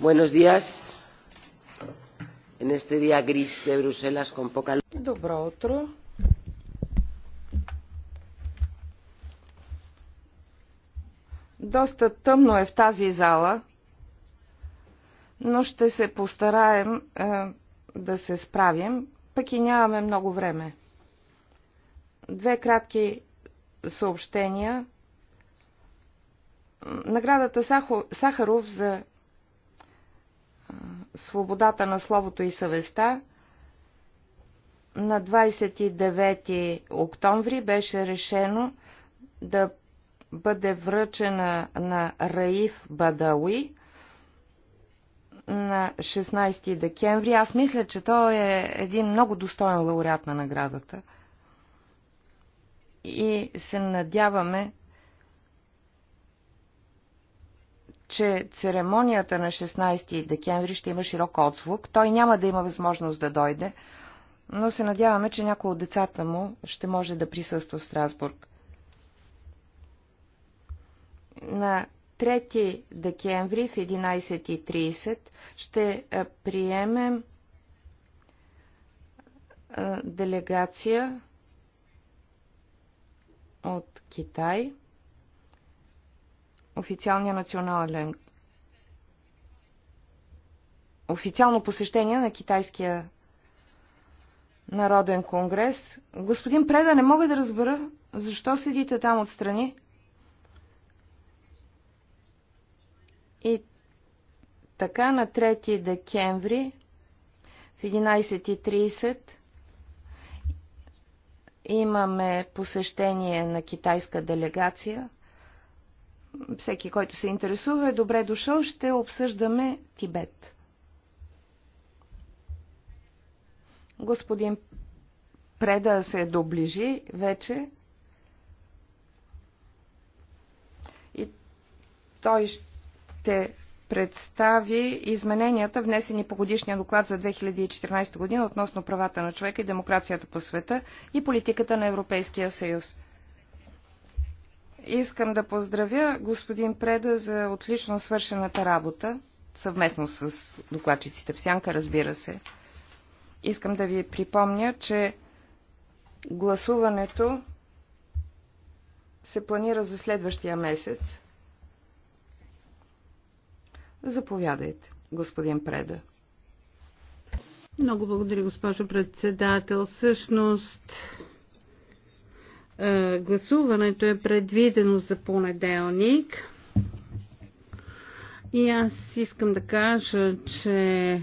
Buenos días. En este día gris de Bruselas con poca luz. Добро утро. Доста тъмно е в тази зала, но ще се постараем е, да се справим, пък и нямаме много време. Две кратки съобщения. Наградата Сахо, Сахаров за свободата на словото и съвестта на 29 октомври беше решено да бъде връчена на Раиф Бадауи на 16 декември. Аз мисля, че той е един много достоен лауреат на наградата. И се надяваме че церемонията на 16 декември ще има широк отзвук. Той няма да има възможност да дойде, но се надяваме, че някои от децата му ще може да присъства в Страсбург. На 3 декември в 11.30 ще е, приемем е, делегация от Китай – официалния национален официално посещение на китайския народен конгрес. Господин Преда, не мога да разбера защо седите там отстрани. И така на 3 декември в 11.30 имаме посещение на китайска делегация – всеки, който се интересува, е добре дошъл. Ще обсъждаме Тибет. Господин Преда се доближи вече. И той ще представи измененията, внесени по годишния доклад за 2014 година относно правата на човека и демокрацията по света и политиката на Европейския съюз. Искам да поздравя господин Преда за отлично свършената работа, съвместно с докладчиците в Сянка, разбира се. Искам да ви припомня, че гласуването се планира за следващия месец. Заповядайте, господин Преда. Много благодаря, госпожо председател. Всъщност, е, гласуването е предвидено за понеделник. И аз искам да кажа, че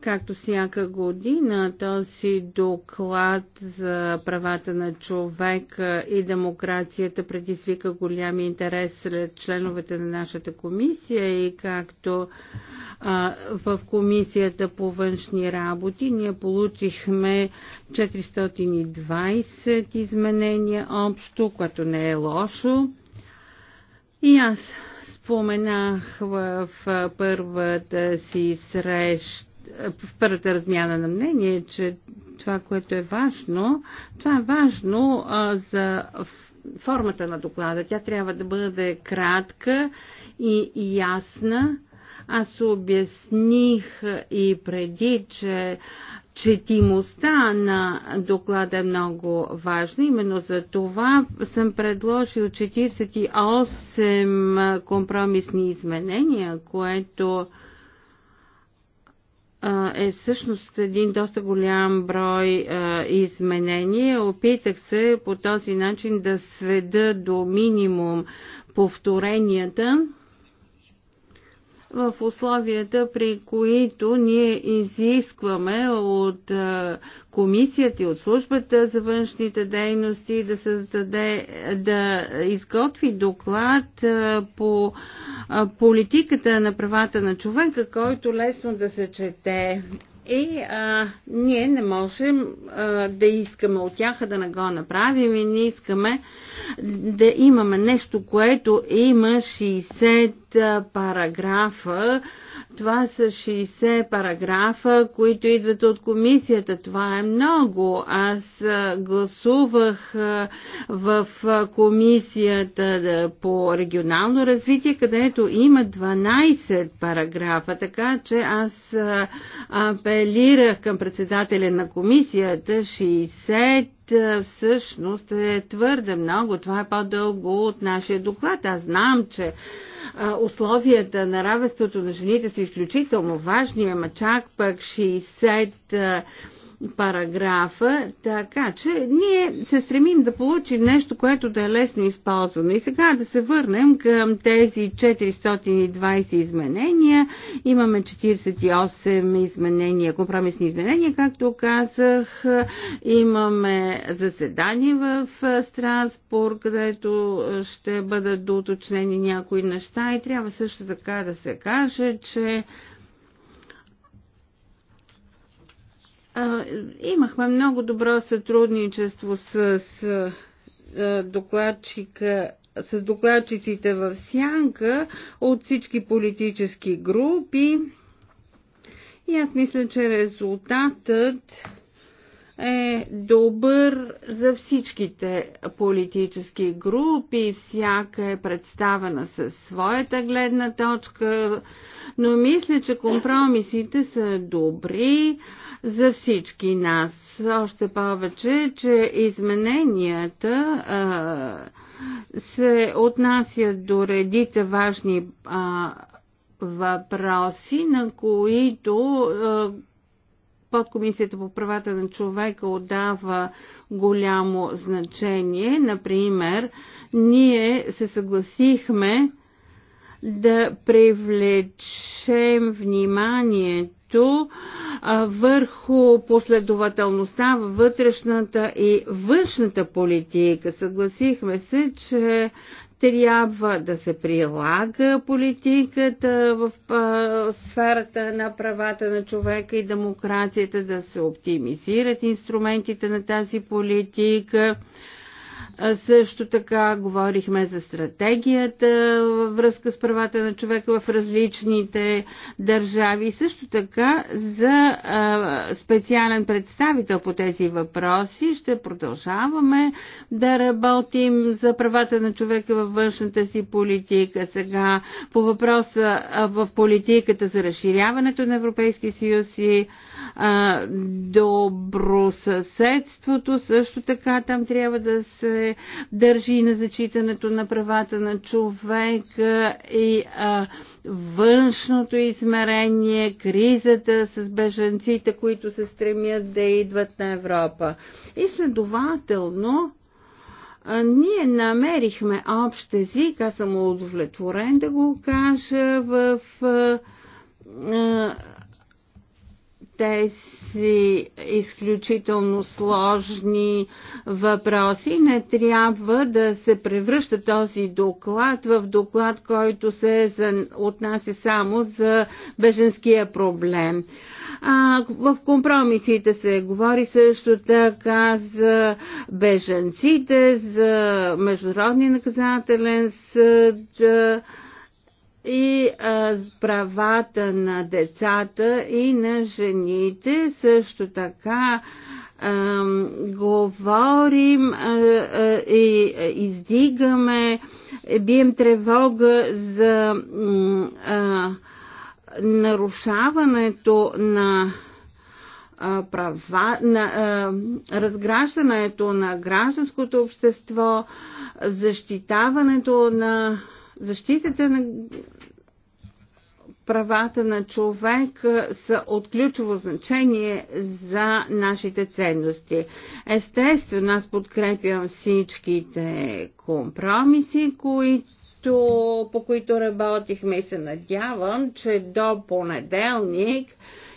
Както всяка година, този доклад за правата на човека и демокрацията предизвика голям интерес сред членовете на нашата комисия и както в комисията по външни работи ние получихме 420 изменения общо, което не е лошо. И аз споменах в първата си среща е, в първата размяна на мнение, че това, което е важно, това е важно а, за формата на доклада. Тя трябва да бъде кратка и ясна. Аз обясних и преди, че четимостта на доклада е много важна. Именно за това съм предложил 48 компромисни изменения, което е всъщност един доста голям брой изменения. Опитах се по този начин да сведа до минимум повторенията в условията, при които ние изискваме от комисията и от службата за външните дейности да създаде, да изготви доклад по политиката на правата на човека, който лесно да се чете и е, а, ние не можем а, да искаме от тях да не го направим и не искаме да имаме нещо, което има 60 параграфа това са 60 параграфа, които идват от комисията. Това е много. Аз гласувах в комисията по регионално развитие, където има 12 параграфа, така че аз апелирах към председателя на комисията 60 всъщност е твърде много. Това е по-дълго от нашия доклад. Аз знам, че условията на равенството на жените са изключително важни, ама чак пък 60 параграфа, така че ние се стремим да получим нещо, което да е лесно използвано. И сега да се върнем към тези 420 изменения. Имаме 48 изменения, компромисни изменения, както казах. Имаме заседание в Страсбург, където ще бъдат доуточнени някои неща и трябва също така да се каже, че Имахме много добро сътрудничество с докладчика с докладчиците в сянка от всички политически групи. И аз мисля, че резултатът е добър за всичките политически групи, всяка е представена със своята гледна точка, но мисля, че компромисите са добри за всички нас. Още повече, че измененията а, се отнасят до редица важни а, въпроси, на които а, подкомисията по правата на човека отдава голямо значение. Например, ние се съгласихме да привлечем вниманието върху последователността във вътрешната и външната политика. Съгласихме се, че трябва да се прилага политиката в сферата на правата на човека и демокрацията, да се оптимизират инструментите на тази политика също така говорихме за стратегията във връзка с правата на човека в различните държави. Също така за специален представител по тези въпроси ще продължаваме да работим за правата на човека във външната си политика. Сега по въпроса в политиката за разширяването на Европейския съюз и добросъседството. Също така там трябва да се държи на зачитането на правата на човека и а, външното измерение, кризата с беженците, които се стремят да идват на Европа. И следователно, ние намерихме общ език, аз съм удовлетворен да го кажа в тези изключително сложни въпроси. Не трябва да се превръща този доклад в доклад, който се отнася само за беженския проблем. А, в компромисите се говори също така за беженците, за Международния наказателен съд, и а, правата на децата и на жените. Също така а, говорим а, а, и издигаме, е, бием тревога за а, нарушаването на права, на а, разграждането на гражданското общество, защитаването на Защитата на правата на човек са от ключово значение за нашите ценности. Естествено, аз подкрепям всичките компромиси, които по които работихме и се надявам, че до понеделник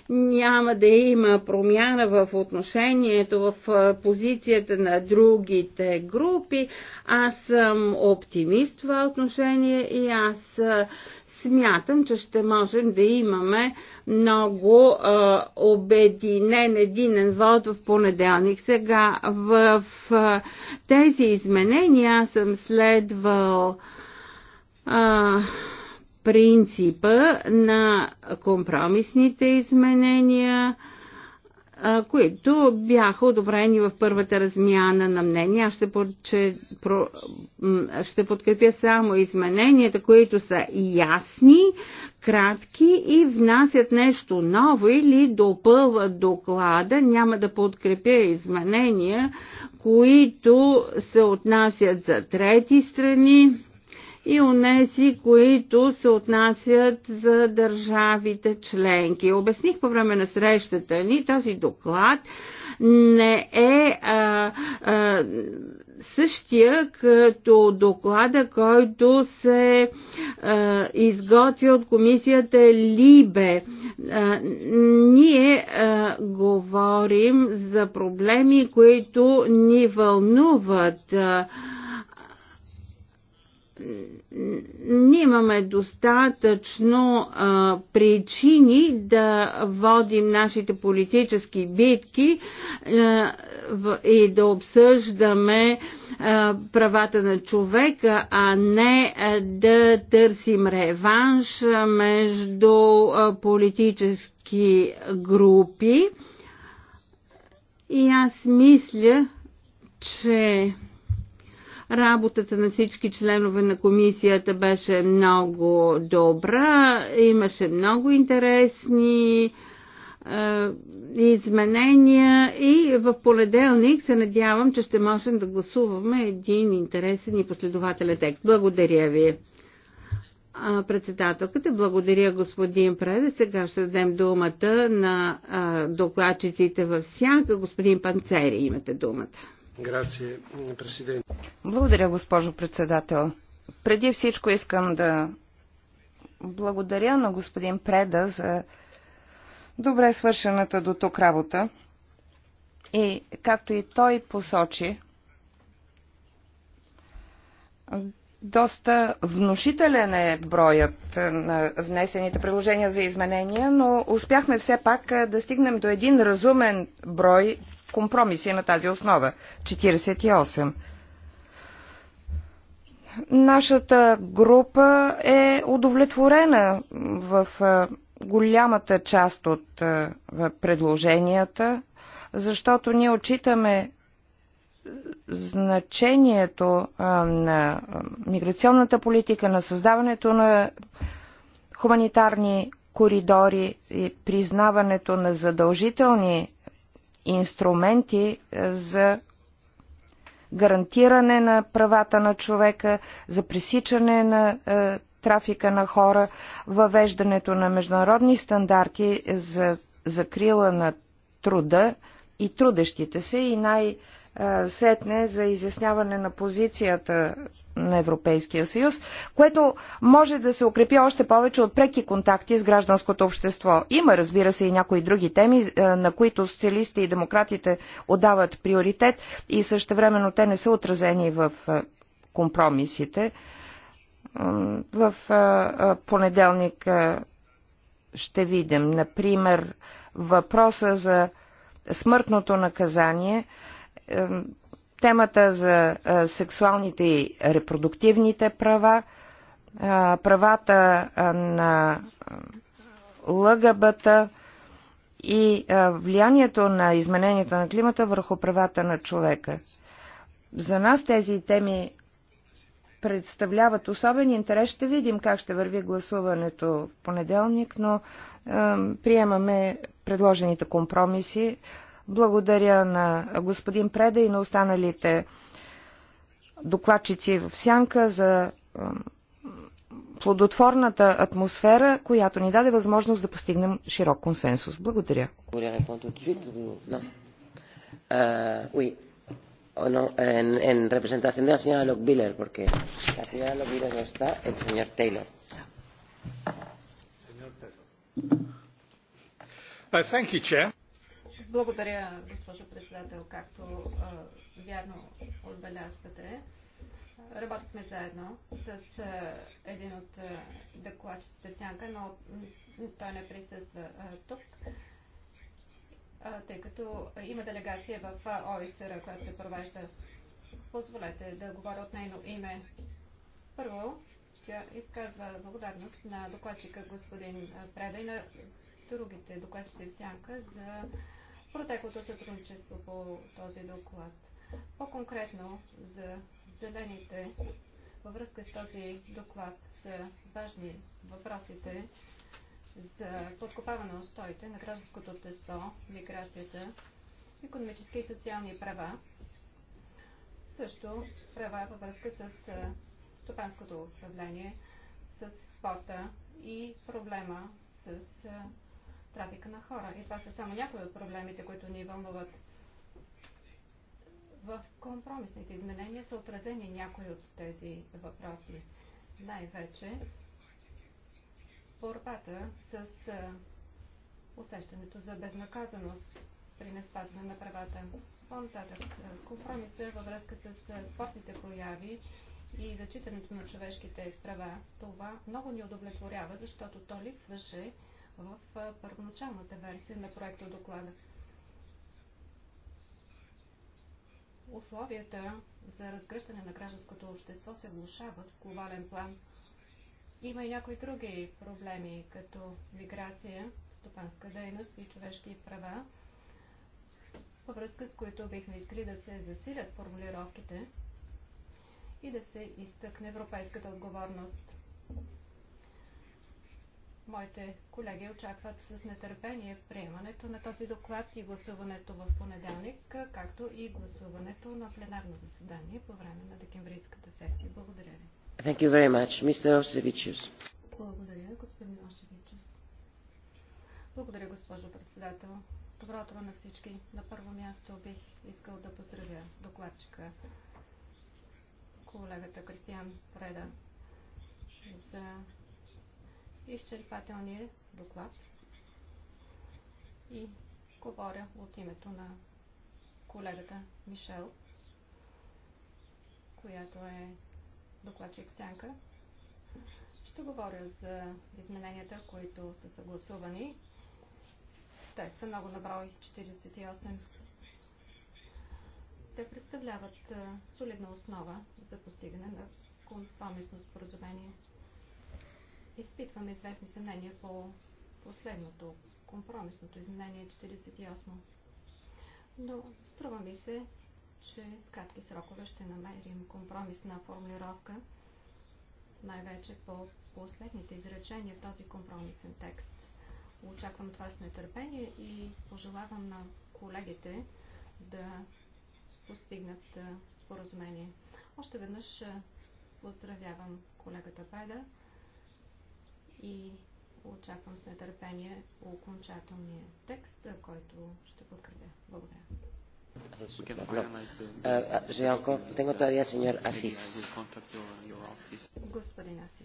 няма да има промяна в отношението, в позицията на другите групи. Аз съм оптимист в това отношение и аз смятам, че ще можем да имаме много а, обединен единен вод в понеделник. Сега в а, тези изменения аз съм следвал а, принципа на компромисните изменения, които бяха одобрени в първата размяна на мнение. Аз ще, подче, про, ще подкрепя само измененията, които са ясни, кратки и внасят нещо ново или допълват доклада. Няма да подкрепя изменения, които се отнасят за трети страни и онези, които се отнасят за държавите членки. Обясних по време на срещата ни, този доклад не е а, а, същия като доклада, който се а, изготвя от комисията Либе. А, ние а, говорим за проблеми, които ни вълнуват. А, нямаме достатъчно а, причини да водим нашите политически битки а, в, и да обсъждаме а, правата на човека, а не а, да търсим реванш между а, политически групи. И аз мисля, че Работата на всички членове на комисията беше много добра, имаше много интересни е, изменения и в понеделник се надявам, че ще можем да гласуваме един интересен и последователен текст. Благодаря ви. Председателката, благодаря господин Преде. Сега ще дадем думата на докладчиците във всяка. Господин Панцери, имате думата. Благодаря, госпожо председател. Преди всичко искам да благодаря на господин Преда за добре свършената до тук работа. И както и той посочи, доста внушителен е броят на внесените предложения за изменения, но успяхме все пак да стигнем до един разумен брой компромиси на тази основа. 48. Нашата група е удовлетворена в голямата част от предложенията, защото ние отчитаме значението на миграционната политика, на създаването на хуманитарни коридори и признаването на задължителни инструменти е, за гарантиране на правата на човека, за пресичане на е, трафика на хора, въвеждането на международни стандарти за закрила на труда и трудещите се и най-сетне е, за изясняване на позицията на Европейския съюз, което може да се укрепи още повече от преки контакти с гражданското общество. Има, разбира се, и някои други теми, е, на които социалисти и демократите отдават приоритет и също времено те не са отразени в е, компромисите. В е, понеделник ще видим, например, въпроса за смъртното наказание темата за сексуалните и репродуктивните права, правата на ЛГБТ и влиянието на измененията на климата върху правата на човека. За нас тези теми представляват особен интерес. Ще видим как ще върви гласуването в понеделник, но приемаме предложените компромиси. Благодаря на господин Преда и на останалите докладчици в Сянка за плодотворната атмосфера, която ни даде възможност да постигнем широк консенсус. Благодаря. o no, en, en representación de la señora Lockbiller, porque la señora Lockbiller no está, el señor Taylor. Señor Taylor. Uh, thank you, Chair. Благодаря, госпожо председател, както а, вярно отбелязвате. Работихме заедно с а, един от а, докладчиците Сянка, но той не присъства а, тук, а, тъй като има делегация в ОИСР, която се провежда. Позволете да говоря от нейно име. Първо, тя изказва благодарност на докладчика господин Преда и на другите докладчици в Сянка за протеклото сътрудничество по този доклад. По-конкретно за зелените във връзка с този доклад са важни въпросите за подкопаване устоите на гражданското общество, миграцията, економически и социални права, също права във връзка с стопанското управление, с спорта и проблема с трафика на хора. И това са само някои от проблемите, които ни вълнуват. В компромисните изменения са отразени някои от тези въпроси. Най-вече борбата с усещането за безнаказаност при неспазване на правата. По-нататък компромиса във връзка с спортните прояви и зачитането на човешките права, това много ни удовлетворява, защото то липсваше в първоначалната версия на проекта доклада. Условията за разгръщане на гражданското общество се влушават в глобален план. Има и някои други проблеми, като миграция, стопанска дейност и човешки права, във връзка с които бихме искали да се засилят формулировките и да се изтъкне европейската отговорност. Моите колеги очакват с нетърпение приемането на този доклад и гласуването в понеделник, както и гласуването на пленарно заседание по време на декемврийската сесия. Благодаря ви. Thank you very much, Mr. Osevicius. Благодаря, господин Осевичус. Благодаря, госпожо председател. Добро утро на всички. На първо място бих искал да поздравя докладчика колегата Кристиан Преда за изчерпателния доклад и говоря от името на колегата Мишел, която е докладчик Сянка. Ще говоря за измененията, които са съгласувани. Те са много наброй 48. Те представляват солидна основа за постигане на компромисно споразумение. Изпитвам известни съмнения по последното компромисното изменение 48. Но струва ми се, че в кратки срокове ще намерим компромисна формулировка, най-вече по последните изречения в този компромисен текст. Очаквам това с нетърпение и пожелавам на колегите да постигнат споразумение. Още веднъж поздравявам колегата Педа и очаквам с нетърпение окончателния текст, който ще подкрепя. Благодаря. Е Господин Асис.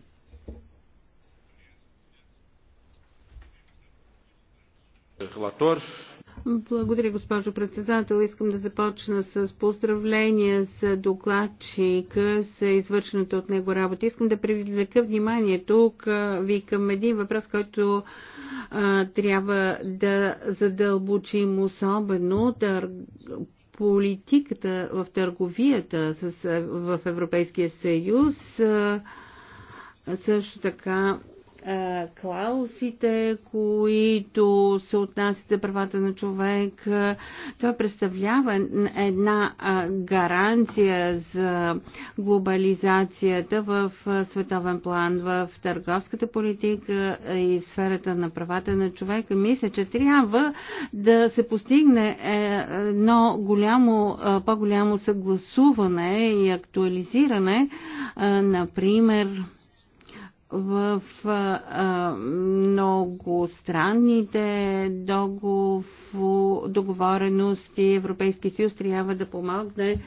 Relator, благодаря, госпожо председател. Искам да започна с поздравления за докладчика за извършената от него работа. Искам да привлека вниманието ви към един въпрос, който а, трябва да задълбочим особено тър... политиката в търговията с, в Европейския съюз. А, също така клаусите, които се отнасят за правата на човек. Това представлява една гаранция за глобализацията в световен план, в търговската политика и сферата на правата на човека. Мисля, че трябва да се постигне е, едно голямо, по-голямо съгласуване и актуализиране, например, в а, много странните договорености Европейски съюз трябва да помогне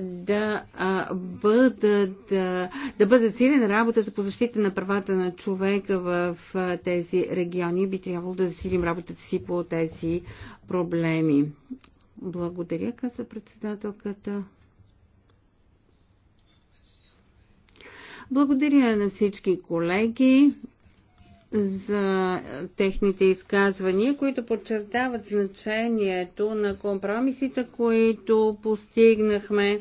да а, бъдат да бъде силен работата по защита на правата на човека в а, тези региони. Би трябвало да засилим работата си по тези проблеми. Благодаря, каза председателката. Благодаря на всички колеги за техните изказвания, които подчертават значението на компромисите, които постигнахме.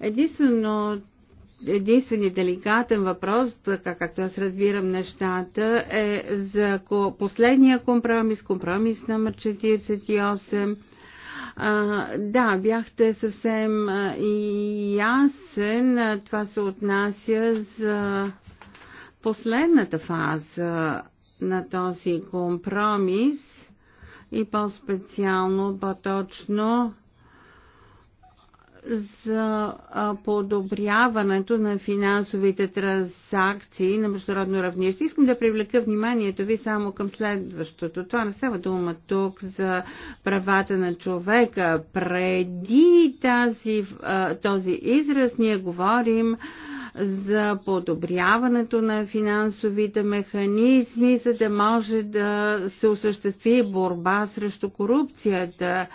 Единствено, единственият деликатен въпрос, така както аз разбирам нещата, е за последния компромис, компромис номер 48 а, да, бяхте съвсем ясен. Това се отнася за последната фаза на този компромис и по-специално, по-точно за подобряването на финансовите транзакции на международно равнище. Искам да привлека вниманието ви само към следващото. Това не става дума тук за правата на човека. Преди тази, този израз ние говорим за подобряването на финансовите механизми, за да може да се осъществи борба срещу корупцията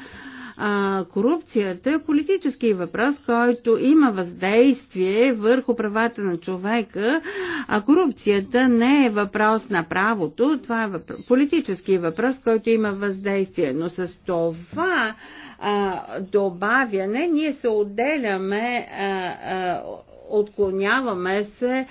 а, корупцията е политически въпрос, който има въздействие върху правата на човека, а корупцията не е въпрос на правото, това е въпрос, политически въпрос, който има въздействие. Но с това а, добавяне ние се отделяме а, а, отклоняваме се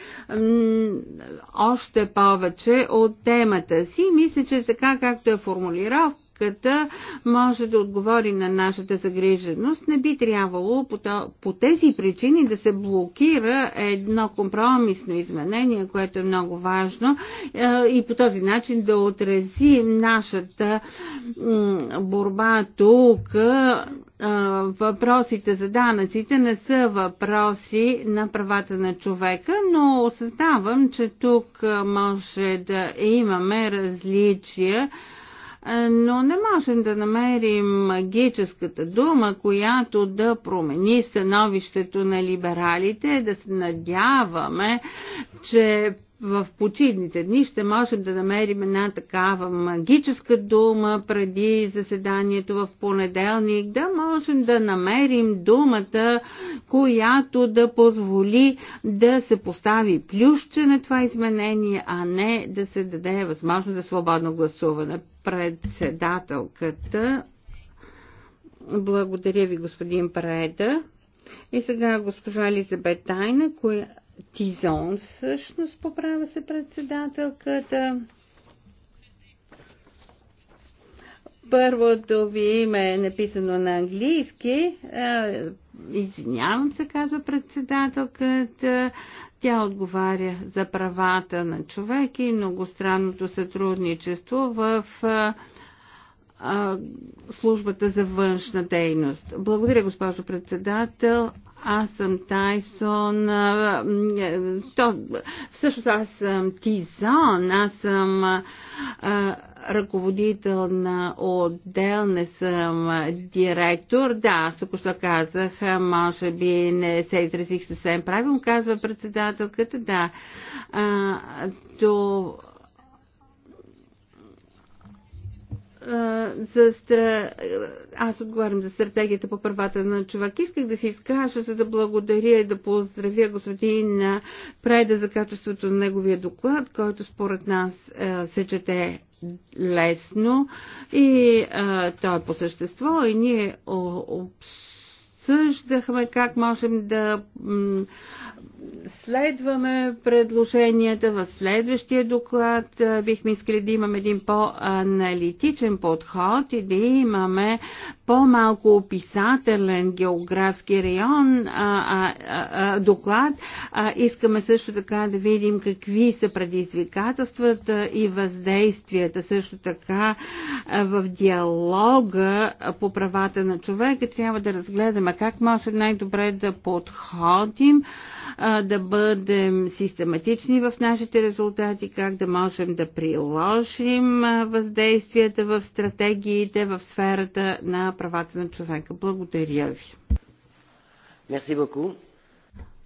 още повече от темата си. Мисля, че така както е формулирал, банката може да отговори на нашата загриженост. Не би трябвало по, по тези причини да се блокира едно компромисно изменение, което е много важно е, и по този начин да отрази нашата борба тук е, въпросите за данъците не са въпроси на правата на човека, но осъзнавам, че тук е, може да имаме различия но не можем да намерим магическата дума, която да промени становището на либералите, да се надяваме, че в почивните дни ще можем да намерим една такава магическа дума преди заседанието в понеделник, да можем да намерим думата, която да позволи да се постави плюсче на това изменение, а не да се даде възможност за свободно гласуване. Председателката. Благодаря ви, господин Преда. И сега госпожа Елизабет Тайна, коя Тизон всъщност поправя се председателката. Първото ви име е написано на английски. Е, извинявам се, казва председателката. Тя отговаря за правата на човека и многостранното сътрудничество в е, е, службата за външна дейност. Благодаря, госпожо председател аз съм Тайсон, то, всъщност аз съм Тизон, аз съм а, ръководител на отдел, не съм директор. Да, аз ако що казах, може би не се изразих съвсем правилно, казва председателката, да. А, то, за стра... аз отговарям за стратегията по правата на човек. Исках да си изкажа, за да благодаря и да поздравя господин Прайда за качеството на неговия доклад, който според нас се чете лесно и а, той е по същество и ние обсъждаме обсъждахме как можем да следваме предложенията в следващия доклад. Бихме искали да имаме един по-аналитичен подход и да имаме по-малко описателен географски район а, а, а, доклад. А, искаме също така да видим какви са предизвикателствата и въздействията. Също така а, в диалога по правата на човека трябва да разгледаме как може най-добре да подходим, а, да бъдем систематични в нашите резултати, как да можем да приложим въздействията в стратегиите в сферата на правата на човека. Благодаря ви. Мерси beaucoup.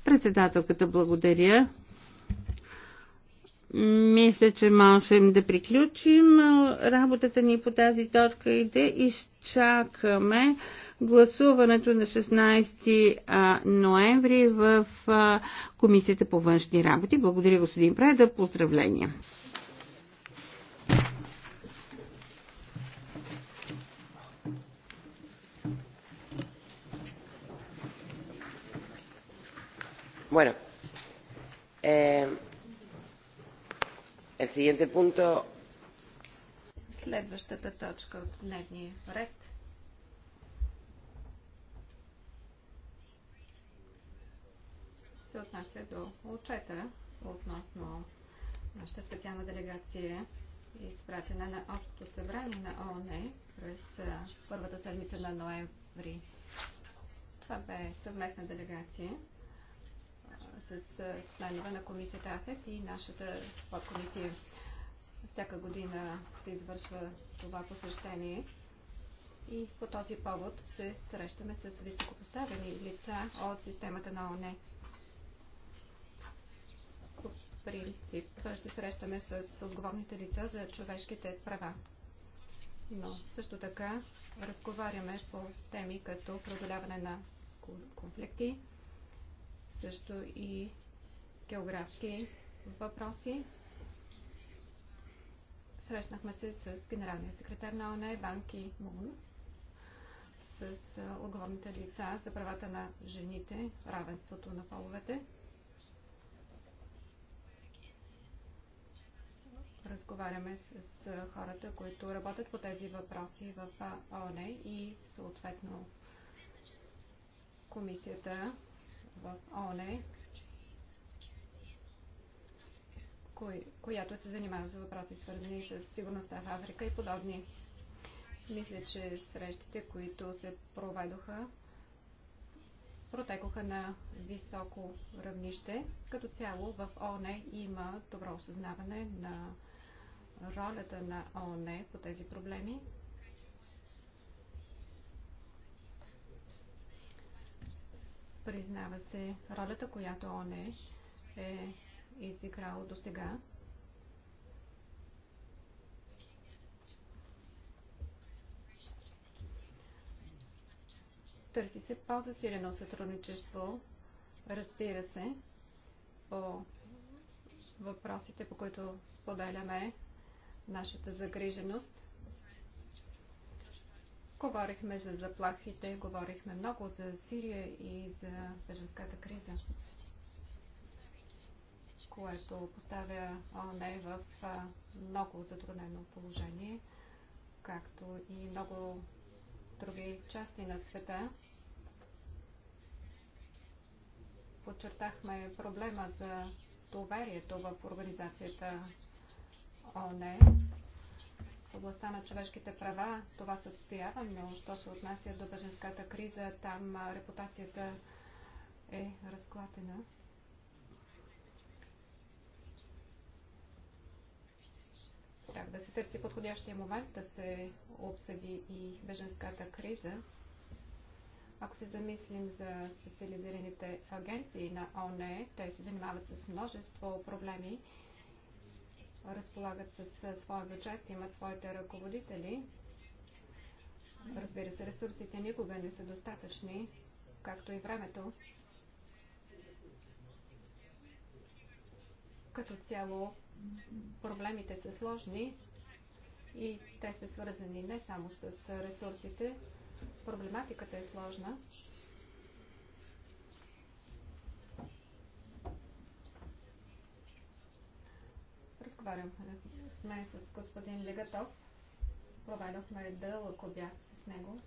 Председателката, благодаря. Мисля, че можем да приключим работата ни по тази точка и да изчакаме гласуването на 16 ноември в Комисията по външни работи. Благодаря, господин Преда. Поздравления! Bueno, eh, el siguiente punto. Следващата точка от дневния ред. се отнася до отчета относно нашата специална делегация, изпратена на Общото събрание на ООН през първата седмица на ноември. Това бе съвместна делегация с членове на комисията АФЕТ и нашата подкомисия. Всяка година се извършва това посещение и по този повод се срещаме с високопоставени лица от системата на ОНЕ. По принцип се срещаме с отговорните лица за човешките права. Но също така разговаряме по теми като преодоляване на конфликти, също и географски въпроси. Срещнахме се с генералния секретар на ОНЕ Банки Мун, с отговорните лица за правата на жените, равенството на половете. разговаряме с хората, които работят по тези въпроси в ООН и съответно комисията в ОНЕ, която се занимава с въпроси свързани с сигурността в Африка и подобни. Мисля, че срещите, които се проведоха, протекоха на високо равнище. Като цяло в ОНЕ има добро осъзнаване на ролята на ОНЕ по тези проблеми. Признава се ролята, която ОНЕ е изиграл до сега. Търси се по-засилено сътрудничество, разбира се, по въпросите, по които споделяме нашата загриженост. Говорихме за заплахите, говорихме много за Сирия и за беженската криза, което поставя ОНЕ в много затруднено положение, както и много други части на света. Подчертахме проблема за доверието в организацията ОНЕ в областта на човешките права това се отстоява, но що се отнася до беженската криза, там репутацията е разклатена. Трябва да се търси подходящия момент да се обсъди и беженската криза. Ако се замислим за специализираните агенции на ОНЕ, те се занимават с множество проблеми разполагат с своя бюджет, имат своите ръководители. Разбира се, ресурсите никога не са достатъчни, както и времето. Като цяло проблемите са сложни и те са свързани не само с ресурсите. Проблематиката е сложна разговарям. Сме с господин Легатов. Проведохме дълъг обяд с него.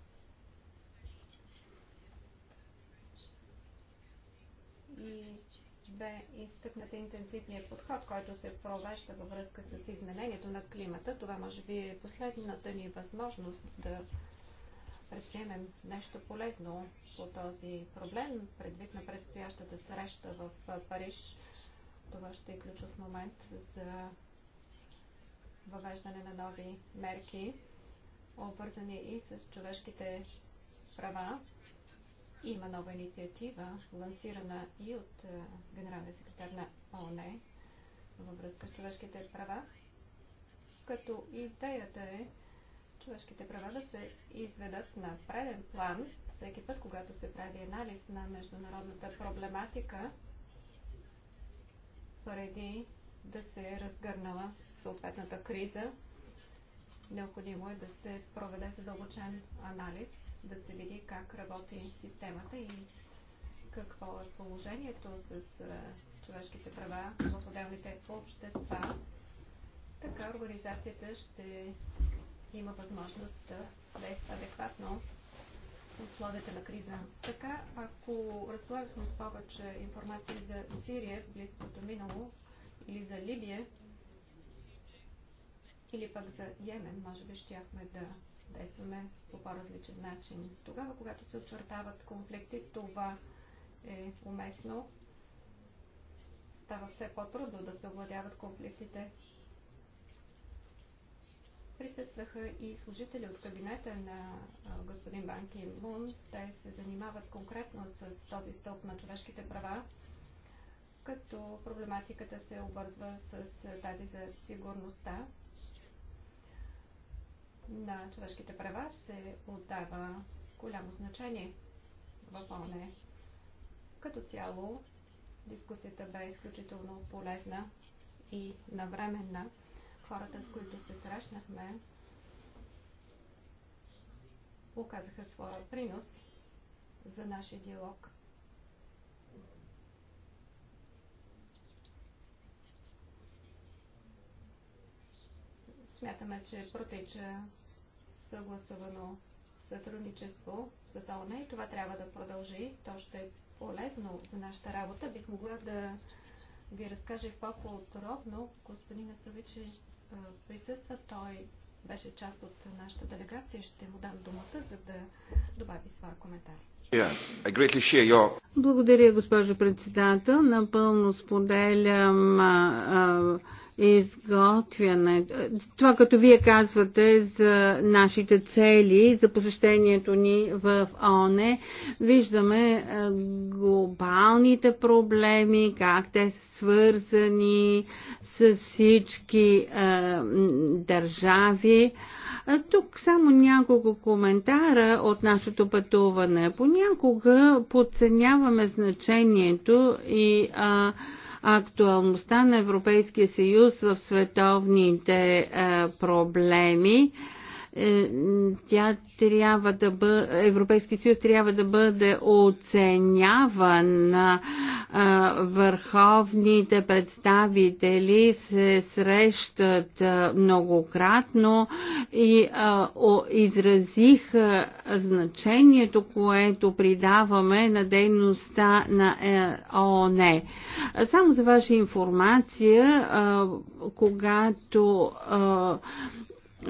И бе изтъкнат интенсивният подход, който се провежда във връзка с изменението на климата. Това може би е последната ни възможност да предприемем нещо полезно по този проблем, предвид на предстоящата среща в Париж това ще е ключов момент за въвеждане на нови мерки, обвързани и с човешките права. Има нова инициатива, лансирана и от е, генералния секретар на ООН във връзка с човешките права, като идеята е човешките права да се изведат на преден план всеки път, когато се прави анализ на международната проблематика преди да се е разгърнала съответната криза. Необходимо е да се проведе задълбочен анализ, да се види как работи системата и какво е положението с човешките права в отделните общества. Така организацията ще има възможност да действа адекватно условията на криза. Така, ако разполагахме с повече информация за Сирия в близкото минало или за Либия, или пък за Йемен, може би щяхме да действаме по по-различен начин. Тогава, когато се очертават конфликти, това е уместно. Става все по-трудно да се овладяват конфликтите Присъстваха и служители от кабинета на господин Банки Мун. Те се занимават конкретно с този стълб на човешките права, като проблематиката се обвързва с тази за сигурността на човешките права се отдава голямо значение в ОНЕ. Като цяло дискусията бе изключително полезна и навременна хората, с които се срещнахме, оказаха своя принос за нашия диалог. Смятаме, че протича съгласувано сътрудничество с ОНЕ и това трябва да продължи. То ще е полезно за нашата работа. Бих могла да ви разкажа по-подробно. Господин Астровиче присъства. Той беше част от нашата делегация. Ще му дам думата, за да добави своя коментар. Yeah, Благодаря, госпожо председател. Напълно споделям а, а, изготвяне. Това, като вие казвате за нашите цели, за посещението ни в ОНЕ, виждаме а, глобалните проблеми, как те са свързани с всички а, държави. А, тук само няколко коментара от нашето пътуване. Понякога подценяваме значението и а, актуалността на Европейския съюз в световните а, проблеми. Е, тя трябва да бъде, Европейски съюз трябва да бъде оценяван. Върховните представители се срещат многократно и изразих значението, което придаваме на дейността на е, ООН. Само за ваша информация, когато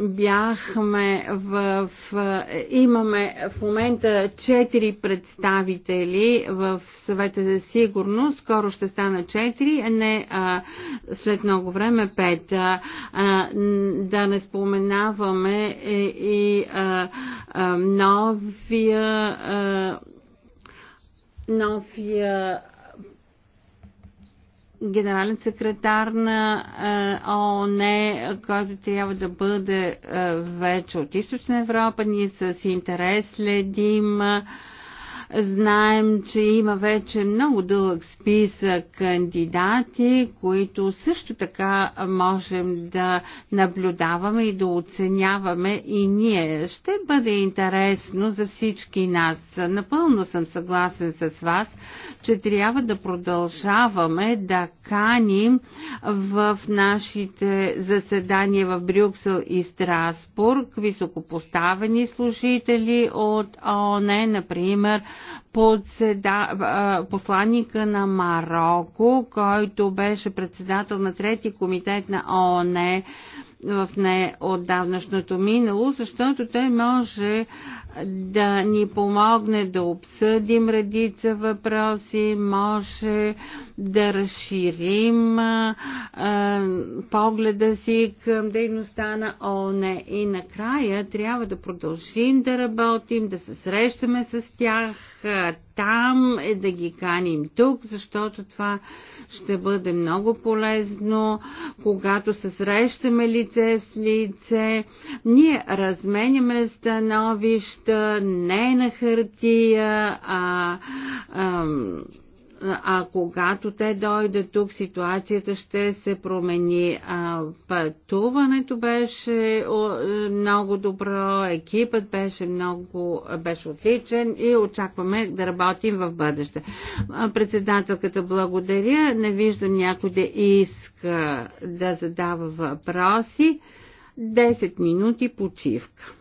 бяхме в, в имаме в момента четири представители в съвета за сигурност, скоро ще стана четири, а не а, след много време пет. А, а, да не споменаваме и, е, и а, а, новия а, новия генерален секретар на е, ООН, който трябва да бъде е, вече от източна Европа. Ние с интерес следим е, Знаем, че има вече много дълъг списък кандидати, които също така можем да наблюдаваме и да оценяваме и ние. Ще бъде интересно за всички нас. Напълно съм съгласен с вас, че трябва да продължаваме да каним в нашите заседания в Брюксел и Страсбург високопоставени служители от ООН, например, подседа, посланника на Марокко, който беше председател на трети комитет на ООН в не отдавнашното минало, защото той може да ни помогне да обсъдим редица въпроси, може да разширим а, погледа си към дейността на ООН. И накрая трябва да продължим да работим, да се срещаме с тях а, там, е да ги каним тук, защото това ще бъде много полезно, когато се срещаме лице с лице. Ние разменяме становища не на хартия, а, а а когато те дойдат тук, ситуацията ще се промени. А, пътуването беше много добро, екипът беше много беше отличен и очакваме да работим в бъдеще. Председателката благодаря. Не виждам някой да иска да задава въпроси. 10 минути почивка.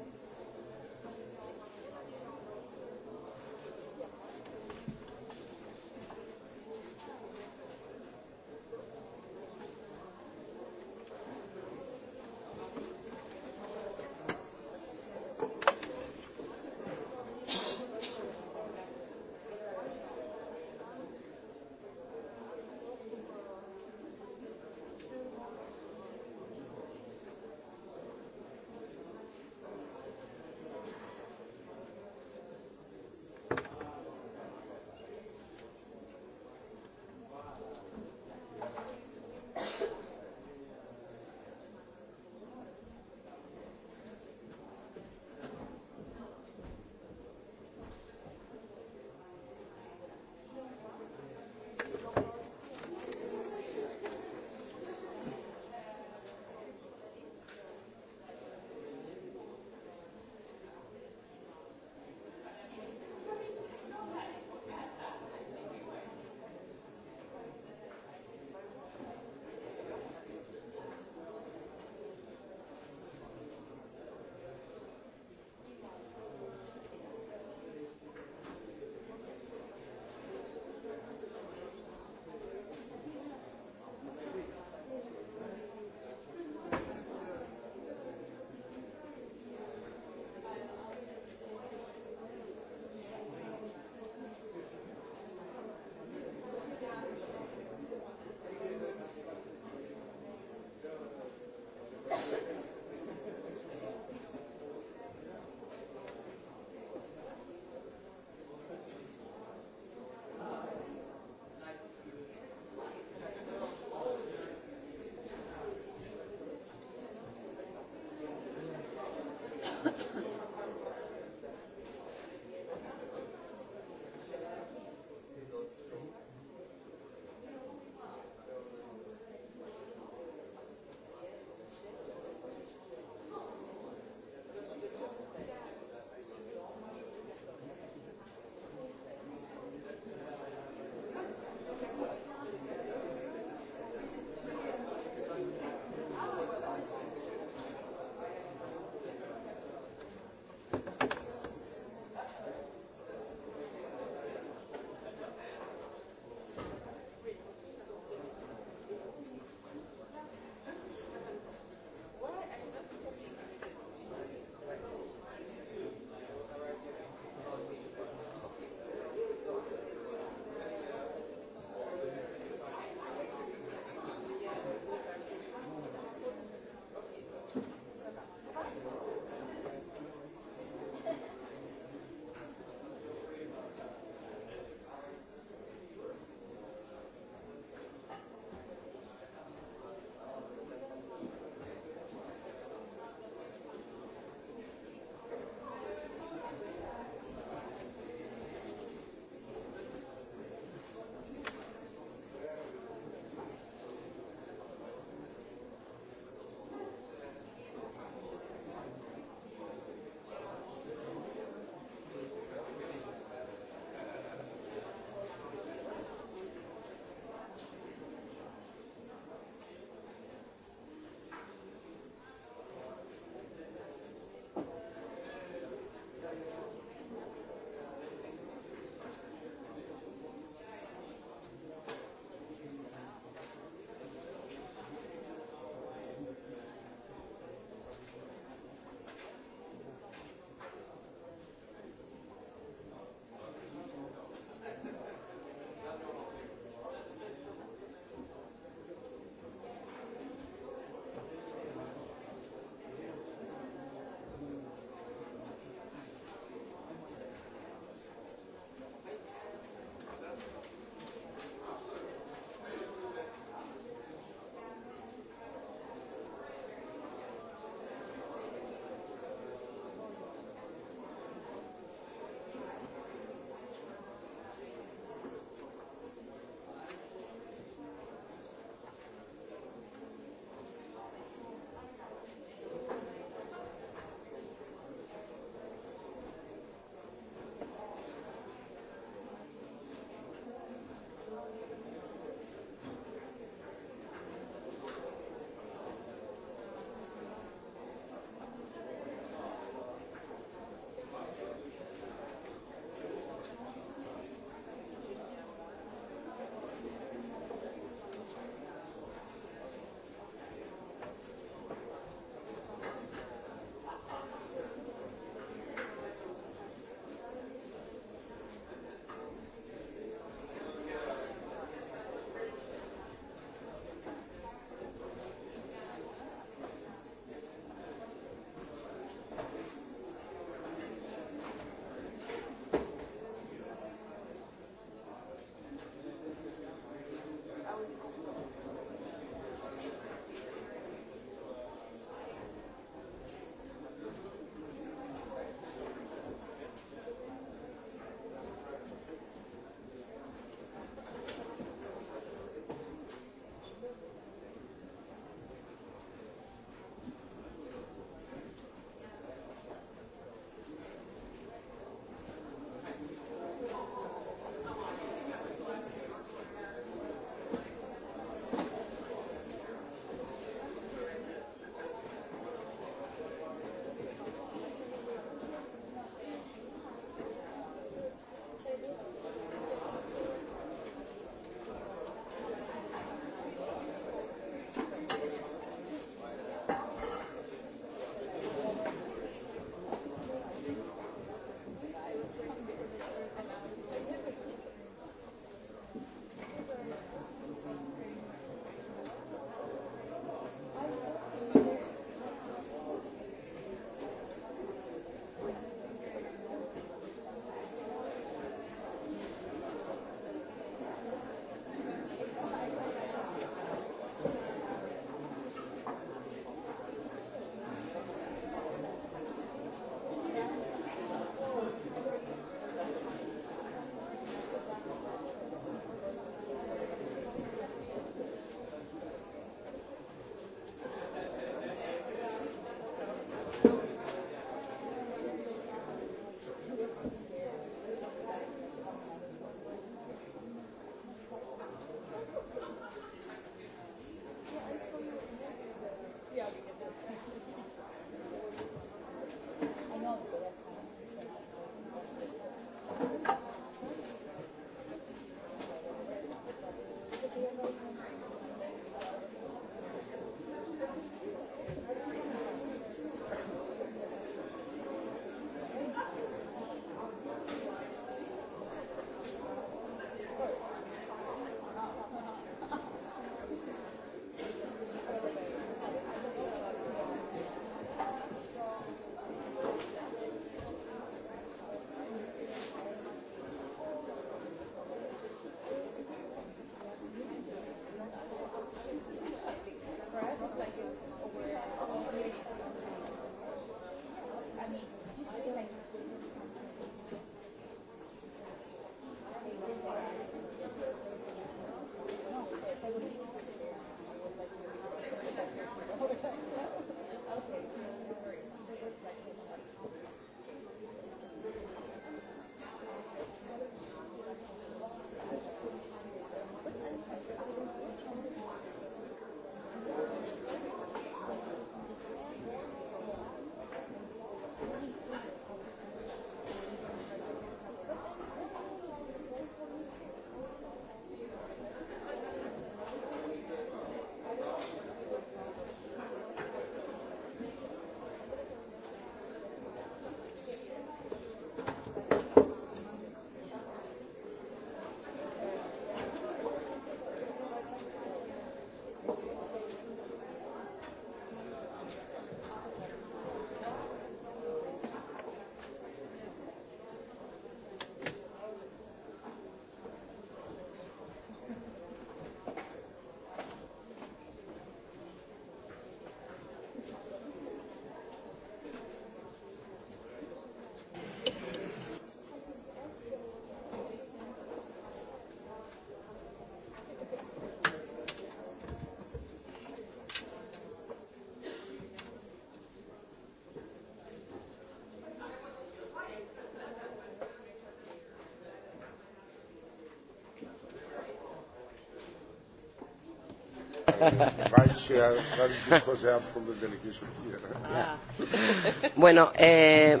Bueno, eh,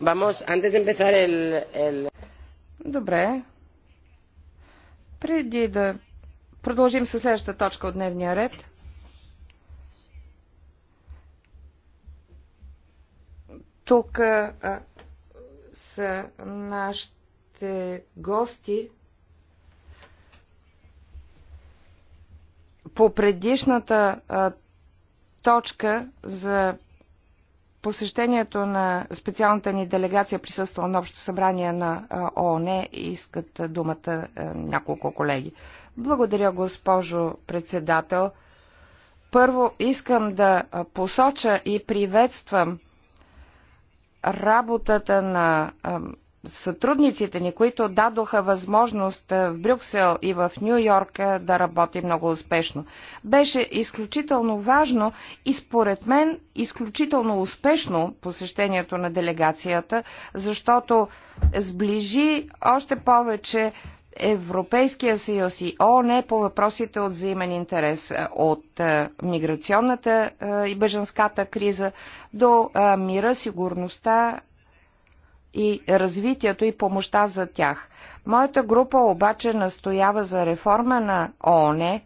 vamos, antes de empezar el, el... Добре. Преди да продължим със следващата точка от дневния ред, тук а, са нашите гости. По предишната а, точка за посещението на специалната ни делегация присъства на общо събрание на ООН. Искат думата няколко колеги. Благодаря, госпожо председател. Първо искам да посоча и приветствам работата на сътрудниците ни, които дадоха възможност е, в Брюксел и в Нью Йорк е, да работи много успешно. Беше изключително важно и според мен изключително успешно посещението на делегацията, защото сближи още повече Европейския съюз и ООН по въпросите от взаимен интерес е, от миграционната и беженската криза до мира, сигурността и развитието и помощта за тях. Моята група обаче настоява за реформа на ООН,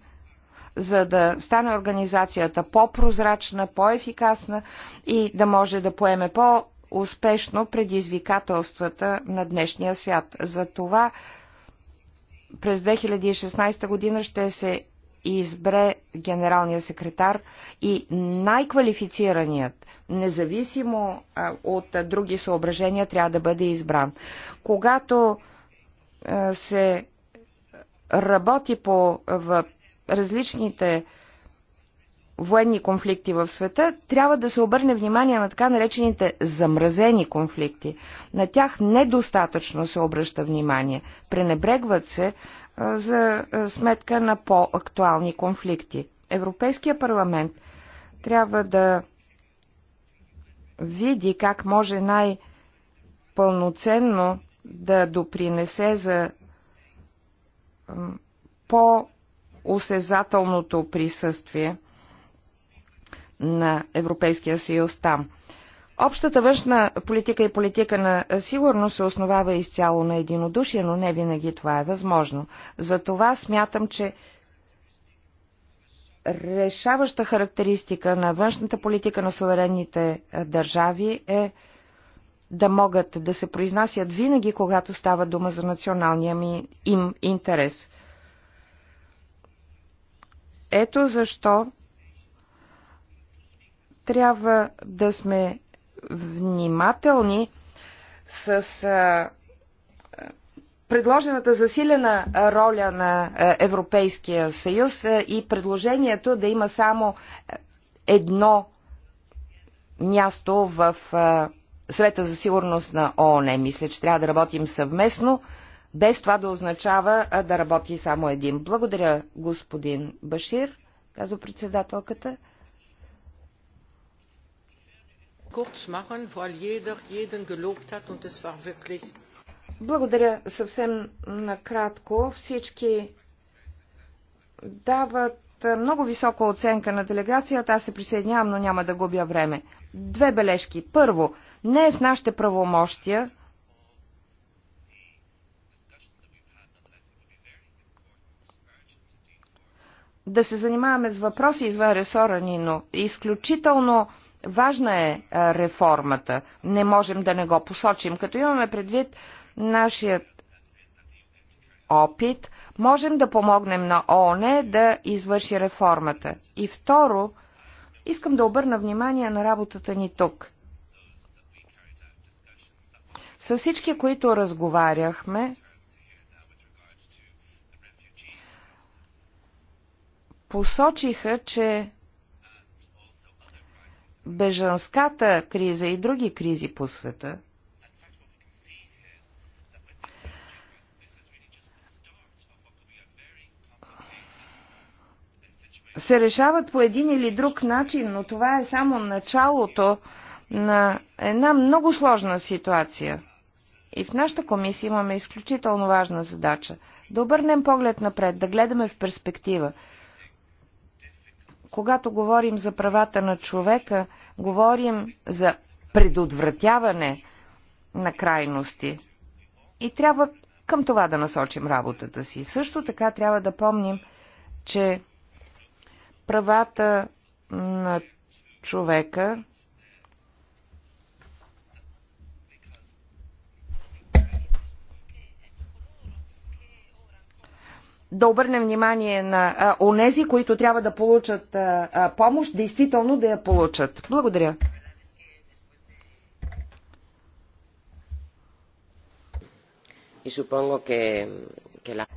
за да стане организацията по-прозрачна, по-ефикасна и да може да поеме по-успешно предизвикателствата на днешния свят. За това през 2016 година ще се и избре генералния секретар и най-квалифицираният, независимо от други съображения, трябва да бъде избран. Когато се работи по различните военни конфликти в света, трябва да се обърне внимание на така наречените замразени конфликти. На тях недостатъчно се обръща внимание. Пренебрегват се за сметка на по-актуални конфликти. Европейския парламент трябва да види как може най-пълноценно да допринесе за по-осезателното присъствие на Европейския съюз там – Общата външна политика и политика на сигурност се основава изцяло на единодушие, но не винаги това е възможно. Затова смятам, че решаваща характеристика на външната политика на суверенните държави е да могат да се произнасят винаги, когато става дума за националния ми им интерес. Ето защо трябва да сме внимателни с предложената засилена роля на Европейския съюз и предложението да има само едно място в Света за сигурност на ООН. Мисля, че трябва да работим съвместно, без това да означава да работи само един. Благодаря, господин Башир, казва председателката kurz machen, weil jeder jeden gelobt hat und es war wirklich. Благодаря съвсем накратко. Всички дават много висока оценка на делегацията. Аз се присъединявам, но няма да губя време. Две бележки. Първо, не е в нашите правомощия да се занимаваме с въпроси извън ресора ни, но изключително Важна е реформата. Не можем да не го посочим. Като имаме предвид нашият опит, можем да помогнем на ООН да извърши реформата. И второ, искам да обърна внимание на работата ни тук. С всички, които разговаряхме, посочиха, че бежанската криза и други кризи по света, се решават по един или друг начин, но това е само началото на една много сложна ситуация. И в нашата комисия имаме изключително важна задача да обърнем поглед напред, да гледаме в перспектива – когато говорим за правата на човека, говорим за предотвратяване на крайности. И трябва към това да насочим работата си. Също така трябва да помним, че правата на човека да обърнем внимание на онези, които трябва да получат помощ, действително да я получат. Благодаря.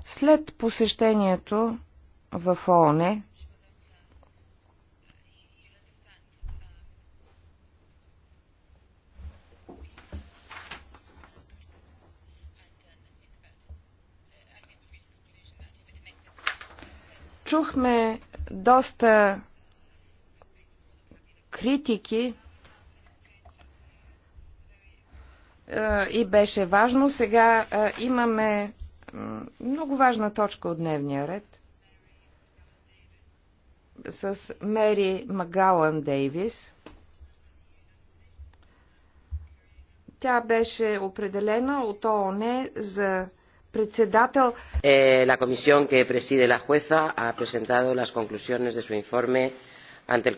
След посещението в ООН Чухме доста критики е, и беше важно. Сега е, имаме много важна точка от дневния ред с Мери Магалан Дейвис. Тя беше определена от ООН за председател. Е, la comisión que preside la jueza ha presentado las conclusiones de su informe ante el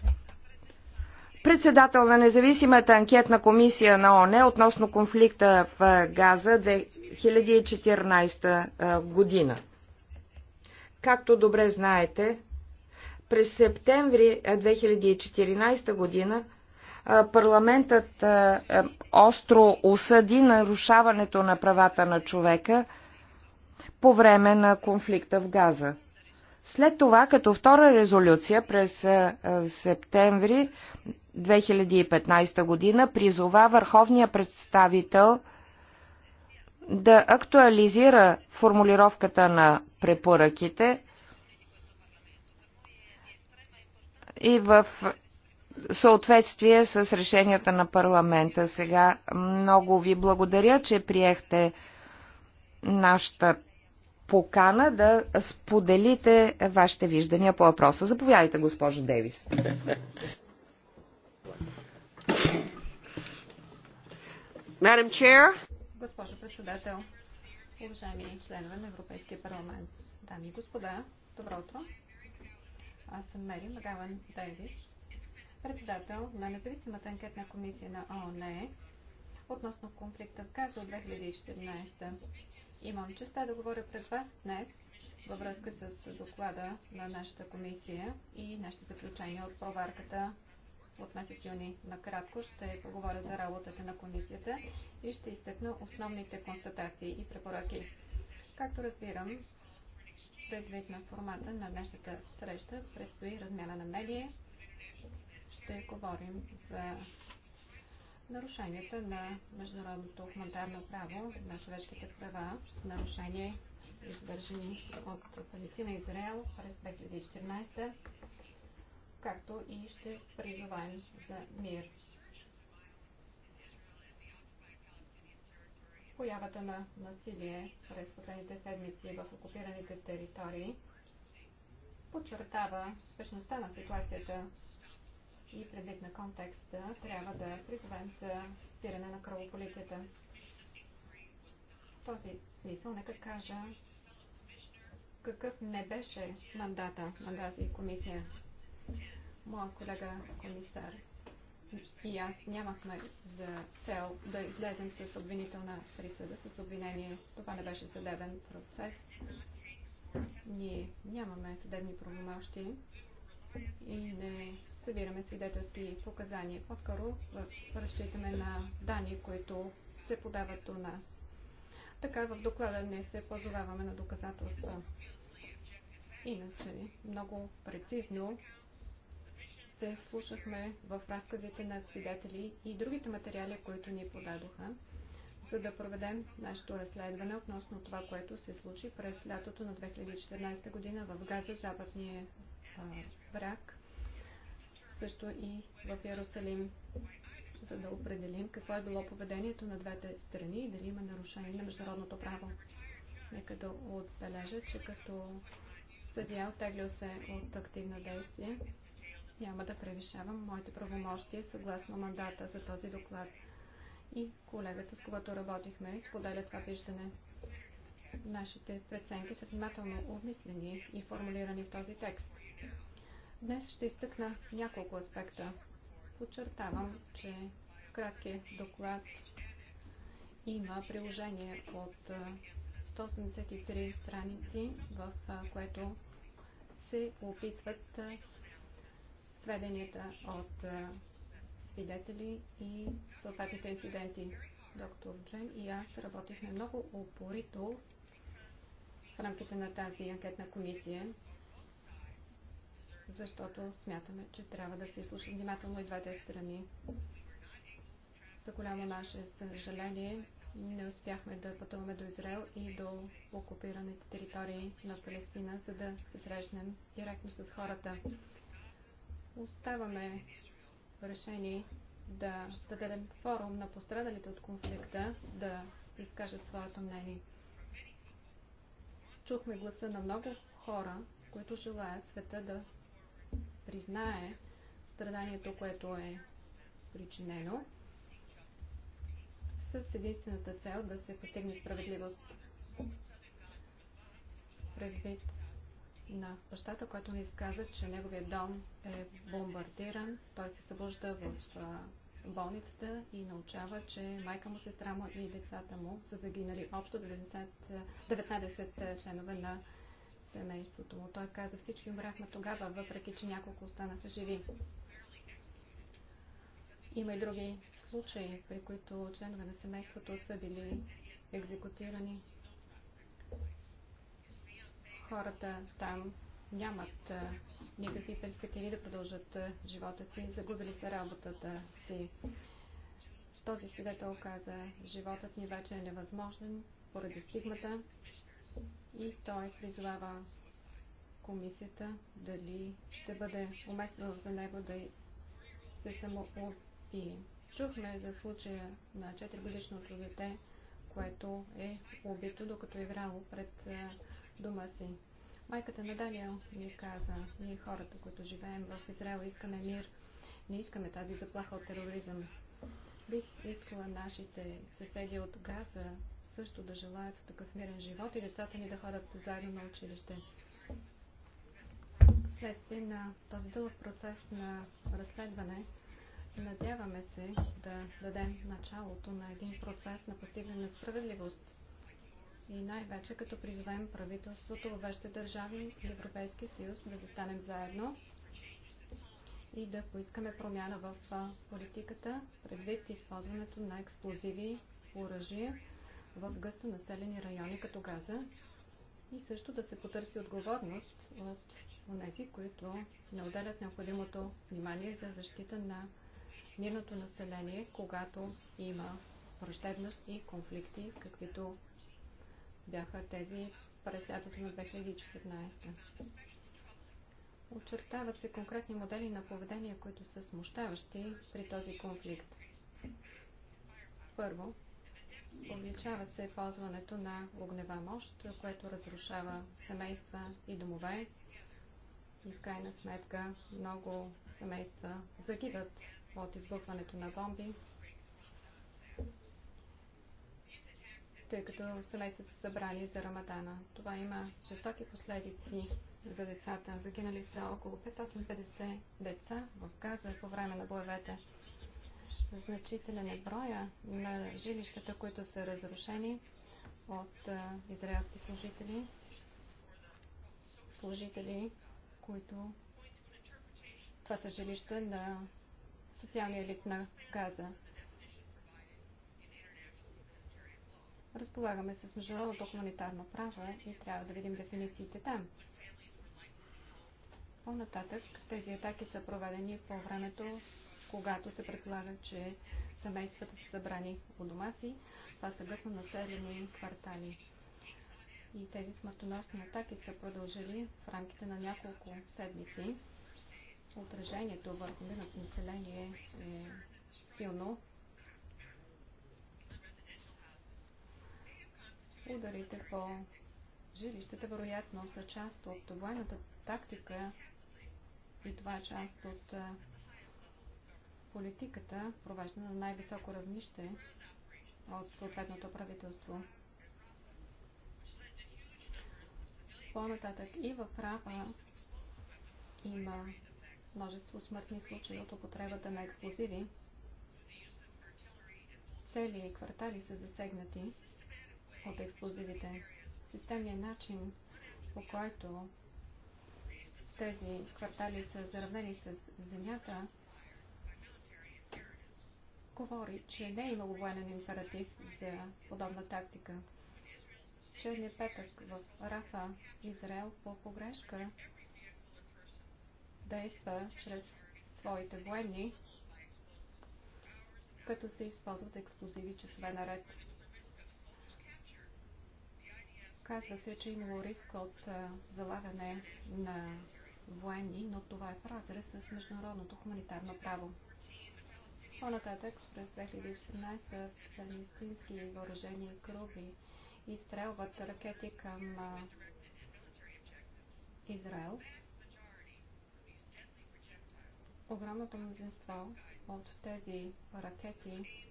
председател на независимата анкетна комисия на ОНЕ относно конфликта в Газа 2014 година. Както добре знаете, през септември 2014 година парламентът остро осъди нарушаването на правата на човека – по време на конфликта в Газа. След това, като втора резолюция през септември 2015 година, призова върховния представител да актуализира формулировката на препоръките и в съответствие с решенията на парламента. Сега много ви благодаря, че приехте нашата покана да споделите вашите виждания по въпроса. Заповядайте, госпожо Девис. Madam Chair. Госпожо председател, уважаеми членове на Европейския парламент, дами и господа, добро утро. Аз съм Мери Магаван Дейвис, председател на независимата анкетна комисия на ООН относно конфликта в Газа от 2014. Имам честа да говоря пред вас днес във връзка с доклада на нашата комисия и нашите заключения от проварката от месец юни. Накратко ще поговоря за работата на комисията и ще изтъкна основните констатации и препоръки. Както разбирам, предвид на формата на днешната среща, предстои размяна на медии. Ще говорим за нарушенията на международното хуманитарно право, на човешките права, нарушения, извършени от Палестина и Израел през 2014, както и ще призоваем за мир. Появата на насилие през последните седмици в окупираните територии подчертава спешността на ситуацията и предвид на контекста трябва да призовем за спиране на кръвополитията. В този смисъл нека кажа какъв не беше мандата на тази комисия. Моя колега комисар и аз нямахме за цел да излезем с обвинителна присъда, с обвинение. Това не беше съдебен процес. Ние нямаме съдебни правомощи и не събираме свидетелски показания. По-скоро разчитаме на данни, които се подават у нас. Така в доклада не се позоваваме на доказателства. Иначе много прецизно се слушахме в разказите на свидетели и другите материали, които ни подадоха, за да проведем нашето разследване относно това, което се случи през лятото на 2014 година в Газа, Западния брак, също и в Ярусалим, за да определим какво е било поведението на двете страни и дали има нарушение на международното право. Нека да отбележа, че като съдия оттеглил се от активна действие, няма да превишавам моите правомощия съгласно мандата за този доклад. И колегата, с когато работихме, споделя това виждане. Нашите преценки са внимателно обмислени и формулирани в този текст. Днес ще изтъкна няколко аспекта. Подчертавам, че краткият доклад има приложение от 173 страници, в което се описват сведенията от свидетели и съответните инциденти. Доктор Джен и аз работихме много упорито рамките на тази анкетна комисия, защото смятаме, че трябва да се изслушат внимателно и двете страни. За голямо наше съжаление, не успяхме да пътуваме до Израел и до окупираните територии на Палестина, за да се срещнем директно с хората. Оставаме решение да дадем форум на пострадалите от конфликта да изкажат своето мнение. Чухме гласа на много хора, които желаят света да признае страданието, което е причинено, с единствената цел да се постигне справедливост предвид на бащата, който ни изказа, че неговият дом е бомбардиран. Той се събужда в болницата и научава, че майка му, сестра му и децата му са загинали общо 19, 19 членове на семейството му. Той каза, всички умряхме тогава, въпреки че няколко останаха живи. Има и други случаи, при които членове на семейството са били екзекутирани. Хората там нямат никакви перспективи да продължат живота си, загубили са работата си. Този свидетел каза, животът ни вече е невъзможен поради стигмата и той призовава комисията дали ще бъде уместно за него да се самоубие. Чухме за случая на 4-годишното дете, което е убито, докато е играло пред дома си. Майката на Даниел ни каза, ние хората, които живеем в Израел, искаме мир, не искаме тази заплаха от тероризъм. Бих искала нашите съседи от Газа също да желаят такъв мирен живот и децата ни да ходят заедно на училище. Вследствие на този дълъг процес на разследване, надяваме се да дадем началото на един процес на постигане на справедливост и най-вече като призовем правителството в вашите държави и Европейския съюз да застанем заедно и да поискаме промяна в политиката предвид използването на експлозиви оръжия в гъсто населени райони като Газа и също да се потърси отговорност от тези, които не отделят необходимото внимание за защита на мирното население, когато има враждебност и конфликти, каквито бяха тези през лятото на 2014. Очертават се конкретни модели на поведение, които са смущаващи при този конфликт. Първо, увеличава се ползването на огнева мощ, което разрушава семейства и домове и в крайна сметка много семейства загиват от избухването на бомби тъй като семействата са събрани за Рамадана. Това има жестоки последици за децата. Загинали са около 550 деца в Газа по време на боевете. Значителен е броя на жилищата, които са разрушени от израелски служители. Служители, които... Това са жилища на социалния елит на Газа. разполагаме с международното хуманитарно право и трябва да видим дефинициите там. По-нататък тези атаки са проведени по времето, когато се предполага, че семействата са събрани у дома си. Това са гъсно населени квартали. И тези смъртоносни атаки са продължили в рамките на няколко седмици. Отражението върху населението население е силно ударите по жилищата, вероятно са част от военната тактика и това е част от политиката, провеждана на най-високо равнище от съответното правителство. По-нататък и в права има множество смъртни случаи от употребата на експлозиви. Цели квартали са засегнати от експлозивите. Системният начин, по който тези квартали са заравнени с земята, говори, че не е имало военен императив за подобна тактика. Черния петък в Рафа, Израел, по погрешка действа чрез своите военни, като се използват експлозиви часове наред. Казва се, че е имало риск от залавяне на военни, но това е в разрез с международното хуманитарно право. По-нататък през 2014 палестински въоръжени групи изстрелват ракети към Израел. Огромното мнозинство от тези ракети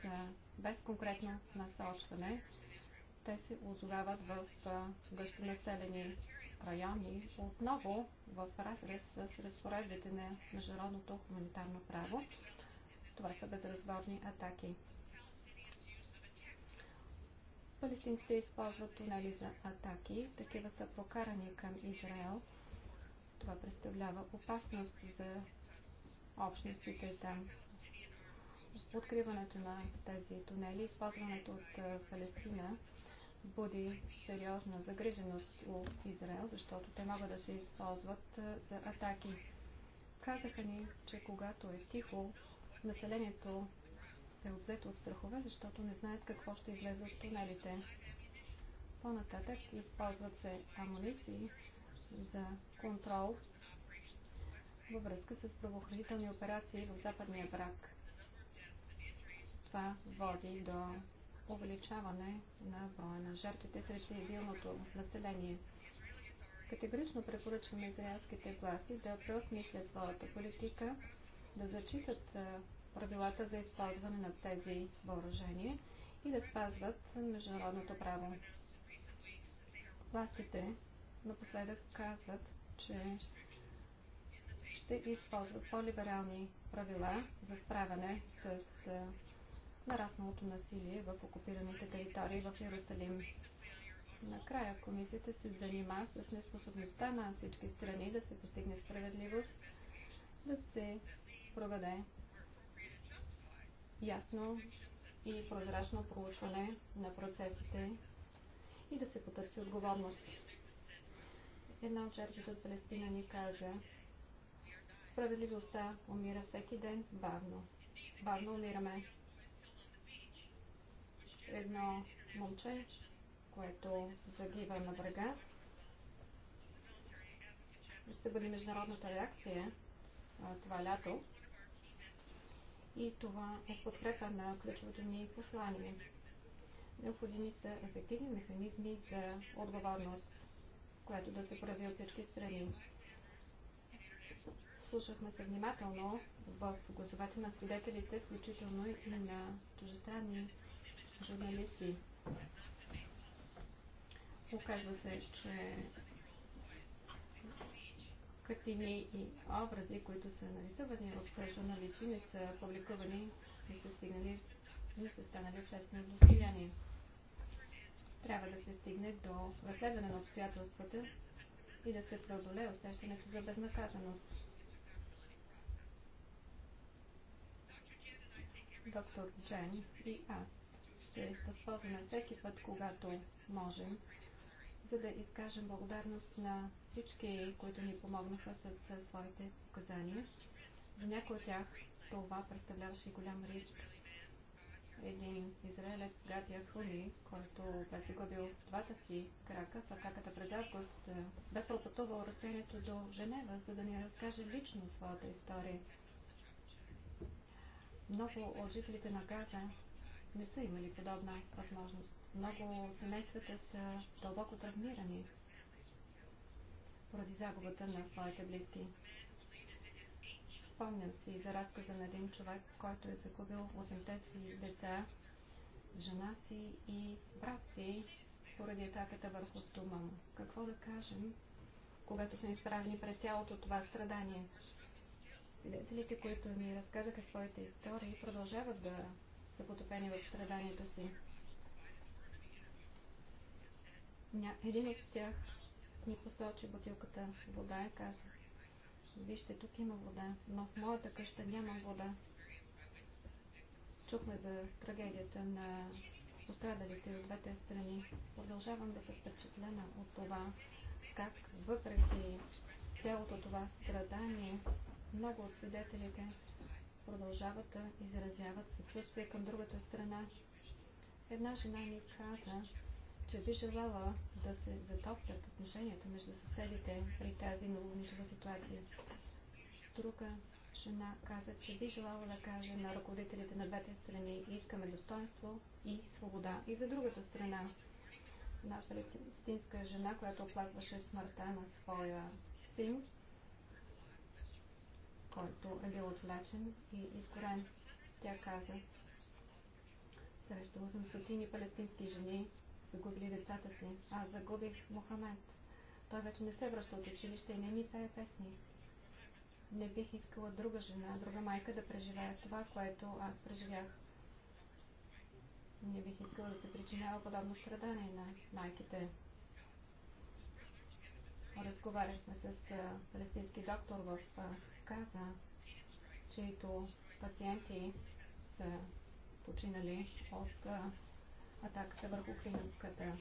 са без конкретно насочване те се озовават в гъстонаселени райони, отново в разрез с разпоредбите на международното хуманитарно право. Това са безразборни атаки. Палестинците използват тунели за атаки. Такива са прокарани към Израел. Това представлява опасност за общностите там. Откриването на тези тунели, използването от Палестина буди сериозна загриженост у Израел, защото те могат да се използват за атаки. Казаха ни, че когато е тихо, населението е обзето от страхове, защото не знаят какво ще излезе от тунелите. По-нататък използват се амуниции за контрол във връзка с правоохранителни операции в западния брак. Това води до увеличаване на броя на жертвите сред цивилното население. Категорично препоръчваме израелските власти да преосмислят своята политика, да зачитат правилата за използване на тези въоръжения и да спазват международното право. Властите напоследък казват, че ще използват по-либерални правила за справяне с нарасналото насилие в окупираните територии в Иерусалим. Накрая комисията се занима с неспособността на всички страни да се постигне справедливост, да се проведе ясно и прозрачно проучване на процесите и да се потърси отговорност. Една от жертвите от Палестина ни каза, справедливостта умира всеки ден бавно. Бавно умираме едно момче, което загива на брега. Ще бъде международната реакция а, това лято. И това е в подкрепа на ключовото ни послание. Необходими са ефективни механизми за отговорност, която да се прави от всички страни. Слушахме се внимателно в гласовете на свидетелите, включително и на чужестранни журналисти. Оказва се, че картини и образи, които са нарисувани от журналисти, не са публикувани, не са, стигнали, не са станали обществено достояние. Трябва да се стигне до разследване на обстоятелствата и да се преодолее усещането за безнаказаност. Доктор Джен и аз се възползваме всеки път, когато можем, за да изкажем благодарност на всички, които ни помогнаха с, с своите показания. За някои от тях това представляваше голям риск. Един израелец Гатия Фуни, който бе загубил двата си крака в атаката през август, е, бе пропътувал разстоянието до Женева, за да ни разкаже лично своята история. Много от жителите на Газа не са имали подобна възможност. Много от семействата са дълбоко травмирани поради загубата на своите близки. Спомням си за разказа на един човек, който е загубил 8-те си деца, жена си и брат си поради атаката върху дома му. Какво да кажем, когато сме изправени пред цялото това страдание? Свидетелите, които ми разказаха своите истории, продължават да са потопени в страданието си. Един от тях ни посочи бутилката вода и каза, вижте, тук има вода, но в моята къща няма вода. Чухме за трагедията на пострадалите от двете страни. Продължавам да се впечатлена от това, как въпреки цялото това страдание, много от свидетелите продължават да изразяват съчувствие към другата страна. Една жена ми каза, че би желала да се затоплят отношенията между съседите при тази новомишова ситуация. Друга жена каза, че би желала да каже на ръководителите на двете страни искаме достоинство и свобода. И за другата страна, една палестинска жена, която оплакваше смъртта на своя син, който е бил отвлечен и изгорен. Тя каза, срещала съм стотини палестински жени, загубили децата си. Аз загубих Мохамед. Той вече не се връща от училище и не ми пее песни. Не бих искала друга жена, друга майка да преживее това, което аз преживях. Не бих искала да се причинява подобно страдание на майките. Разговаряхме с палестински доктор в каза, чието пациенти са починали от атаката върху клиниката.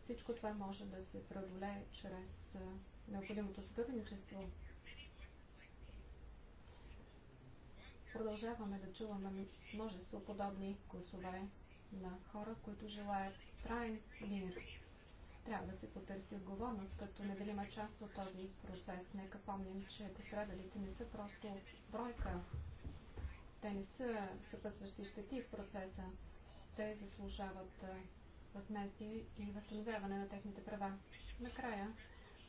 Всичко това може да се преодолее чрез необходимото сътрудничество. Продължаваме да чуваме множество подобни гласове на хора, които желаят траен мир трябва да се потърси отговорност като неделима част от този процес. Нека помним, че пострадалите не са просто бройка. Те не са съпътстващи щети в процеса. Те заслужават възместие и възстановяване на техните права. Накрая,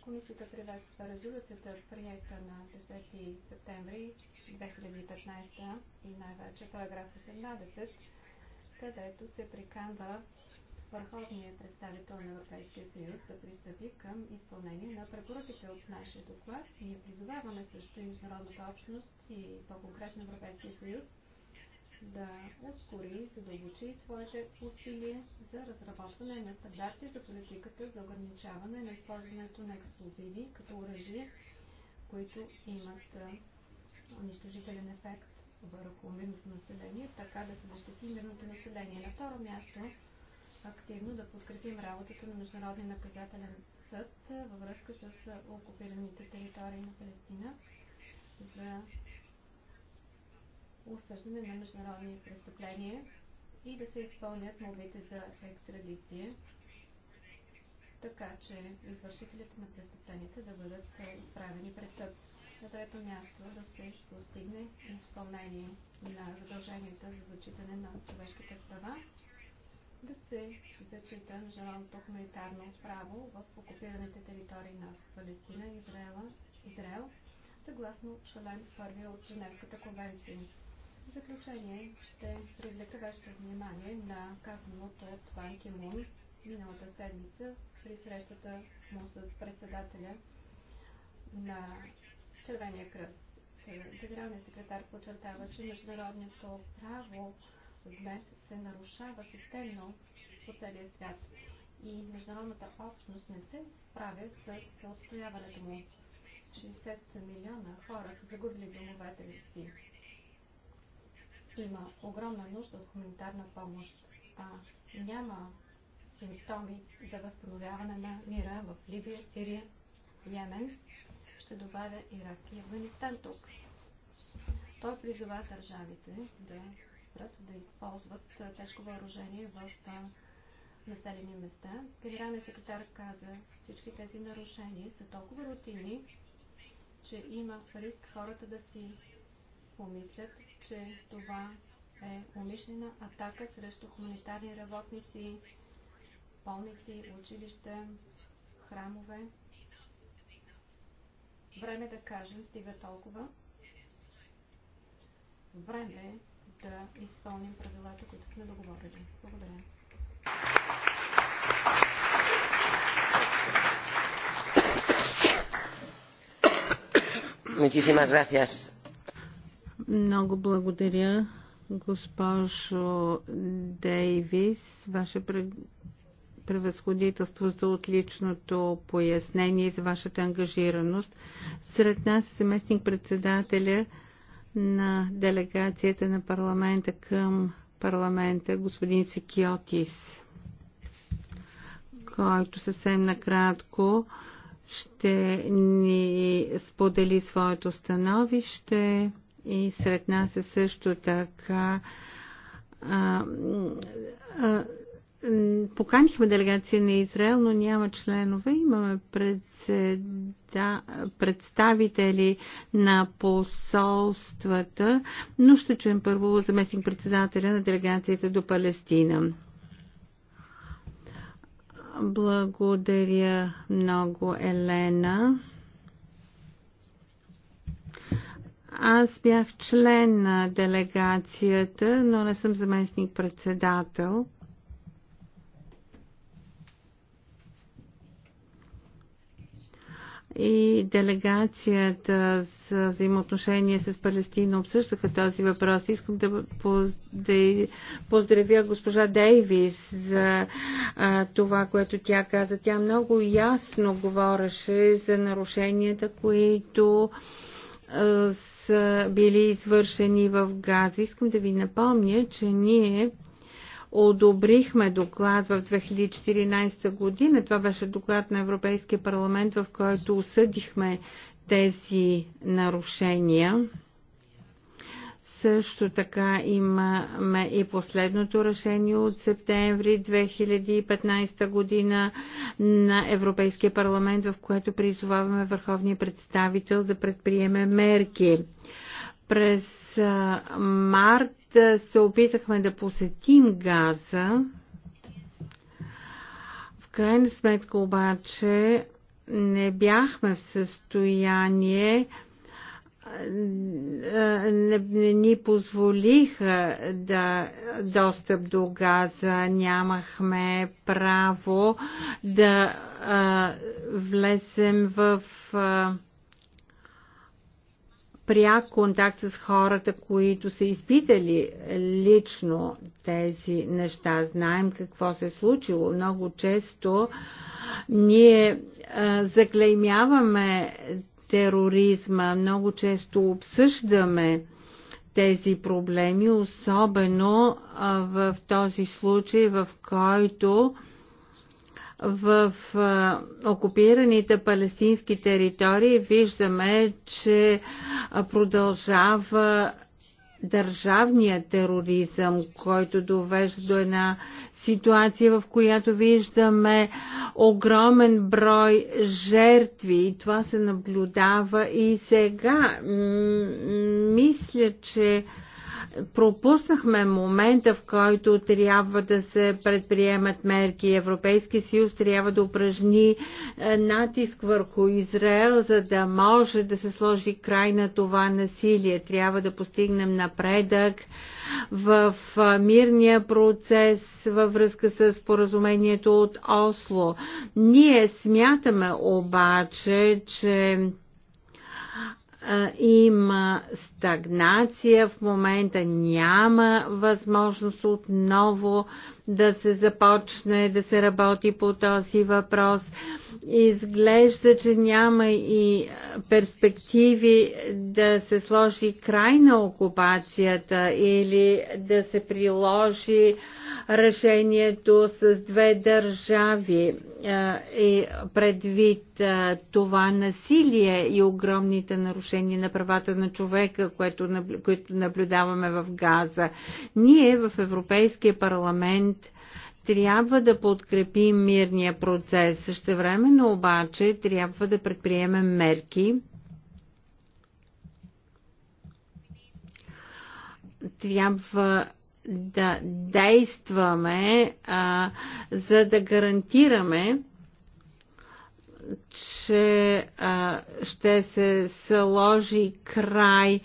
Комисията приветства резолюцията, приета на 10 септември 2015 и най-вече параграф 18, където се приканва върховният представител на Европейския съюз да пристъпи към изпълнение на препоръките от нашия доклад. Ние призоваваме също и международната общност и по-конкретно Европейския съюз да ускори и задълбочи своите усилия за разработване на стандарти за политиката за ограничаване на използването на експлозиви като оръжие, които имат унищожителен ефект върху мирното население, така да се защити мирното население. На второ място активно да подкрепим работата на Международния наказателен съд във връзка с окупираните територии на Палестина за осъждане на международни престъпления и да се изпълнят молбите за екстрадиция, така че извършителите на престъпленията да бъдат изправени пред съд. На трето място да се постигне изпълнение на задълженията за зачитане на човешките права да се зачита международното хуманитарно право в окупираните територии на Палестина и Израел, съгласно член 1 от Женевската конвенция. В заключение ще привлека вашето внимание на казаното от Бан Ки Мун миналата седмица при срещата му с председателя на Червения кръст. Генералният секретар подчертава, че международното право днес се нарушава системно по целия свят и международната общност не се справя с отстояването му. 60 милиона хора са загубили домовете си. Има огромна нужда от хуманитарна помощ, а няма симптоми за възстановяване на мира в Либия, Сирия, Йемен. Ще добавя Ирак и Афганистан тук. Той призова държавите да спрат да използват тежко въоръжение в населени места. Генералният секретар каза, всички тези нарушения са толкова рутини, че има риск хората да си помислят, че това е умишлена атака срещу хуманитарни работници, болници, училища, храмове. Време да кажем, стига толкова. Време е да изпълним правилата, които сме договорили. Благодаря. Muchísimas gracias. Много благодаря, госпожо Дейвис, ваше превъзходителство за отличното пояснение и за вашата ангажираност. Сред нас е заместник председателя на делегацията на парламента към парламента, господин Секиотис, който съвсем накратко ще ни сподели своето становище и сред нас е също така а, а, поканихме делегация на Израел, но няма членове. Имаме председа, представители на посолствата, но ще чуем първо заместник председателя на делегацията до Палестина. Благодаря много, Елена. Аз бях член на делегацията, но не съм заместник председател. и делегацията за взаимоотношения с Палестина обсъждаха този въпрос. Искам да поздравя госпожа Дейвис за това, което тя каза. Тя много ясно говореше за нарушенията, които са били извършени в Газа. Искам да ви напомня, че ние одобрихме доклад в 2014 година. Това беше доклад на Европейския парламент, в който осъдихме тези нарушения. Също така имаме и последното решение от септември 2015 година на Европейския парламент, в което призоваваме Върховния представител да предприеме мерки. През март се опитахме да посетим Газа. В крайна сметка обаче не бяхме в състояние не, не ни позволиха да достъп до газа, нямахме право да а, влезем в а, пряк контакт с хората, които са изпитали лично тези неща. Знаем какво се е случило. Много често ние а, заклеймяваме тероризма, много често обсъждаме тези проблеми, особено а, в този случай, в който а, в окупираните палестински територии виждаме, че продължава държавния тероризъм, който довежда до една ситуация, в която виждаме огромен брой жертви и това се наблюдава и сега. Мисля, че пропуснахме момента, в който трябва да се предприемат мерки. Европейски съюз трябва да упражни е, натиск върху Израел, за да може да се сложи край на това насилие. Трябва да постигнем напредък в е, мирния процес във връзка с поразумението от Осло. Ние смятаме обаче, че има стагнация, в момента няма възможност отново да се започне да се работи по този въпрос изглежда, че няма и перспективи да се сложи край на окупацията или да се приложи решението с две държави и предвид това насилие и огромните нарушения на правата на човека, което, които наблюдаваме в Газа. Ние в Европейския парламент трябва да подкрепим мирния процес. Същевременно обаче трябва да предприемем мерки, трябва да действаме, а, за да гарантираме, че а, ще се сложи край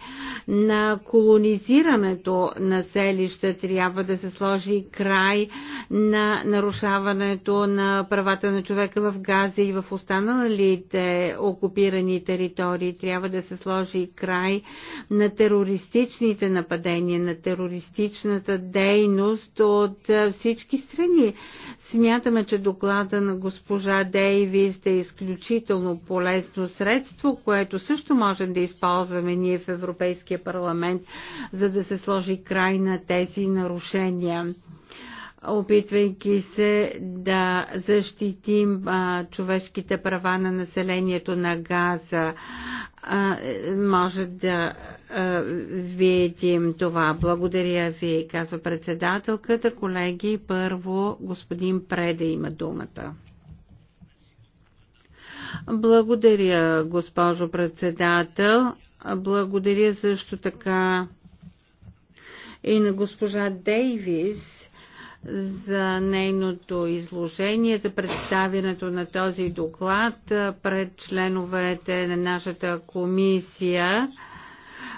на колонизирането на селища, трябва да се сложи край на нарушаването на правата на човека в Газа и в останалите окупирани територии, трябва да се сложи край на терористичните нападения, на терористичната дейност от всички страни. Смятаме, че доклада на госпожа Дейвис е изключително полезно средство, което също можем да използваме ние в Европейския парламент, за да се сложи край на тези нарушения опитвайки се да защитим а, човешките права на населението на Газа. А, може да а, видим това. Благодаря ви, казва председателката. Колеги, първо господин Преда има думата. Благодаря, госпожо председател. Благодаря също така и на госпожа Дейвис за нейното изложение, за представянето на този доклад пред членовете на нашата комисия.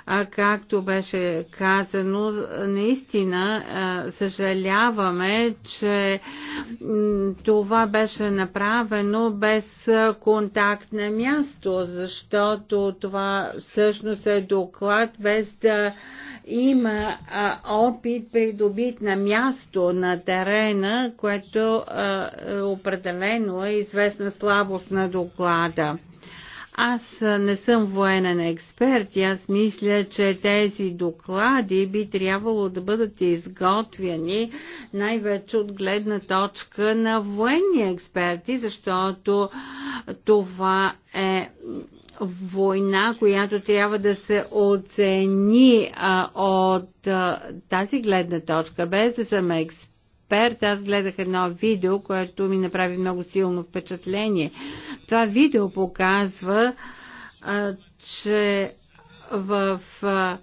А както беше казано, наистина съжаляваме, че това беше направено без контакт на място, защото това всъщност е доклад без да има опит придобит на място, на терена, което е определено е известна слабост на доклада. Аз не съм военен експерт и аз мисля, че тези доклади би трябвало да бъдат изготвяни най-вече от гледна точка на военни експерти, защото това е война, която трябва да се оцени а, от а, тази гледна точка, без да съм експерт експерт, аз гледах едно видео, което ми направи много силно впечатление. Това видео показва, а, че в а,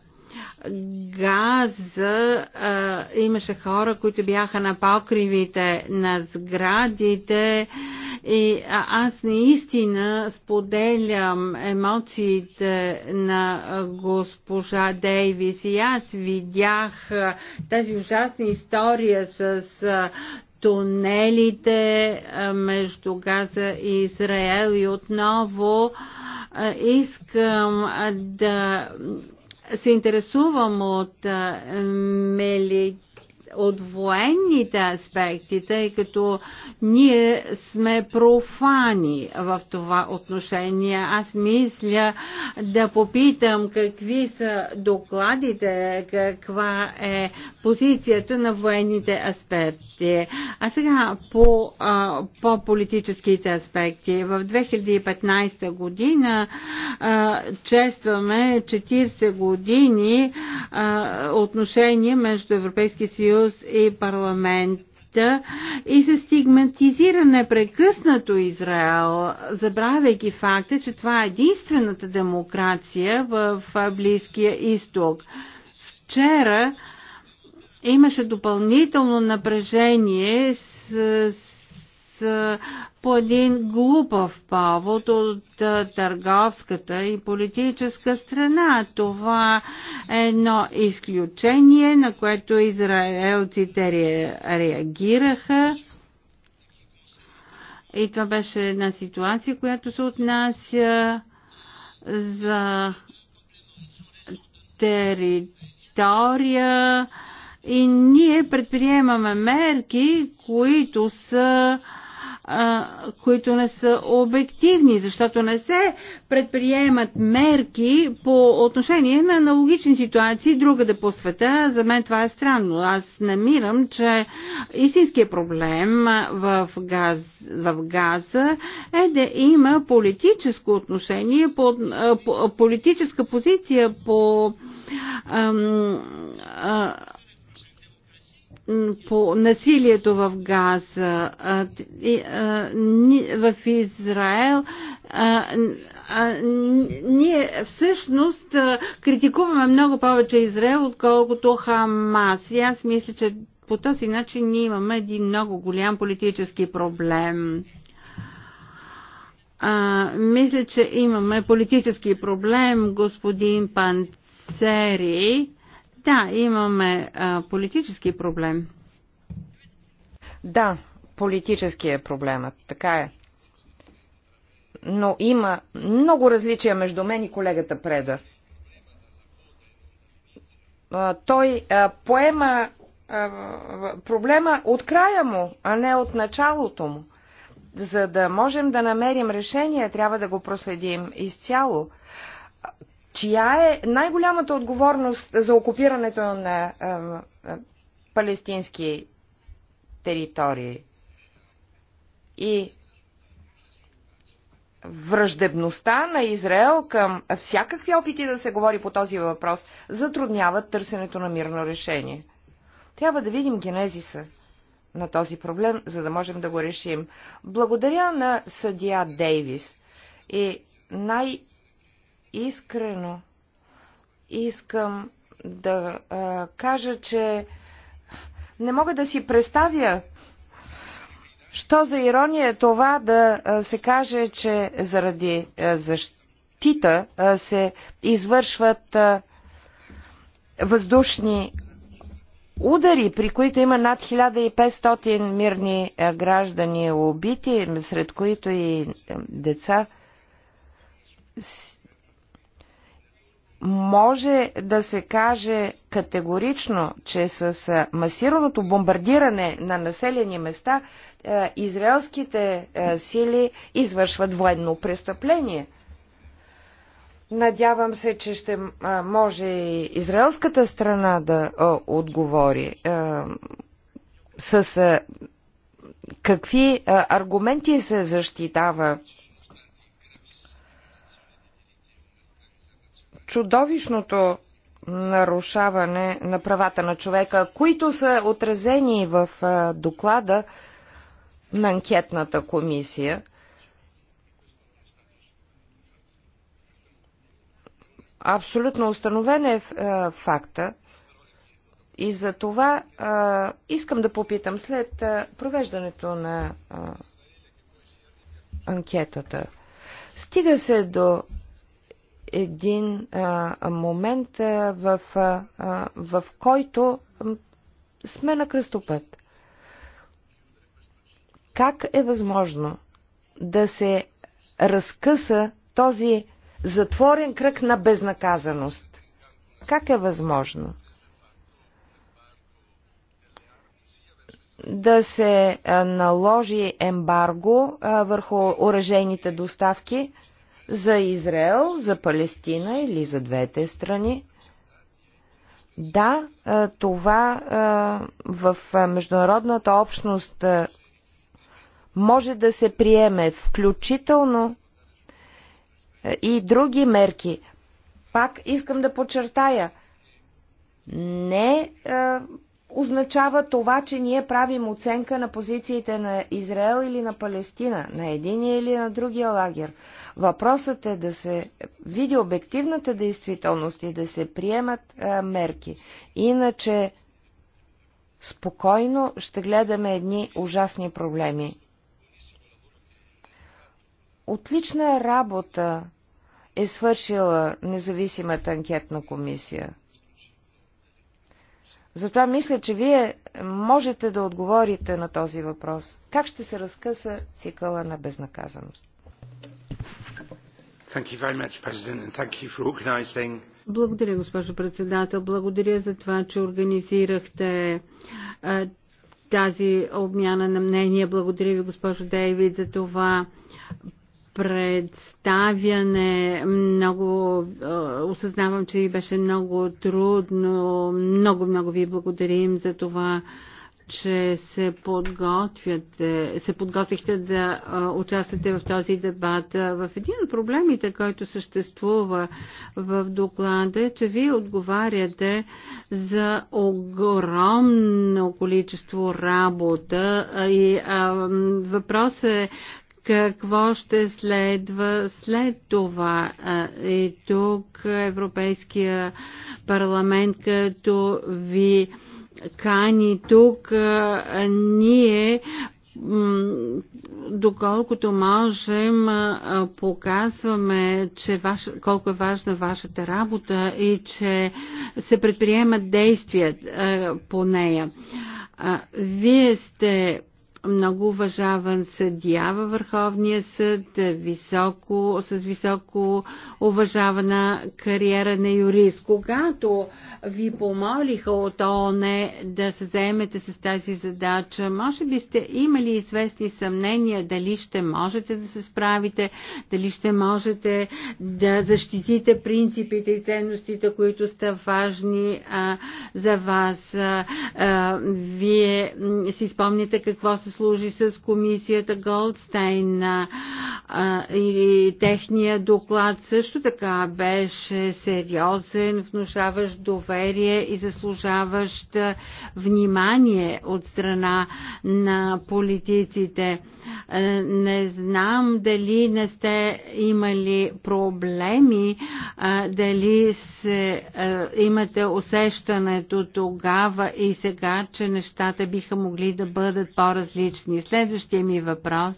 газа а, имаше хора, които бяха на покривите на сградите и аз наистина споделям емоциите на госпожа Дейвис и аз видях тази ужасна история с тунелите между Газа и Израел и отново искам да се интересувам от мели от военните аспекти, тъй като ние сме профани в това отношение. Аз мисля да попитам какви са докладите, каква е позицията на военните аспекти. А сега по, а, по политическите аспекти. В 2015 година а, честваме 40 години а, отношения между Европейския съюз съюз и парламент и се стигматизира непрекъснато Израел, забравяйки факта, че това е единствената демокрация в Близкия изток. Вчера имаше допълнително напрежение с по един глупав повод от търговската и политическа страна. Това е едно изключение, на което израелците реагираха. И това беше една ситуация, която се отнася за територия и ние предприемаме мерки, които са а, които не са обективни, защото не се предприемат мерки по отношение на аналогични ситуации другаде по света. За мен това е странно. Аз намирам, че истинският проблем в, газ, в газа е да има политическо отношение, по, политическа позиция по ам, а, по насилието в Газа, в Израел, ние всъщност критикуваме много повече Израел, отколкото Хамас. И аз мисля, че по този начин ние имаме един много голям политически проблем. А, мисля, че имаме политически проблем, господин Панцери. Да, имаме а, политически проблем. Да, политически е проблемът, така е. Но има много различия между мен и колегата Преда. А, той а, поема а, проблема от края му, а не от началото му. За да можем да намерим решение, трябва да го проследим изцяло чия е най-голямата отговорност за окупирането на е, е, палестински територии и враждебността на Израел към всякакви опити да се говори по този въпрос затрудняват търсенето на мирно решение. Трябва да видим генезиса на този проблем, за да можем да го решим. Благодаря на съдия Дейвис и най- искрено искам да а, кажа, че не мога да си представя що за ирония е това да се каже, че заради защита се извършват въздушни удари, при които има над 1500 мирни граждани убити, сред които и деца може да се каже категорично, че с масираното бомбардиране на населени места израелските сили извършват военно престъпление. Надявам се, че ще може и израелската страна да отговори с какви аргументи се защитава чудовищното нарушаване на правата на човека, които са отразени в доклада на анкетната комисия. Абсолютно установен е факта и за това искам да попитам след провеждането на анкетата. Стига се до един а, момент, а, в, а, в който сме на кръстопът. Как е възможно да се разкъса този затворен кръг на безнаказаност? Как е възможно? да се наложи ембарго върху оръжейните доставки за Израел, за Палестина или за двете страни. Да, това в международната общност може да се приеме включително и други мерки. Пак искам да подчертая, не означава това, че ние правим оценка на позициите на Израел или на Палестина, на единия или на другия лагер. Въпросът е да се види обективната действителност и да се приемат а, мерки. Иначе спокойно ще гледаме едни ужасни проблеми. Отлична работа е свършила независимата анкетна комисия. Затова мисля, че вие можете да отговорите на този въпрос. Как ще се разкъса цикъла на безнаказаност? Much, Благодаря, госпожо председател. Благодаря за това, че организирахте тази обмяна на мнения. Благодаря ви, госпожо Дейвид, за това, представяне. Много осъзнавам, че ви беше много трудно. Много, много ви благодарим за това, че се, подготвяте, се подготвихте да участвате в този дебат. В един от проблемите, който съществува в доклада, е, че вие отговаряте за огромно количество работа и въпрос е какво ще следва след това. И тук Европейския парламент като ви кани тук, ние доколкото можем, показваме, че ваш, колко е важна вашата работа и че се предприемат действия по нея. Вие сте много уважаван съдия във Върховния съд, високо, с високо уважавана кариера на юрист. Когато ви помолиха от ООН да се заемете с тази задача, може би сте имали известни съмнения дали ще можете да се справите, дали ще можете да защитите принципите и ценностите, които са важни а, за вас. А, а, вие си спомняте какво се служи с комисията Голдстайн а, и техния доклад също така беше сериозен, внушаващ доверие и заслужаващ внимание от страна на политиците. Не знам дали не сте имали проблеми, дали се, имате усещането тогава и сега, че нещата биха могли да бъдат по-различни различни. Следващия ми въпрос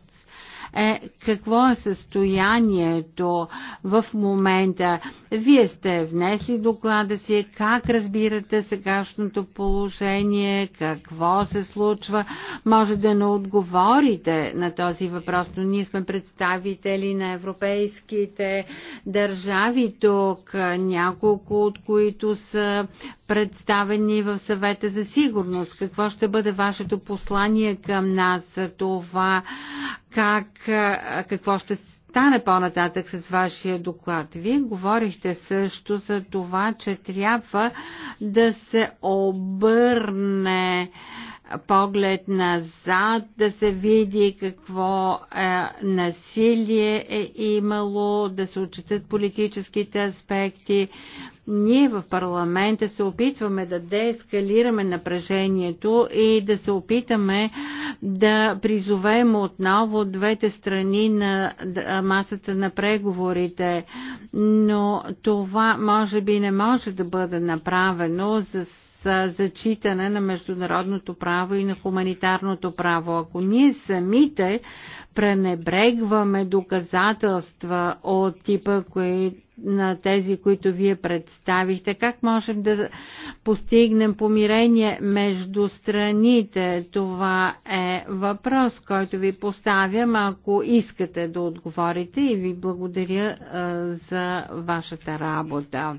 е какво е състоянието в момента. Вие сте внесли доклада си, как разбирате сегашното положение, какво се случва. Може да не отговорите на този въпрос, но ние сме представители на европейските държави тук, няколко от които са представени в съвета за сигурност. Какво ще бъде вашето послание към нас за това как, какво ще стане по-нататък с вашия доклад. Вие говорихте също за това, че трябва да се обърне поглед назад, да се види какво е, насилие е имало, да се отчитат политическите аспекти. Ние в парламента се опитваме да деескалираме напрежението и да се опитаме да призовем отново двете страни на масата на преговорите, но това може би не може да бъде направено за за зачитане на международното право и на хуманитарното право. Ако ние самите пренебрегваме доказателства от типа, които на тези, които вие представихте. Как можем да постигнем помирение между страните? Това е въпрос, който ви поставям, ако искате да отговорите и ви благодаря за вашата работа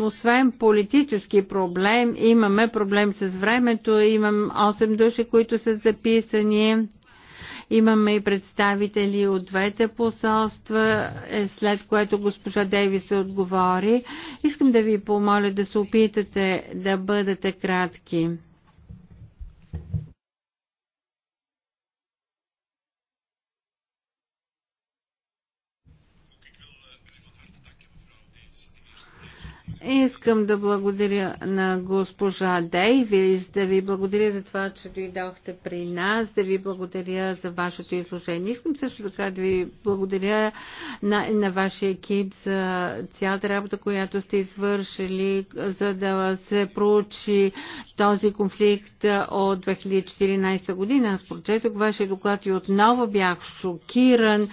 освен политически проблем, имаме проблем с времето. Имам 8 души, които са записани. Имаме и представители от двете посолства, е, след което госпожа Дейвис се отговори. Искам да ви помоля да се опитате да бъдете кратки. Искам да благодаря на госпожа Дейвис, да ви благодаря за това, че дойдохте при нас, да ви благодаря за вашето изложение. Искам също така да ви благодаря на, на вашия екип за цялата работа, която сте извършили, за да се проучи този конфликт от 2014 година. Аз прочетох вашия доклад и отново бях шокиран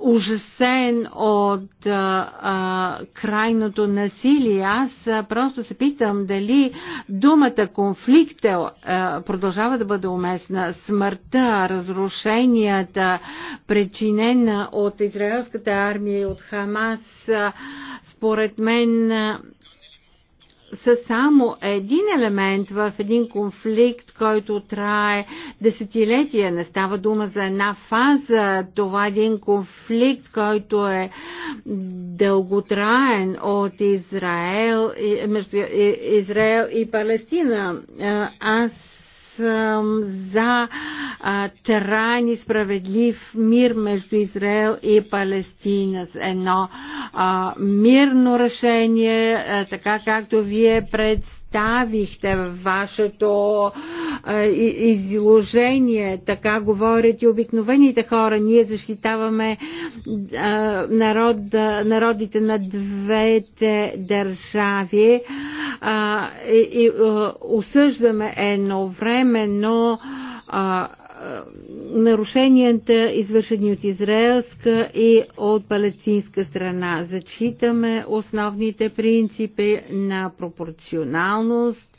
ужасен от а, а, крайното насилие. Аз а, просто се питам дали думата конфликт е, а, продължава да бъде уместна. Смъртта, разрушенията, причинена от израелската армия и от Хамас, а, според мен. А, са само един елемент в един конфликт, който трае десетилетия. Не става дума за една фаза. Това е един конфликт, който е дълготраен от Израел, между Израел и Палестина. Аз съм за а, траен и справедлив мир между Израел и Палестина. Едно а, мирно решение, а, така както вие представите представихте вашето изложение. Така говорят и обикновените хора. Ние защитаваме народ, народите на двете държави и осъждаме едновременно е, нарушенията, извършени от израелска и от палестинска страна. Зачитаме основните принципи на пропорционалност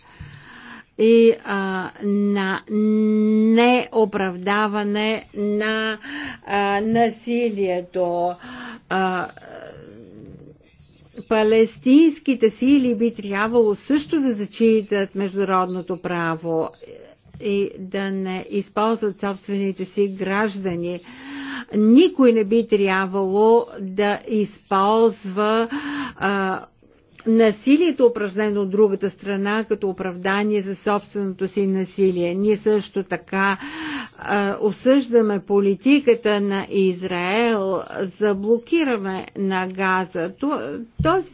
и а, на неоправдаване на а, насилието. А, палестинските сили би трябвало също да зачитат международното право и да не използват собствените си граждани. Никой не би трябвало да използва а, насилието, упражнено от другата страна, като оправдание за собственото си насилие. Ние също така а, осъждаме политиката на Израел за блокиране на газа. Този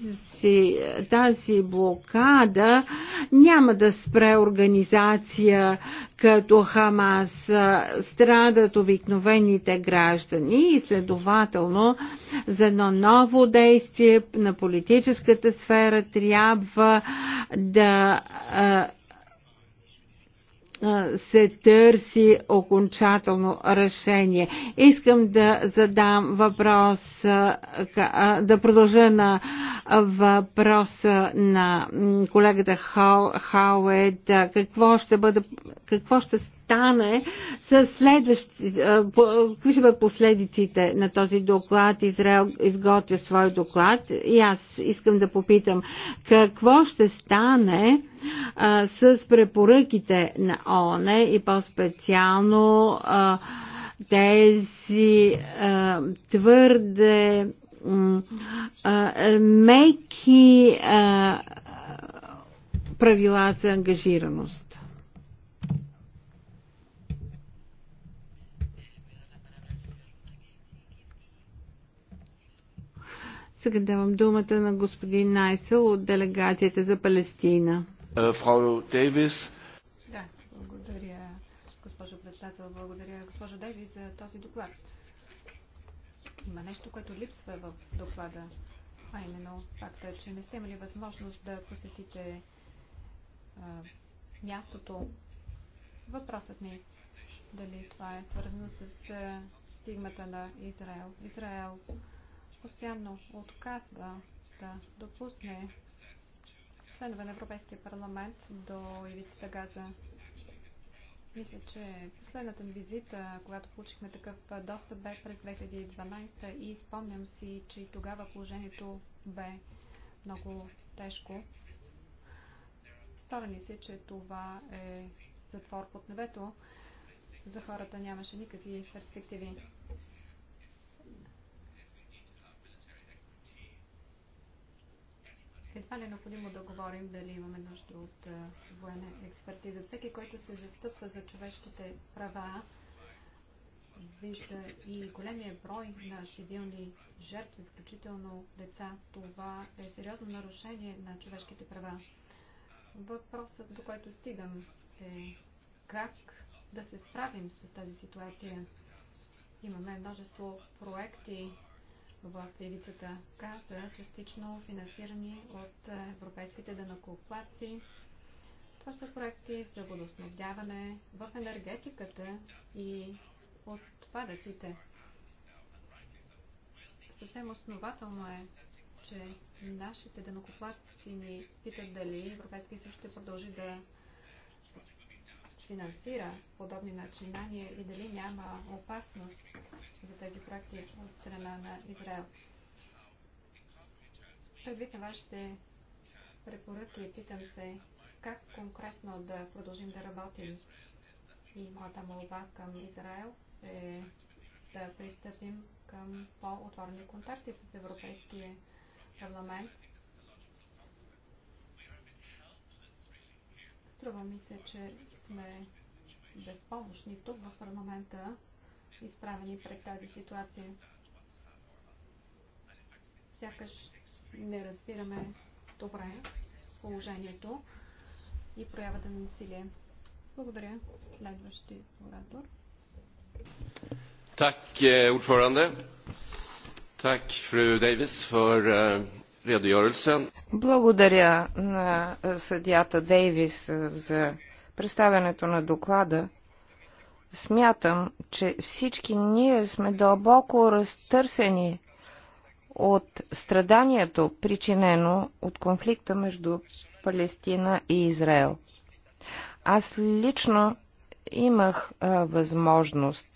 тази, тази блокада няма да спре организация като Хамас. Страдат обикновените граждани и следователно за едно ново действие на политическата сфера трябва да се търси окончателно решение. Искам да задам въпрос, да продължа на въпроса на колегата Хауед. Какво ще бъде, какво ще стане с следващи, какви ще бъдат последиците на този доклад. Израел изготвя свой доклад и аз искам да попитам какво ще стане а, с препоръките на ООН и по-специално тези а, твърде а, меки а, правила за ангажираност. Сега давам думата на господин Найсел от делегацията за Палестина. Е, фрау Дейвис. Да, благодаря, госпожо председател. Благодаря, госпожо Дейвис, за този доклад. Има нещо, което липсва в доклада, а именно факта, че не сте имали възможност да посетите а, мястото. Въпросът ми е дали това е свързано с а, стигмата на Израел. Израел постоянно отказва да допусне членове на Европейския парламент до ивицата газа. Мисля, че последната визита, когато получихме такъв достъп, бе през 2012 и спомням си, че и тогава положението бе много тежко. Стара ни се, че това е затвор под небето. За хората нямаше никакви перспективи. едва ли е необходимо да говорим дали имаме нужда от военна експертиза. Всеки, който се застъпва за човешките права, вижда и големия брой на цивилни жертви, включително деца. Това е сериозно нарушение на човешките права. Въпросът, до който стигам е как да се справим с тази ситуация. Имаме множество проекти в левицата каза, частично финансирани от европейските данокоплаци. Това са проекти за водоснабдяване в енергетиката и отпадъците. Съвсем основателно е, че нашите данокоплаци ни питат дали Европейския съюз ще продължи да финансира подобни начинания и дали няма опасност за тези проекти от страна на Израел. Предвид на вашите препоръки, питам се как конкретно да продължим да работим. И моята молба към Израел е да пристъпим към по-отворени контакти с Европейския парламент Струва ми се, че сме безпомощни тук в парламента, изправени пред тази ситуация. Сякаш не разбираме добре положението и проявата на насилие. Благодаря. Следващи оратор. Tack eh, ordförande. Tack fru Davis för eh, благодаря на съдята Дейвис за представянето на доклада. Смятам, че всички ние сме дълбоко разтърсени от страданието, причинено от конфликта между Палестина и Израел. Аз лично имах а, възможност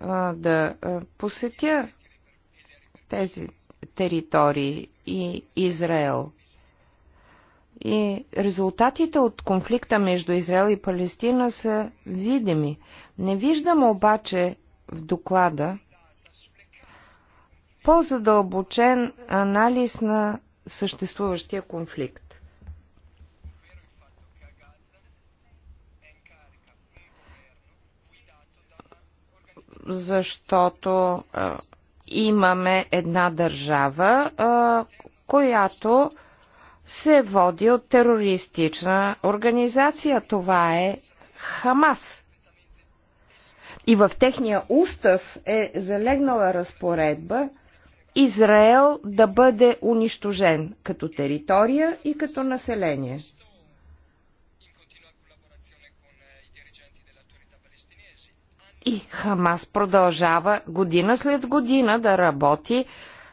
а, да а, посетя тези територии и Израел. И резултатите от конфликта между Израел и Палестина са видими. Не виждам обаче в доклада по-задълбочен анализ на съществуващия конфликт. Защото имаме една държава, която се води от терористична организация. Това е Хамас. И в техния устав е залегнала разпоредба Израел да бъде унищожен като територия и като население. И Хамас продължава година след година да работи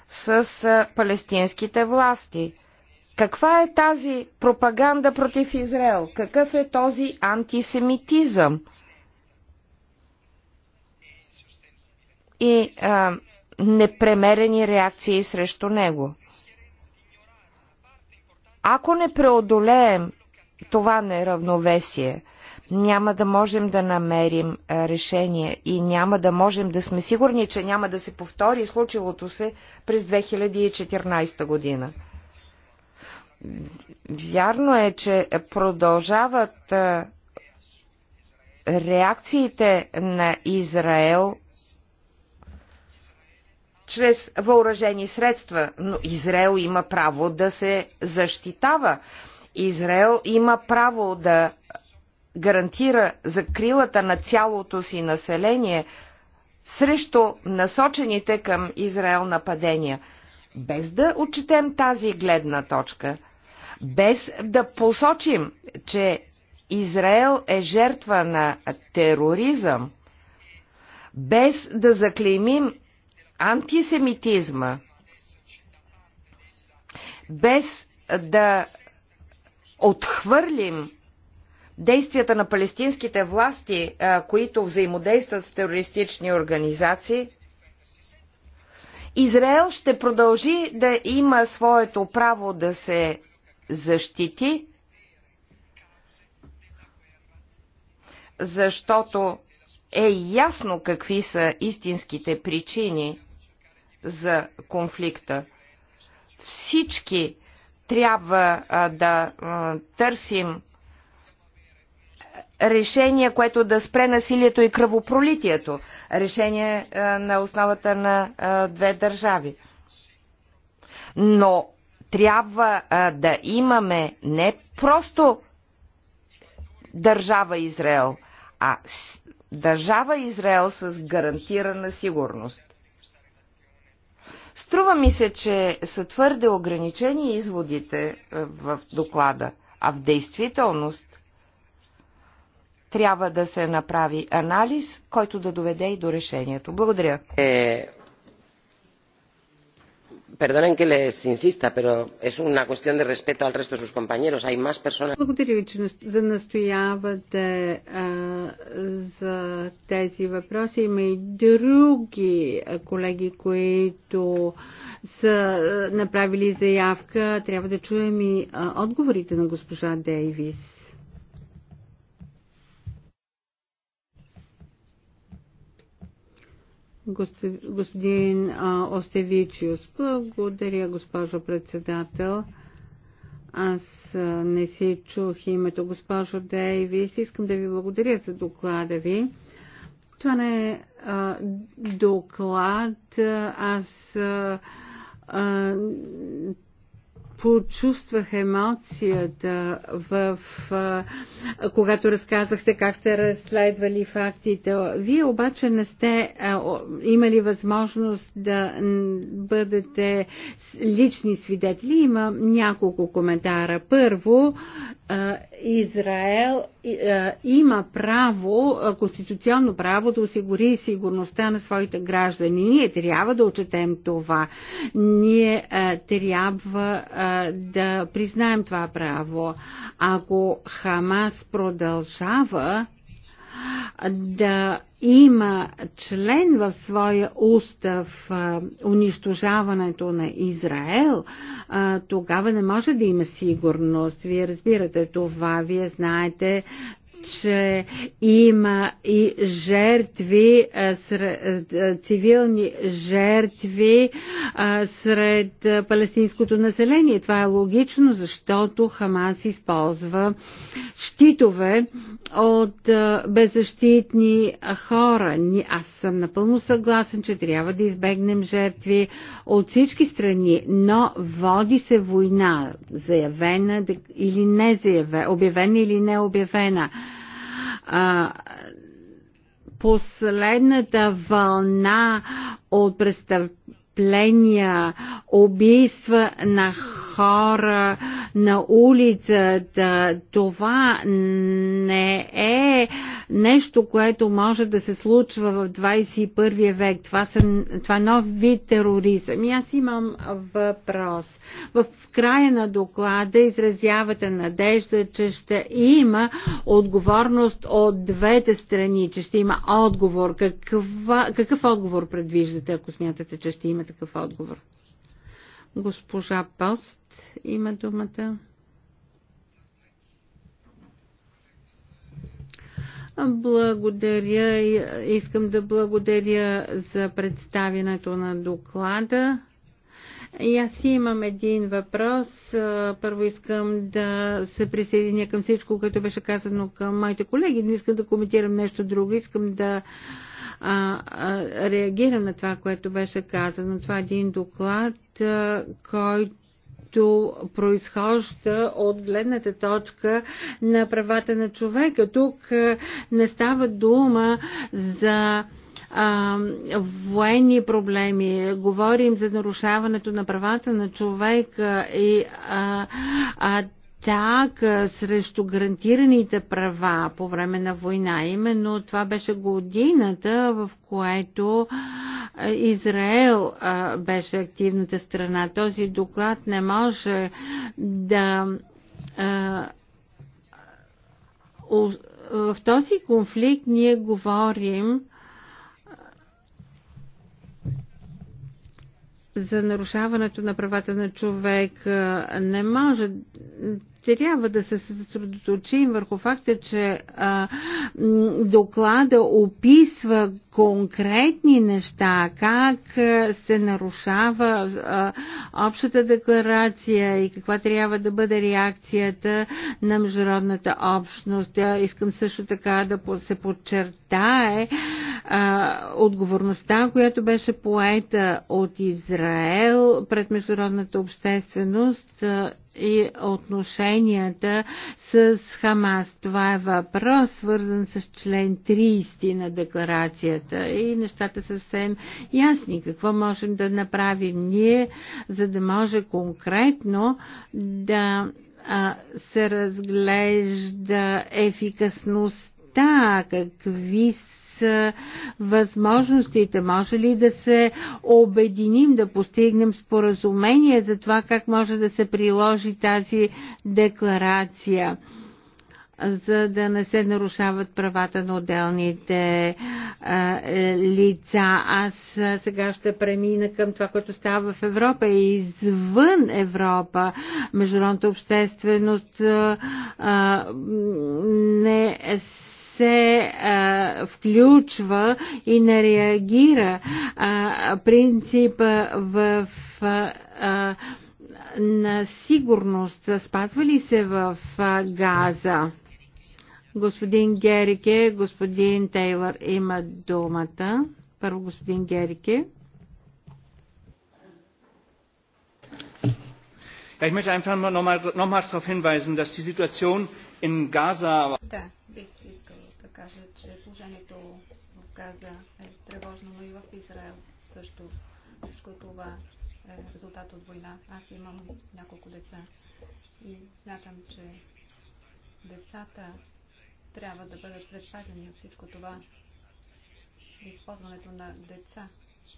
с палестинските власти. Каква е тази пропаганда против Израел? Какъв е този антисемитизъм? И а, непремерени реакции срещу него. Ако не преодолеем това неравновесие, няма да можем да намерим решение и няма да можем да сме сигурни, че няма да се повтори случилото се през 2014 година. Вярно е, че продължават реакциите на Израел чрез въоръжени средства, но Израел има право да се защитава. Израел има право да гарантира закрилата на цялото си население срещу насочените към Израел нападения, без да отчетем тази гледна точка, без да посочим, че Израел е жертва на тероризъм, без да заклеймим антисемитизма, без да отхвърлим действията на палестинските власти, които взаимодействат с терористични организации, Израел ще продължи да има своето право да се защити, защото е ясно какви са истинските причини за конфликта. Всички трябва да търсим решение, което да спре насилието и кръвопролитието. Решение е, на основата на е, две държави. Но трябва е, да имаме не просто държава Израел, а държава Израел с гарантирана сигурност. Струва ми се, че са твърде ограничени изводите в доклада, а в действителност трябва да се направи анализ, който да доведе и до решението. Благодаря. Е, Perdonen que les insista, pero es una cuestión de respeto al resto de sus compañeros. Hay más personas. Благодаря ви, че да настоявате а, за тези въпроси. Има и други колеги, които са направили заявка. Трябва да чуем и а, отговорите на госпожа Дейвис. господин Остевичиус. Благодаря, госпожо председател. Аз не си чух името госпожо Дейвис. Искам да ви благодаря за доклада ви. Това не е а, доклад. Аз а, а, почувствах емоцията в, а, когато разказвахте как сте разследвали фактите. Вие обаче не сте а, имали възможност да бъдете лични свидетели. Има няколко коментара. Първо, а, Израел а, има право, а, конституционно право да осигури сигурността на своите граждани. Ние трябва да отчетем това. Ние а, трябва а, да признаем това право. Ако Хамас продължава да има член в своя устав унищожаването на Израел, тогава не може да има сигурност. Вие разбирате това, вие знаете че има и жертви, цивилни жертви сред палестинското население. Това е логично, защото Хамас използва щитове от беззащитни хора. Аз съм напълно съгласен, че трябва да избегнем жертви от всички страни, но води се война, заявена или не заявена, обявена или не обявена а, последната вълна от престъпления, убийства на хора на улицата, това не е а, нещо, което може да се случва в 21 век. Това, са, това е нов вид тероризъм. И аз имам въпрос. В края на доклада изразявате надежда, че ще има отговорност от двете страни, че ще има отговор. Каква, какъв отговор предвиждате, ако смятате, че ще има такъв отговор? Госпожа Пост има думата. Благодаря. Искам да благодаря за представянето на доклада. И аз имам един въпрос. Първо искам да се присъединя към всичко, което беше казано към моите колеги, но искам да коментирам нещо друго. Искам да а, а, реагирам на това, което беше казано. Това е един доклад, а, който които произхожда от гледната точка на правата на човека. Тук не става дума за военни проблеми, говорим за нарушаването на правата на човека и а, а, атака срещу гарантираните права по време на война. Именно това беше годината, в което Израел беше активната страна. Този доклад не може да в този конфликт ние говорим за нарушаването на правата на човек. Не може трябва да се съсредоточим върху факта, че а, доклада описва конкретни неща, как се нарушава а, общата декларация и каква трябва да бъде реакцията на международната общност. Искам също така да се подчертая е а, отговорността, която беше поета от Израел пред международната общественост а, и отношенията с Хамас. Това е въпрос, свързан с член 30 на декларацията и нещата съвсем ясни. Какво можем да направим ние, за да може конкретно да се разглежда ефикасността места, какви са възможностите, може ли да се обединим, да постигнем споразумение за това как може да се приложи тази декларация за да не се нарушават правата на отделните е, лица. Аз сега ще премина към това, което става в Европа и извън Европа. Международната общественост а, не се а, включва и не реагира. А, принципа в. А, на сигурност спазва ли се в а, Газа? Господин Герике, господин Тейлър има думата. Първо господин Герике. Ja, ich möchte einfach nochmals noch darauf hinweisen, dass die Situation in Gaza. Да кажа, че положението в Газа е тревожно, но и в Израел също. Всичко това е резултат от война. Аз имам няколко деца и смятам, че децата трябва да бъдат предпазени от всичко това. Използването на деца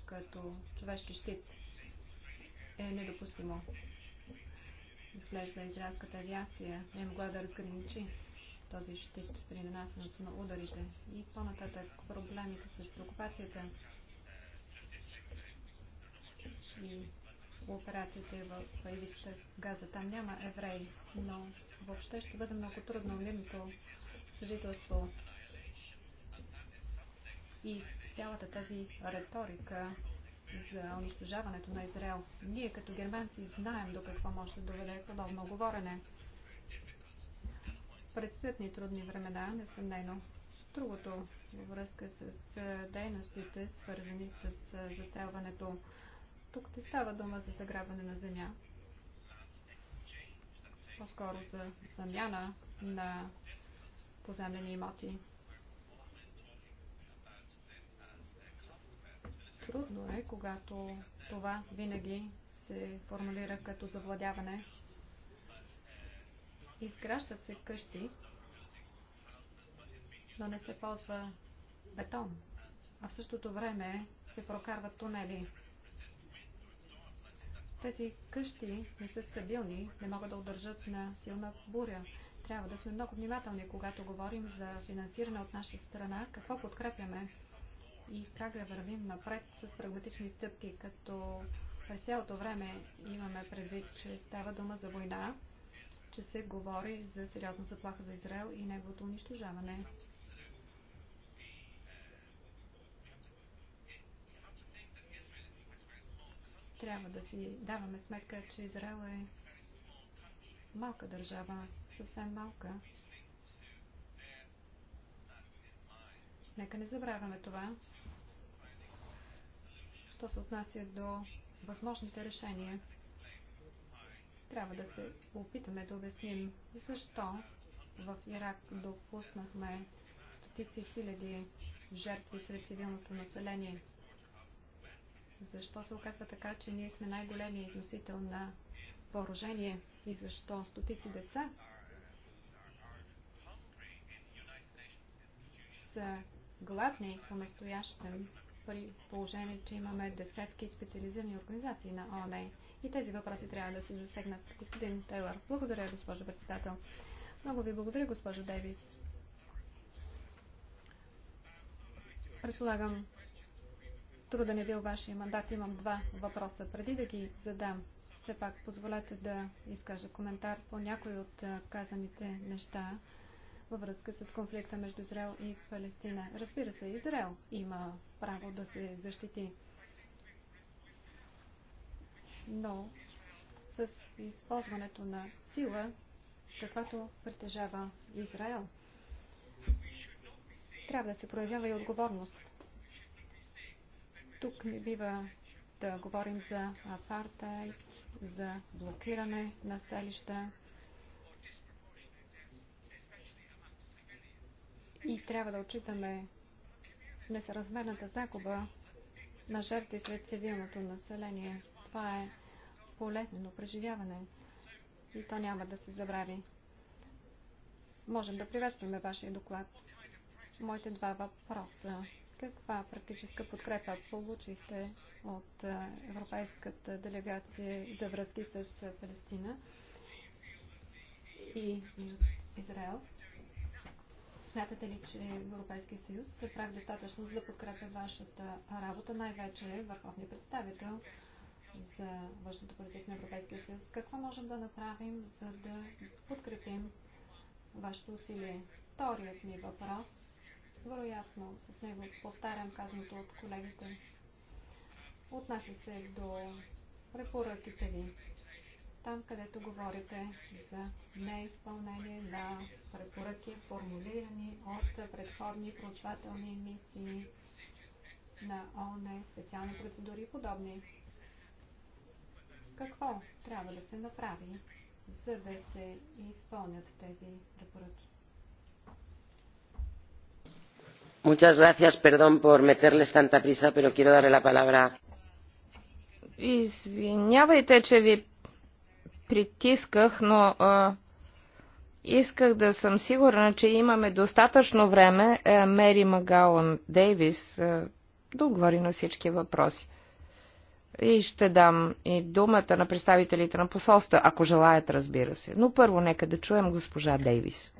като човешки щит е недопустимо. Изглежда израелската авиация не е могла да разграничи този щит при нанасянето на ударите и по-нататък проблемите с окупацията и операциите в Ивицата Газа. Там няма евреи, но въобще ще бъде много трудно мирното съжителство и цялата тази риторика за унищожаването на Израел. Ние като германци знаем до какво може да доведе подобно говорене. Предстоят ни трудни времена, несъмнено. Другото във връзка с дейностите, свързани с заселването. Тук не става дума за заграбване на земя. По-скоро за замяна на поземлени имоти. Трудно е, когато това винаги се формулира като завладяване Изграждат се къщи, но не се ползва бетон, а в същото време се прокарват тунели. Тези къщи не са стабилни, не могат да удържат на силна буря. Трябва да сме много внимателни, когато говорим за финансиране от наша страна, какво подкрепяме и как да вървим напред с прагматични стъпки, като през цялото време имаме предвид, че става дума за война че се говори за сериозна заплаха за Израел и неговото унищожаване. Трябва да си даваме сметка, че Израел е малка държава, съвсем малка. Нека не забравяме това. Що се отнася до възможните решения – трябва да се опитаме да обясним защо в Ирак допуснахме стотици хиляди жертви сред цивилното население. Защо се оказва така, че ние сме най-големия износител на въоръжение и защо стотици деца са гладни по-настоящем при положение, че имаме десетки специализирани организации на ОНЕ и тези въпроси трябва да се засегнат. Господин Тейлър, благодаря, госпожо председател. Много ви благодаря, госпожо Дейвис. Предполагам, труден е бил вашия мандат. Имам два въпроса. Преди да ги задам, все пак позволете да изкажа коментар по някои от казаните неща във връзка с конфликта между Израел и Палестина. Разбира се, Израел има право да се защити но с използването на сила, каквато притежава Израел, трябва да се проявява и отговорност. Тук не бива да говорим за апартайд, за блокиране на селища. И трябва да отчитаме несъразмерната загуба на жертви сред цивилното население. Това е полезно преживяване и то няма да се забрави. Можем да приветстваме вашия доклад. Моите два въпроса. Каква практическа подкрепа получихте от Европейската делегация за връзки с Палестина и Израел? Смятате ли, че Европейския съюз се прави достатъчно за да подкрепя вашата работа, най-вече върховния представител? за външната политика на Европейския съюз. Какво можем да направим, за да подкрепим вашето усилие? Вторият ми въпрос, вероятно с него повтарям казаното от колегите, отнася се до препоръките ви. Там, където говорите за неизпълнение на препоръки, формулирани от предходни проучвателни мисии на ОНЕ, специални процедури и подобни какво трябва да се направи, за да се изпълнят тези препоръки. Muchas gracias, perdón por meterles tanta prisa, pero quiero darle la palabra. Извинявайте, че ви притисках, но а, исках да съм сигурна, че имаме достатъчно време е, Мери Магаун Дейвис да отговори на всички въпроси и ще дам и думата на представителите на посолства, ако желаят, разбира се. Но първо нека да чуем госпожа Дейвис.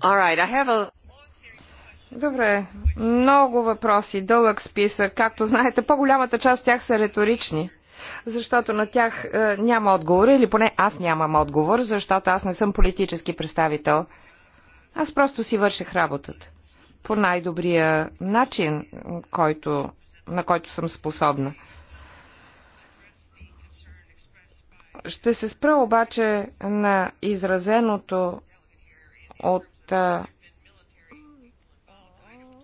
Right, a... Добре, много въпроси, дълъг списък. Както знаете, по-голямата част от тях са риторични защото на тях е, няма отговор, или поне аз нямам отговор, защото аз не съм политически представител. Аз просто си върших работата по най-добрия начин, който, на който съм способна. Ще се спра обаче на изразеното от а,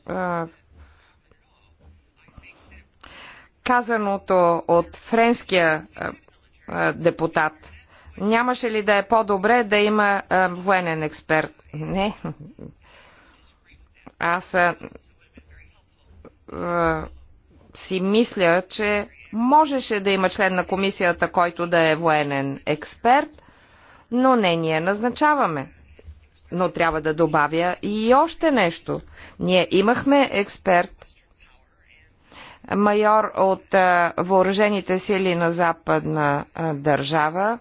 е, а, е, казаното от френския е, е, депутат. Нямаше ли да е по-добре да има е, военен експерт? Не. Аз си мисля, че можеше да има член на комисията, който да е военен експерт, но не ние назначаваме. Но трябва да добавя и още нещо. Ние имахме експерт майор от въоръжените сили на западна държава,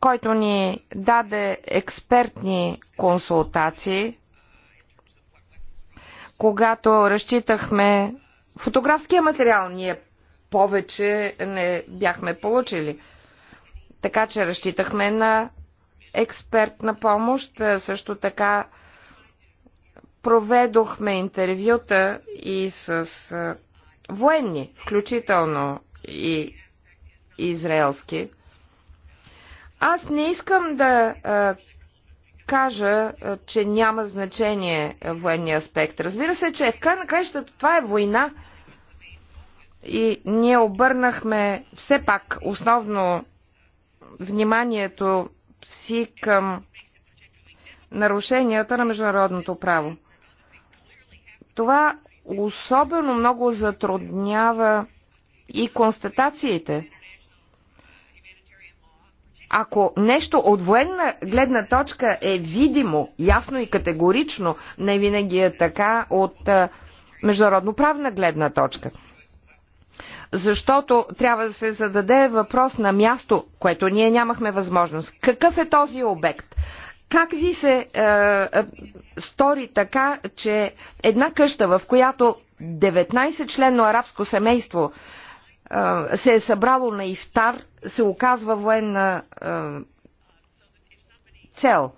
който ни даде експертни консултации, когато разчитахме фотографския материал, ние повече не бяхме получили. Така че разчитахме на експертна помощ, също така проведохме интервюта и с военни, включително и израелски. Аз не искам да а, кажа, а, че няма значение военния аспект. Разбира се, че в край на краищата това е война и ние обърнахме все пак основно вниманието си към нарушенията на международното право. Това особено много затруднява и констатациите. Ако нещо от военна гледна точка е видимо, ясно и категорично, не винаги е така от международно-правна гледна точка. Защото трябва да се зададе въпрос на място, което ние нямахме възможност. Какъв е този обект? Как ви се е, е, стори така, че една къща, в която 19-членно арабско семейство е, се е събрало на ифтар, се оказва военна е, цел?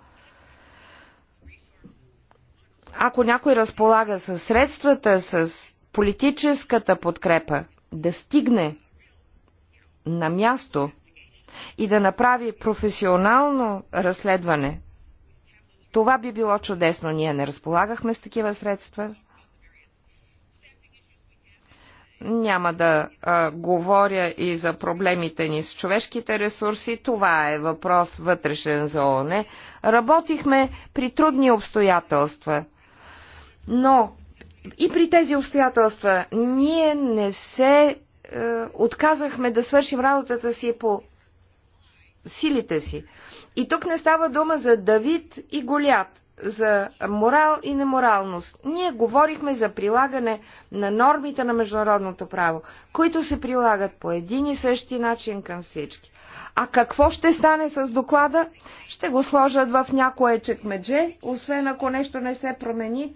Ако някой разполага с средствата, с политическата подкрепа, да стигне на място и да направи професионално разследване – това би било чудесно. Ние не разполагахме с такива средства. Няма да а, говоря и за проблемите ни с човешките ресурси. Това е въпрос вътрешен за ООН. Работихме при трудни обстоятелства. Но и при тези обстоятелства ние не се е, отказахме да свършим работата си по силите си. И тук не става дума за Давид и Голят, за морал и неморалност. Ние говорихме за прилагане на нормите на международното право, които се прилагат по един и същи начин към всички. А какво ще стане с доклада? Ще го сложат в някое чекмедже, освен ако нещо не се промени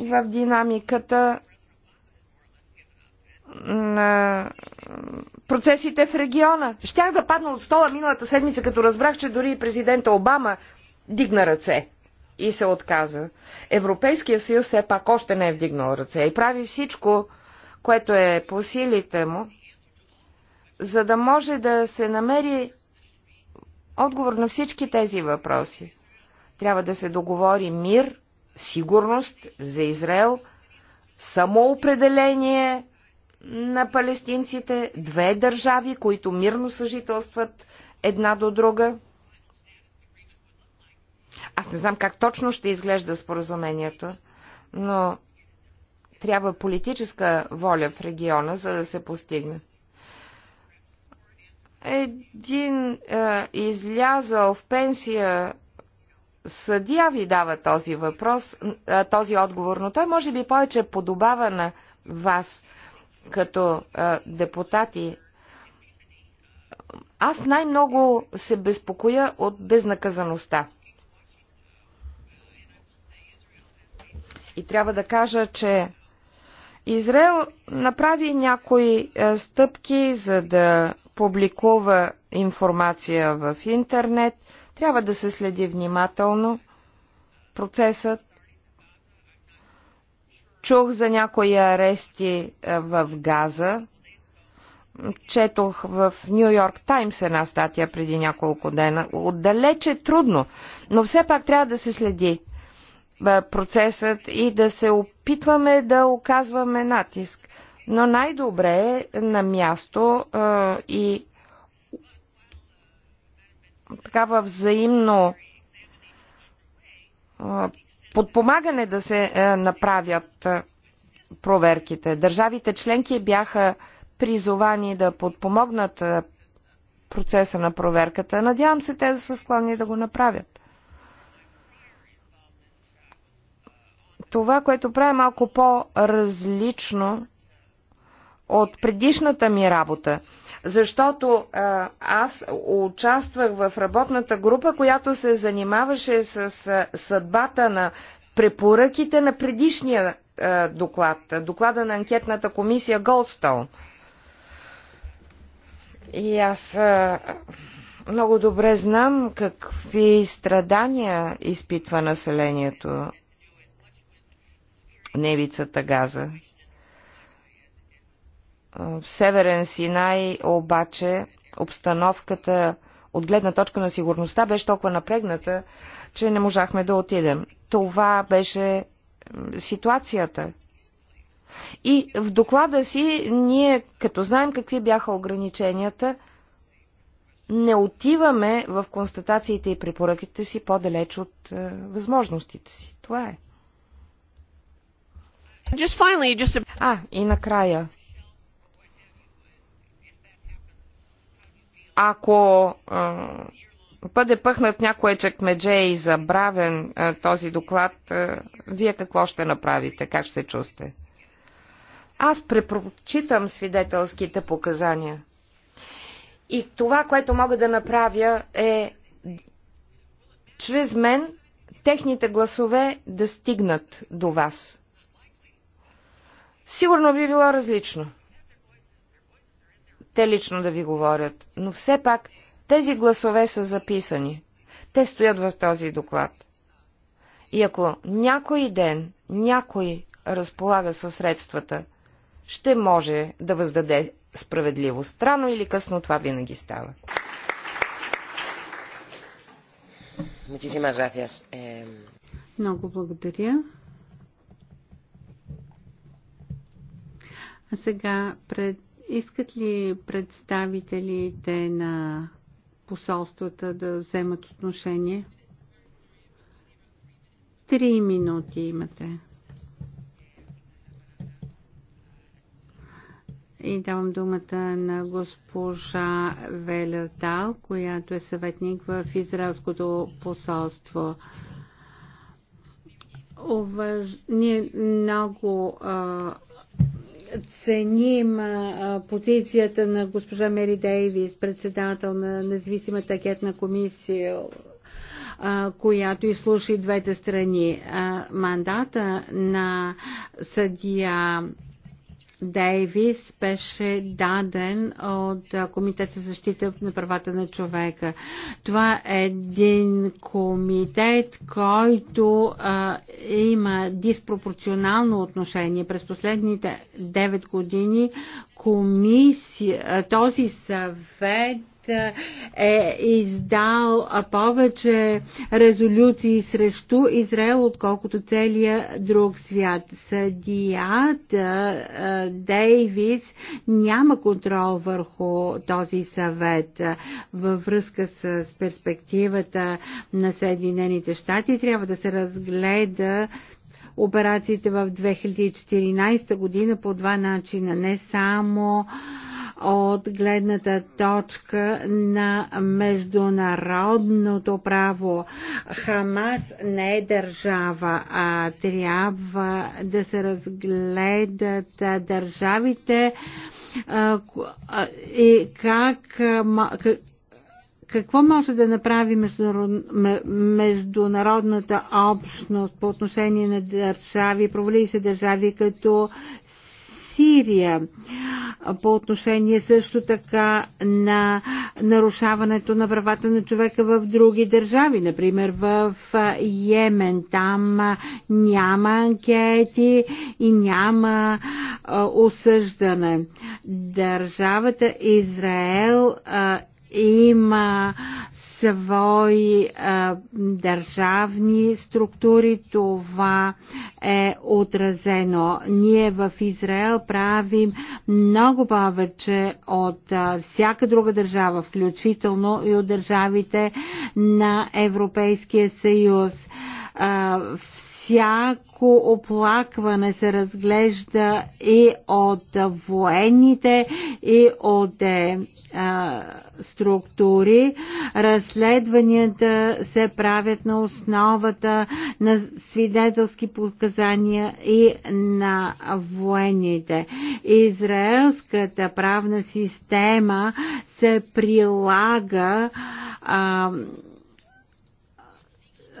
в динамиката на процесите в региона. Щях да падна от стола миналата седмица, като разбрах, че дори и президента Обама дигна ръце и се отказа. Европейския съюз все пак още не е вдигнал ръце и прави всичко, което е по силите му, за да може да се намери отговор на всички тези въпроси. Трябва да се договори мир, сигурност за Израел, самоопределение на палестинците, две държави, които мирно съжителстват една до друга. Аз не знам как точно ще изглежда споразумението, но трябва политическа воля в региона, за да се постигне. Един е, излязъл в пенсия съдия ви дава този въпрос, е, този отговор, но той може би повече подобава на вас – като а, депутати, аз най-много се безпокоя от безнаказаността. И трябва да кажа, че Израел направи някои стъпки, за да публикува информация в интернет. Трябва да се следи внимателно процесът. Чух за някои арести е, в Газа. Четох в Нью Йорк Таймс една статия преди няколко дена. Отдалече е трудно, но все пак трябва да се следи е, процесът и да се опитваме да оказваме натиск. Но най-добре е на място е, и така във взаимно подпомагане да се е, направят е, проверките. Държавите членки бяха призовани да подпомогнат е, процеса на проверката. Надявам се те да са склонни да го направят. Това, което прави малко по-различно от предишната ми работа – защото а, аз участвах в работната група, която се занимаваше с а, съдбата на препоръките на предишния а, доклад, доклада на анкетната комисия Голдстоун. И аз а, много добре знам какви страдания изпитва населението на Ивицата Газа. В Северен Синай обаче обстановката от гледна точка на сигурността беше толкова напрегната, че не можахме да отидем. Това беше ситуацията. И в доклада си ние, като знаем какви бяха ограниченията, не отиваме в констатациите и препоръките си по-далеч от е, възможностите си. Това е. Just finally, just a... А, и накрая. Ако бъде пъхнат някое чекмедже и забравен този доклад, вие какво ще направите? Как ще се чувствате? Аз препрочитам свидетелските показания. И това, което мога да направя е чрез мен техните гласове да стигнат до вас. Сигурно би било различно те лично да ви говорят, но все пак тези гласове са записани. Те стоят в този доклад. И ако някой ден някой разполага със средствата, ще може да въздаде справедливост. Рано или късно това винаги става. Много благодаря. А сега пред Искат ли представителите на посолствата да вземат отношение? Три минути имате. И давам думата на госпожа Велертал, която е съветник в Израелското посолство. Уваж... Ние много а, ценим позицията на госпожа Мери Дейвис, председател на независимата агентна комисия, която изслуши двете страни. Мандата на съдия Дейвис беше даден от Комитет за защита на правата на човека. Това е един комитет, който а, има диспропорционално отношение. През последните 9 години комисия, този съвет е, е издал повече резолюции срещу Израел, отколкото целия друг свят. Съдията е, е, Дейвис няма контрол върху този съвет във връзка с перспективата на Съединените щати. Трябва да се разгледа операциите в 2014 година по два начина. Не само от гледната точка на международното право. Хамас не е държава, а трябва да се разгледат държавите и как какво може да направи международната общност по отношение на държави, провали се държави като Сирия, по отношение също така на нарушаването на правата на човека в други държави, например в Йемен. Там няма анкети и няма осъждане. Държавата Израел има свои а, държавни структури. Това е отразено. Ние в Израел правим много повече от а, всяка друга държава, включително и от държавите на Европейския съюз. А, всяко оплакване се разглежда и от военните, и от е, структури. Разследванията се правят на основата на свидетелски показания и на военните. Израелската правна система се прилага а,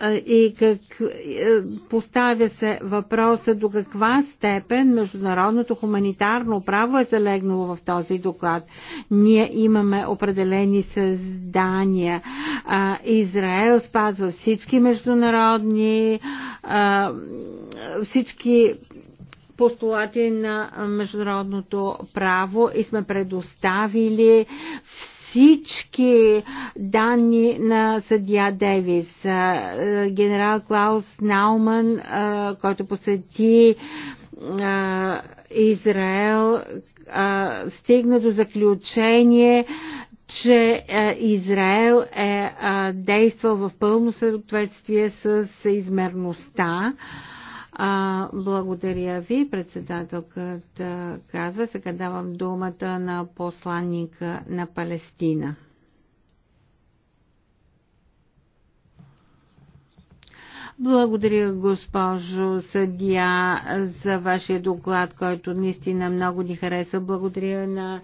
и как, е, поставя се въпроса до каква степен международното хуманитарно право е залегнало в този доклад. Ние имаме определени създания. Израел спазва всички международни, всички постулати на международното право и сме предоставили всички всички данни на съдия Девис. Генерал Клаус Науман, който посети Израел, стигна до заключение, че Израел е действал в пълно съответствие с измерността. А, благодаря ви, председателката казва. Сега давам думата на посланника на Палестина. Благодаря, госпожо съдия, за вашия доклад, който наистина много ни хареса. Благодаря на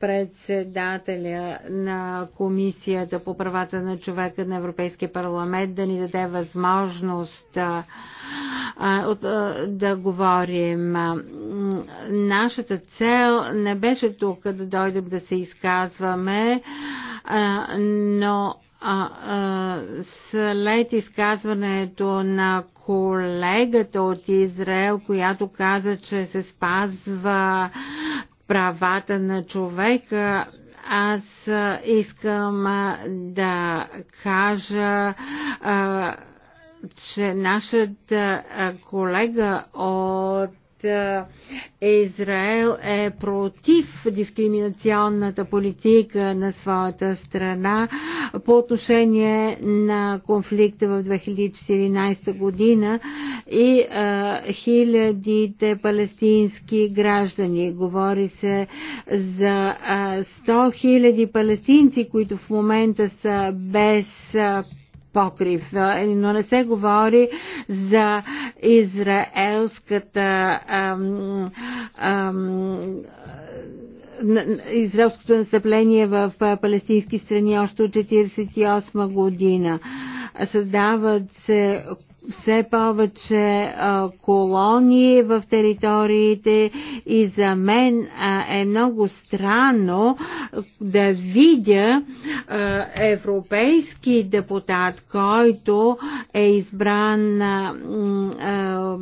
председателя на Комисията по правата на човека на Европейския парламент да ни даде възможност да говорим. Нашата цел не беше тук да дойдем да се изказваме, но а, а, след изказването на колегата от Израел, която каза, че се спазва правата на човека, аз искам да кажа, а, че нашата колега от е Израел е против дискриминационната политика на своята страна по отношение на конфликта в 2014 година и а, хилядите палестински граждани. Говори се за а, 100 хиляди палестинци, които в момента са без а, покрив, е, но не се говори за израелската ам, ам, израелското настъпление в палестински страни още от 1948 година. Създават се все повече а, колонии в териториите и за мен а, е много странно да видя а, европейски депутат, който е избран а, а,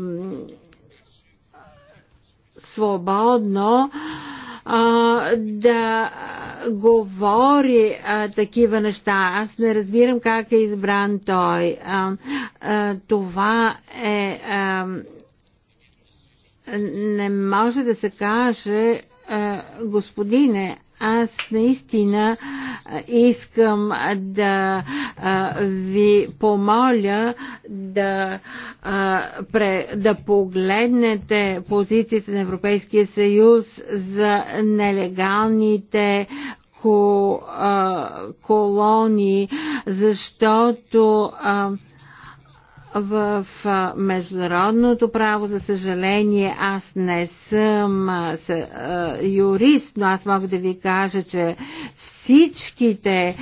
свободно. А, а, да говори а, такива неща. Аз не разбирам как е избран той. А, а, това е. А, не може да се каже, а, господине, аз наистина искам да ви помоля да, да погледнете позицията на Европейския съюз за нелегалните колони, защото в международното право, за съжаление, аз не съм юрист, но аз мога да ви кажа, че всичките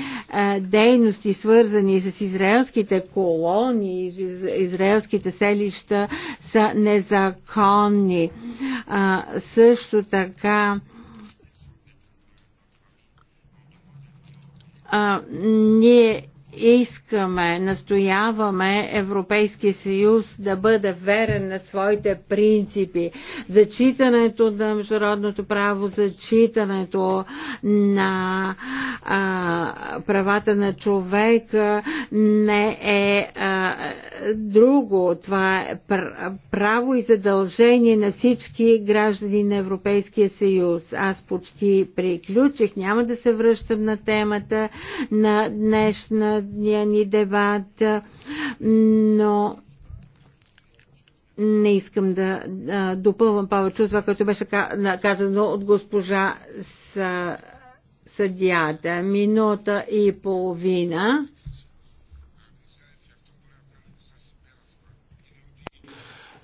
дейности, свързани с израелските колонии, израелските селища, са незаконни. Също така, ние искаме, настояваме Европейския съюз да бъде верен на своите принципи. Зачитането на международното право, зачитането на а, правата на човека не е а, друго. Това е право и задължение на всички граждани на Европейския съюз. Аз почти приключих, няма да се връщам на темата на днешна дневния ни дебат, но не искам да допълвам повече от това, което беше казано от госпожа с съдията. Минута и половина.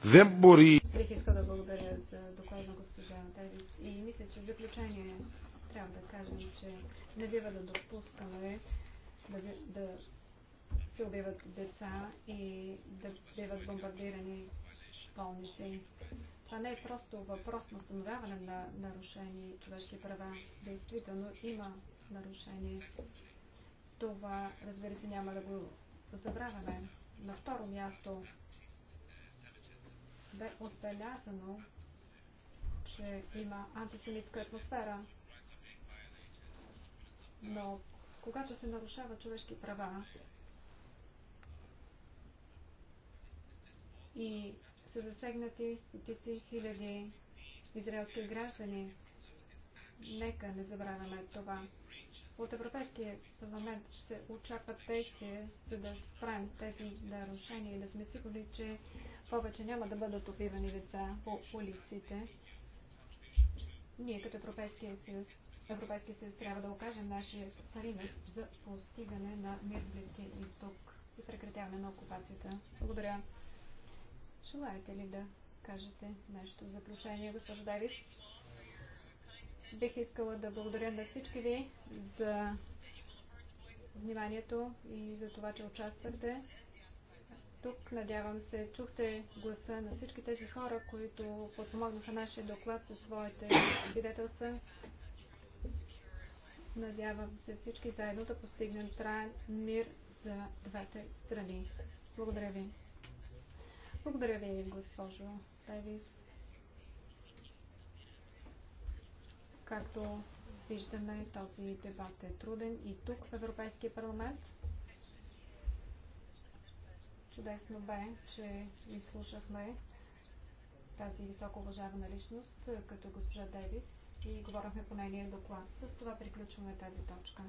Зембори. Бих искал да благодаря за доклада на госпожа Тарис и мисля, че в заключение трябва да кажем, че не бива да допускаме да, да се убиват деца и да биват бомбардирани болници. Това не е просто въпрос на установяване на нарушени човешки права. Действително има нарушение. Това, разбира се, няма да го забравяме. На второ място бе отбелязано, че има антисемитска атмосфера, но когато се нарушава човешки права и са засегнати стотици хиляди израелски граждани. Нека не забравяме това. От Европейския парламент се очакват действия, за да спрем тези нарушения и да сме сигурни, че повече няма да бъдат убивани деца по улиците. Ние като Европейския съюз Европейския съюз трябва да окаже нашия принос за постигане на мир в Близкия изток и прекратяване на окупацията. Благодаря. Желаете ли да кажете нещо в заключение, госпожо Давид? Бих искала да благодаря на всички ви за вниманието и за това, че участвахте. Тук, надявам се, чухте гласа на всички тези хора, които подпомогнаха нашия доклад със своите свидетелства. Надявам се всички заедно да постигнем траен мир за двете страни. Благодаря ви. Благодаря ви, госпожо Тайвис. Както виждаме, този дебат е труден и тук в Европейския парламент. Чудесно бе, че изслушахме тази високо уважавана личност, като госпожа Девис, и говорихме по нейния доклад. С това приключваме тази точка.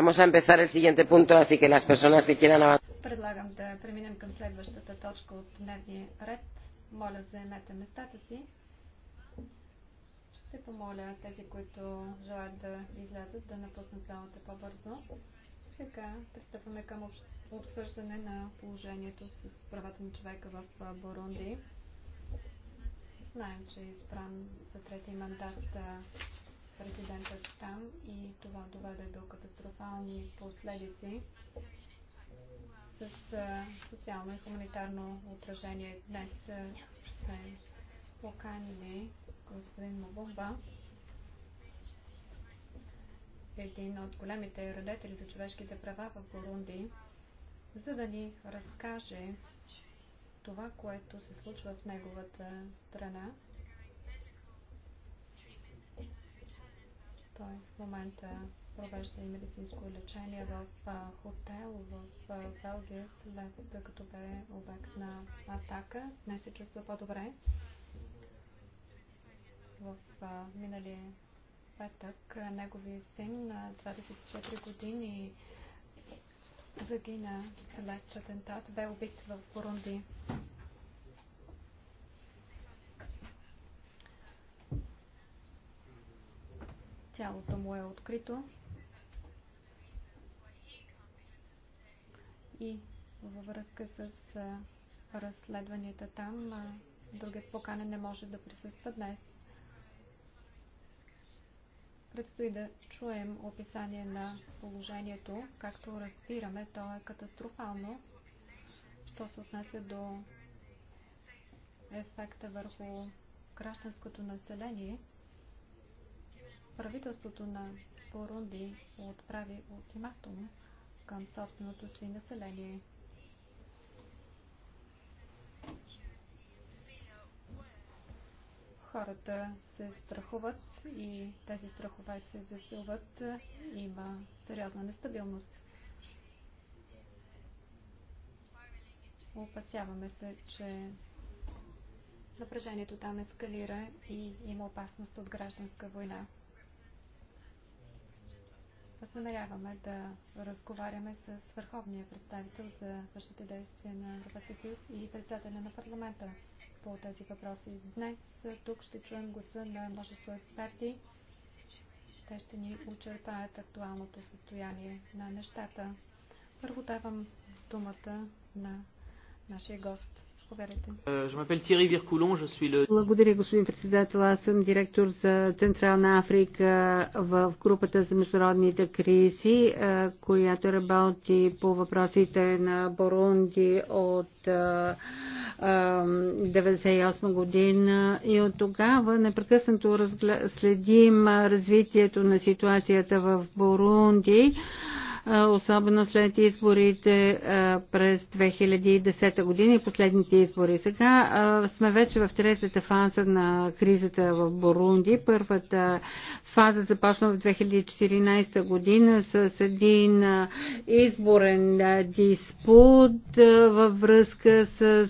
Vamos a empezar el siguiente punto, así que las personas que quieran avanzar. Предлагам да преминем към следващата точка от дневния ред. Моля, заемете местата си. Ще помоля тези, които желаят да излязат, да напуснат залата по-бързо. Сега пристъпваме към обсъждане на положението с правата на човека в Бурунди. Знаем, че е избран за трети мандат Президентът там и това доведе до катастрофални последици с социално и хуманитарно отражение. Днес сме поканили господин Мобумба, един от големите родители за човешките права в Бурунди, за да ни разкаже това, което се случва в неговата страна Той в момента провежда и медицинско лечение в хотел в Белгия, след като бе обект на атака. Днес се чувства по-добре. В миналия петък негови син на 24 години загина след атентат, бе убит в Бурунди. Тялото му е открито. И във връзка с разследванията там, другият поканен не може да присъства днес. Предстои да чуем описание на положението. Както разбираме, то е катастрофално, що се отнася до ефекта върху гражданското население – Правителството на Бурунди отправи ултиматум към собственото си население. Хората се страхуват и тези страхове се засилват. Има сериозна нестабилност. Опасяваме се, че напрежението там ескалира и има опасност от гражданска война. Възнамеряваме да разговаряме с върховния представител за външните действия на Европейския съюз и председателя на парламента по тези въпроси. Днес тук ще чуем гласа на множество експерти. Те ще ни очертаят актуалното състояние на нещата. Първо давам думата на нашия гост. Е, Благодаря, господин председател. Аз съм директор за Централна Африка в групата за международните кризи, е, която работи по въпросите на Борунди от 1998 е, година. И от тогава непрекъснато следим развитието на ситуацията в Борунди особено след изборите през 2010 година и последните избори. Сега сме вече в третата фаза на кризата в Бурунди. Първата фаза започна в 2014 година с един изборен диспут във връзка с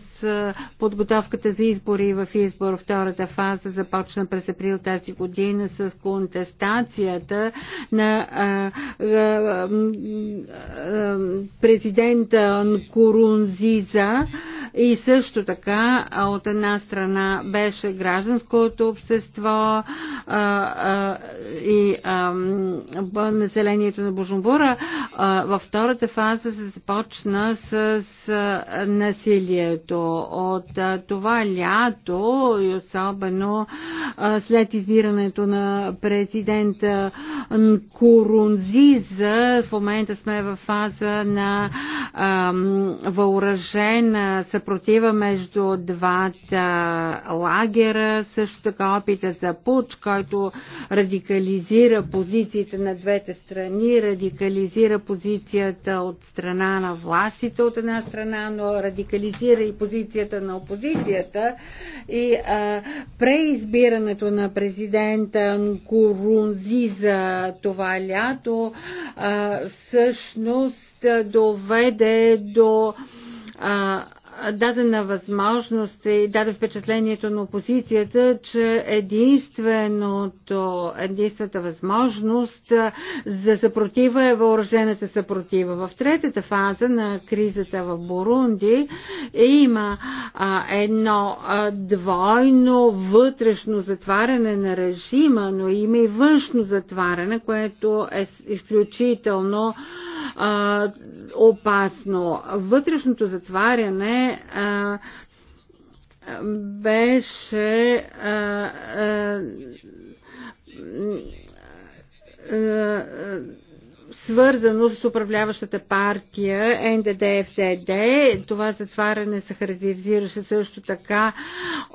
подготовката за избори в избор. Втората фаза започна през април тази година с контестацията на президента Нкурунзиза и също така от една страна беше гражданското общество и населението на Божумбура. Във втората фаза се започна с насилието. От това лято и особено след избирането на президента Нкурунзиза в момента момента сме в фаза на ам, въоръжена съпротива между двата лагера, също така опита за пуч, който радикализира позициите на двете страни, радикализира позицията от страна на властите от една страна, но радикализира и позицията на опозицията и а, преизбирането на президента Нкурунзи за това лято а, всъщност доведе до а, дадена възможност и даде впечатлението на опозицията, че единственото, единствената възможност за съпротива е въоръжената съпротива. В третата фаза на кризата в Бурунди има а, едно а, двойно вътрешно затваряне на режима, но има и външно затваряне, което е изключително а, а, опасно. Вътрешното затваряне а, беше а, а, а, свързано с управляващата партия НДДФДД. Това затваряне се характеризираше също така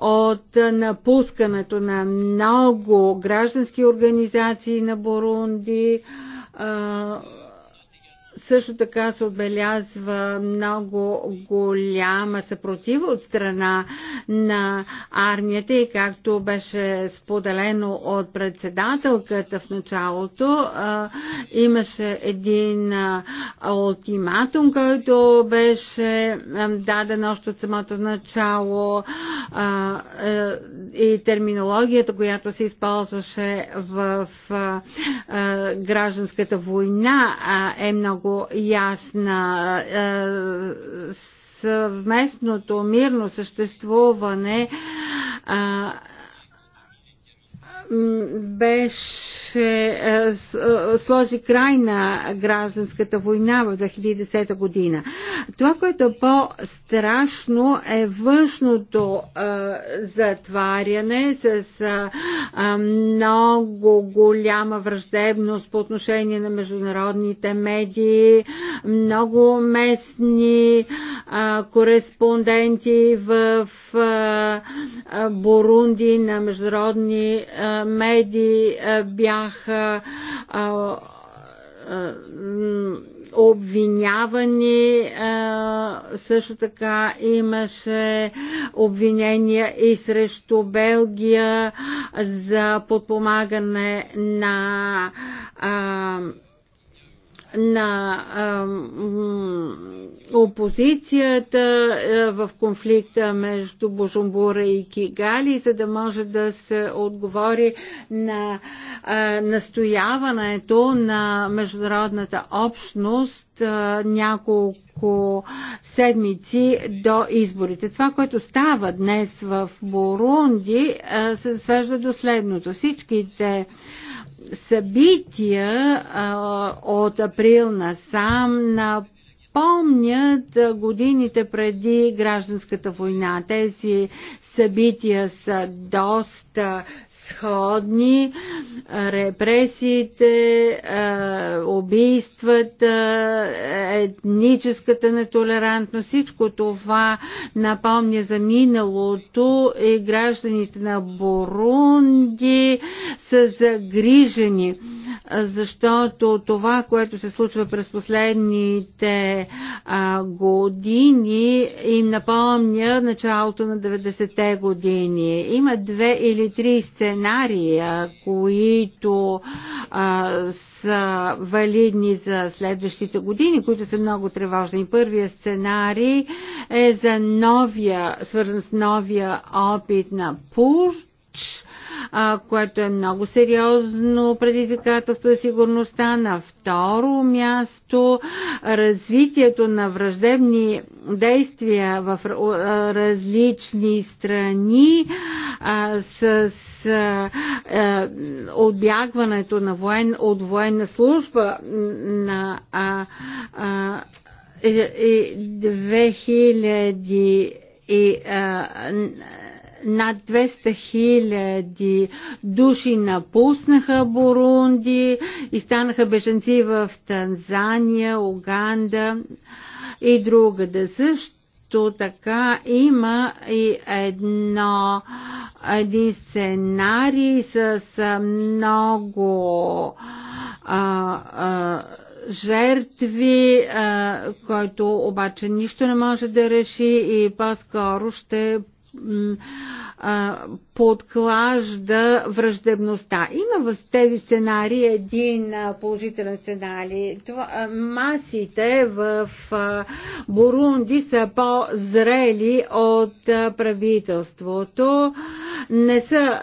от напускането на много граждански организации на Бурунди. А, също така се отбелязва много голяма съпротива от страна на армията и както беше споделено от председателката в началото, имаше един ултиматум, който беше даден още от самото начало е, и терминологията, която се използваше в е, гражданската война е много ясна. Е, съвместното мирно съществуване е, беше, е, е, сложи край на гражданската война в 2010 година. Това, което е по-страшно е външното е, затваряне с много голяма враждебност по отношение на международните медии, много местни кореспонденти в Бурунди на международни медии е, бяха обвинявани. Също така имаше обвинения и срещу Белгия за подпомагане на на опозицията е, в конфликта между Божумбура и Кигали, за да може да се отговори на е, настояването на международната общност е, няколко седмици до изборите. Това, което става днес в Бурунди, се свежда до следното. Всичките събития от април насам на помнят годините преди гражданската война. Тези събития са доста сходни. Репресиите, убийствата, етническата нетолерантност, всичко това напомня за миналото и гражданите на Бурунди са загрижени защото това, което се случва през последните а, години, им напомня началото на 90-те години. Има две или три сценария, които а, са валидни за следващите години, които са много тревожни. Първият сценарий е за новия, свързан с новия опит на Пуш, а, което е много сериозно предизвикателство за сигурността. На второ място развитието на враждебни действия в различни страни а, с а, е, отбягването на воен, от военна служба на а, а, 2000 е, е, и а, над 200 хиляди души напуснаха Бурунди и станаха беженци в Танзания, Уганда и друга. Да също така има и едно, един сценарий с много а, а, жертви, а, който обаче нищо не може да реши и по-скоро ще подклажда враждебността. Има в тези сценарии един положителен сценарий. Това, масите в Бурунди са по-зрели от правителството. Не са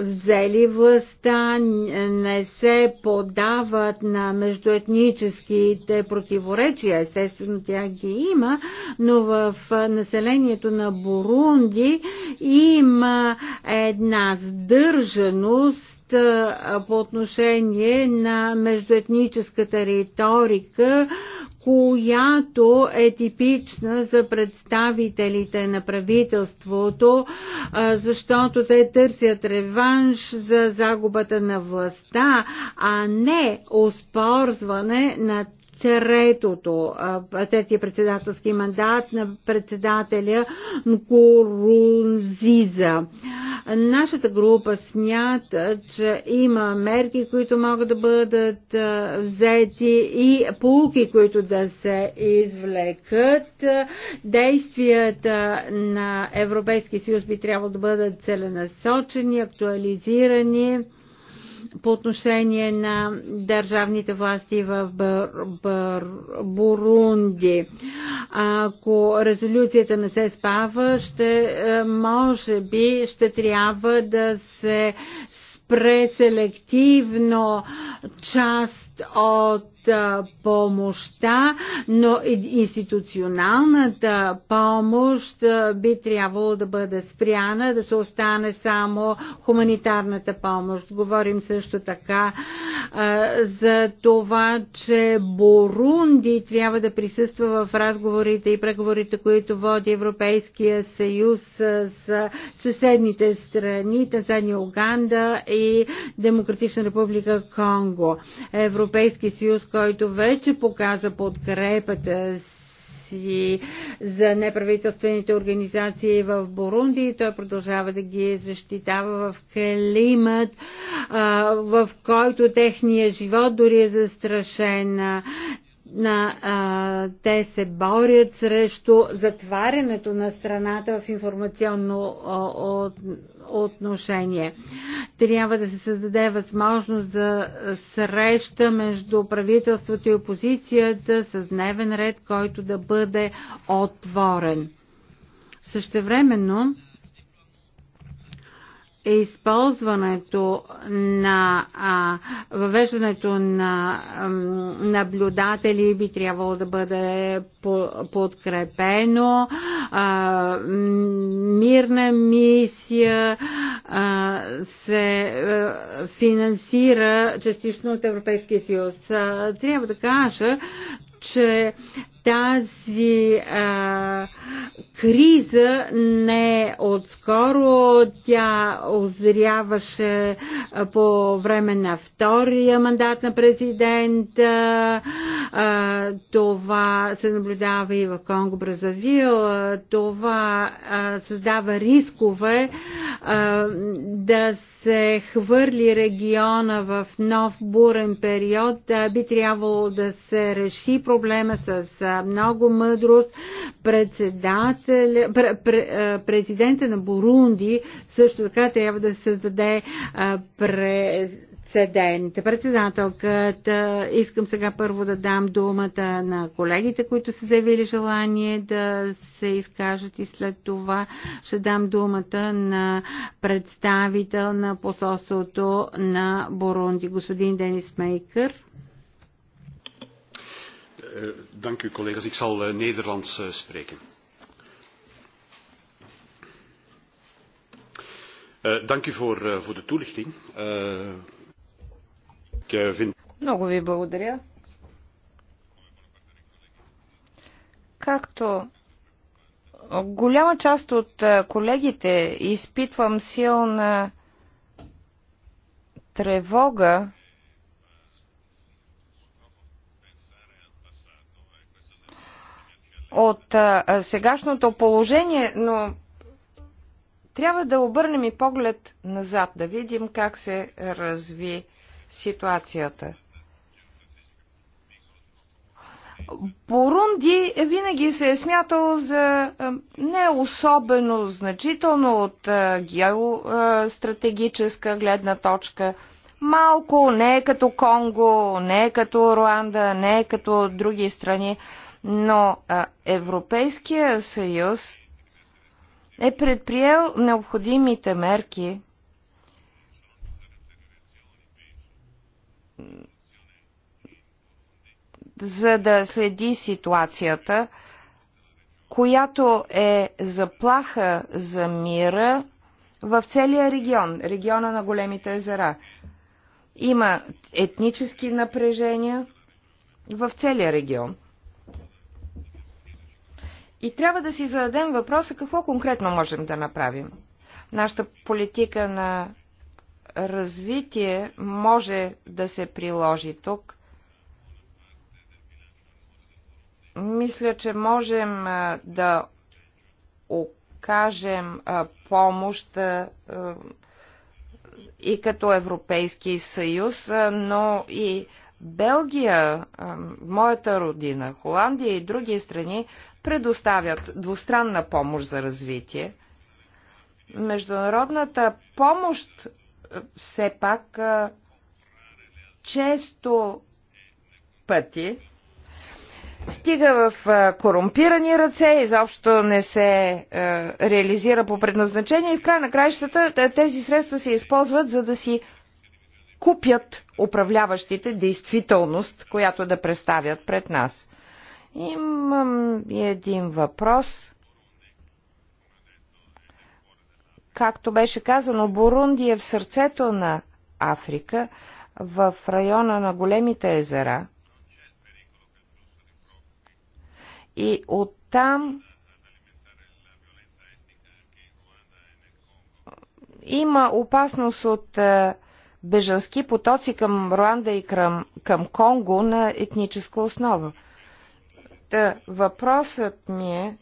взели властта, не се подават на междуетническите противоречия. Естествено, тя ги има, но в населението на Бурунди има една сдържаност по отношение на междуетническата риторика, която е типична за представителите на правителството, защото те търсят реванш за загубата на властта, а не оспорзване на третото, третия председателски мандат на председателя Корунзиза. Нашата група смята, че има мерки, които могат да бъдат взети и полуки, които да се извлекат. Действията на Европейския съюз би трябвало да бъдат целенасочени, актуализирани по отношение на държавните власти в Бър, Бър, Бурунди. Ако резолюцията не се спава, ще, е, може би ще трябва да се преселективно част от помощта, но институционалната помощ би трябвало да бъде спряна, да се остане само хуманитарната помощ. Говорим също така за това, че Борунди трябва да присъства в разговорите и преговорите, които води Европейския съюз с съседните страни, Танзания, Уганда и Демократична република Конго. Европейски съюз, който вече показа подкрепата си за неправителствените организации в Бурунди и той продължава да ги защитава в климат, в който техния живот дори е застрашен на, а, те се борят срещу затварянето на страната в информационно а, от, отношение. Трябва да се създаде възможност за среща между правителството и опозицията с дневен ред, който да бъде отворен. Същевременно, е използването на а, въвеждането на а, наблюдатели би трябвало да бъде по, подкрепено. А, мирна мисия а, се а, финансира частично от Европейския съюз. А, трябва да кажа, че тази а, криза не отскоро. Тя озряваше по време на втория мандат на президента. А, това се наблюдава и в Конго Бразавил. Това а, създава рискове а, да се хвърли региона в нов бурен период. А, би трябвало да се реши проблема с а, много мъдрост. Президента на Бурунди също така трябва да създаде през Седените Председателката, искам сега първо да дам думата на колегите, които са заявили желание да се изкажат и след това ще дам думата на представител на посолството на Борунди, господин Денис Мейкър dank u collega's. Ik zal Nederlands spreken. Dank u voor, voor de toelichting. Ik vind... Много ви благодаря. Както голяма част от колегите изпитвам силна тревога от сегашното положение, но трябва да обърнем и поглед назад, да видим как се разви ситуацията. Бурунди винаги се е смятал за не особено значително от геостратегическа гледна точка. Малко не е като Конго, не е като Руанда, не е като други страни но Европейския съюз е предприел необходимите мерки за да следи ситуацията, която е заплаха за мира в целия регион, региона на големите езера. Има етнически напрежения в целия регион – и трябва да си зададем въпроса какво конкретно можем да направим. Нашата политика на развитие може да се приложи тук. Мисля, че можем да окажем помощ и като Европейски съюз, но и Белгия, моята родина, Холандия и други страни предоставят двустранна помощ за развитие. Международната помощ е, все пак е, често пъти стига в е, корумпирани ръце, изобщо не се реализира по предназначение и в край на краищата тези средства се използват за да си купят управляващите действителност, която да представят пред нас. Имам и един въпрос. Както беше казано, Бурунди е в сърцето на Африка, в района на големите езера. И оттам има опасност от е, бежански потоци към Руанда и към, към Конго на етническа основа. Та въпросът ми е,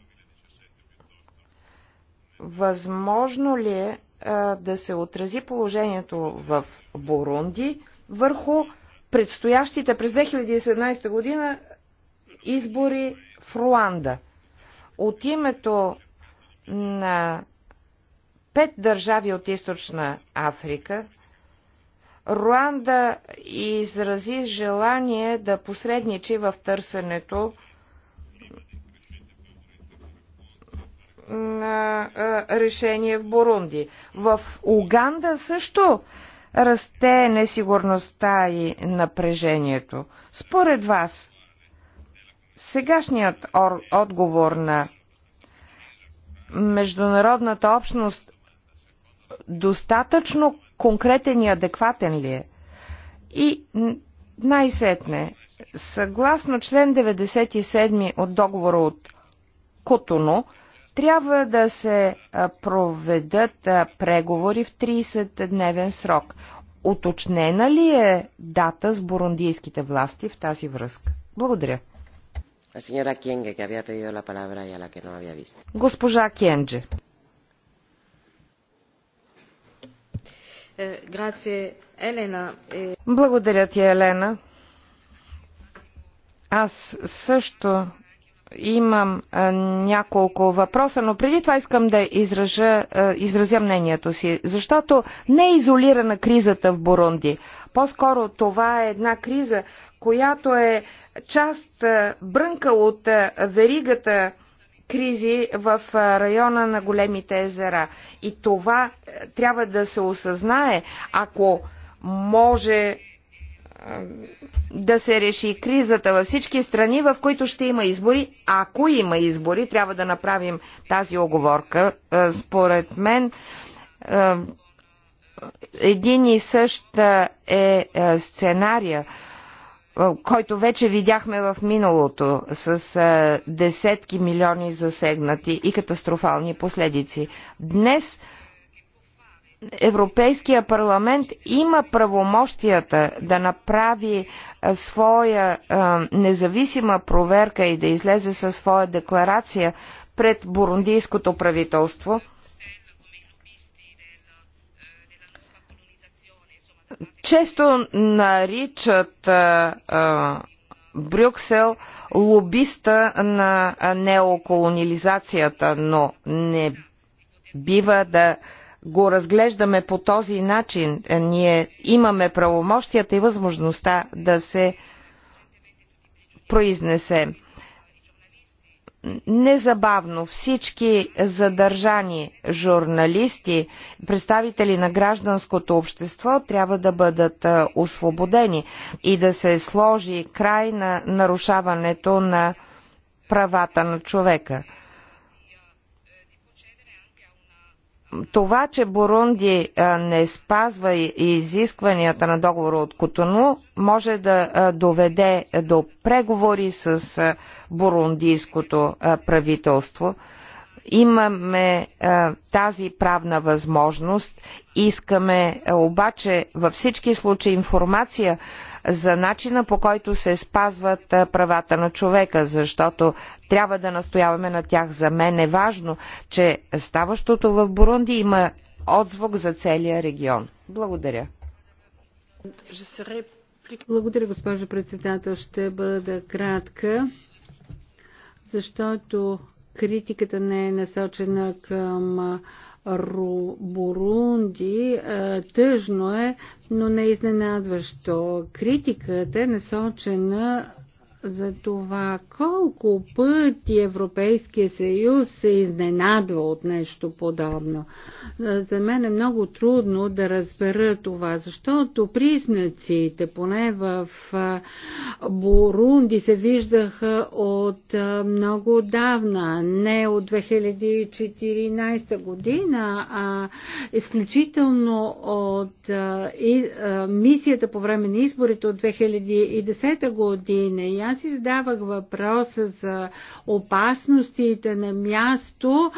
възможно ли е а, да се отрази положението в Бурунди върху предстоящите през 2017 година избори в Руанда? От името на пет държави от източна Африка, Руанда изрази желание да посредничи в търсенето на решение в Бурунди. В Уганда също расте несигурността и напрежението. Според вас, сегашният отговор на международната общност достатъчно конкретен и адекватен ли е? И най-сетне, съгласно член 97 от договора от Котоно, трябва да се проведат преговори в 30-дневен срок. Оточнена ли е дата с бурундийските власти в тази връзка? Благодаря. Госпожа Кенджи. Е, е- Благодаря ти, Елена. Аз също имам а, няколко въпроса, но преди това искам да изража, а, изразя мнението си, защото не е изолирана кризата в Бурунди. По-скоро това е една криза, която е част, а, брънка от а, веригата кризи в а, района на големите езера. И това а, е, трябва да се осъзнае, ако може да се реши кризата във всички страни, в които ще има избори. Ако има избори, трябва да направим тази оговорка. Според мен един и същ е сценария, който вече видяхме в миналото с десетки милиони засегнати и катастрофални последици. Днес Европейския парламент има правомощията да направи своя независима проверка и да излезе със своя декларация пред бурундийското правителство, често наричат а, а, Брюксел лобиста на неоколонизацията, но не бива да го разглеждаме по този начин, е, ние имаме правомощията и възможността да се произнесе. Незабавно всички задържани журналисти, представители на гражданското общество трябва да бъдат е, освободени и да се сложи край на нарушаването на правата на човека. това, че Бурунди не спазва и изискванията на договора от Котону, може да доведе до преговори с бурундийското правителство. Имаме тази правна възможност. Искаме обаче във всички случаи информация за начина по който се спазват правата на човека, защото трябва да настояваме на тях. За мен е важно, че ставащото в Бурунди има отзвук за целия регион. Благодаря. Благодаря, госпожо председател. Ще бъда кратка, защото критиката не е насочена към Ру, Бурунди. Тъжно е, но не изненадващо. Критиката е насочена за това колко пъти Европейския съюз се изненадва от нещо подобно. За мен е много трудно да разбера това, защото признаците, поне в Бурунди, се виждаха от много давна, не от 2014 година, а изключително от мисията по време на изборите от 2010 година. И аз аз издавах въпроса за опасностите на място.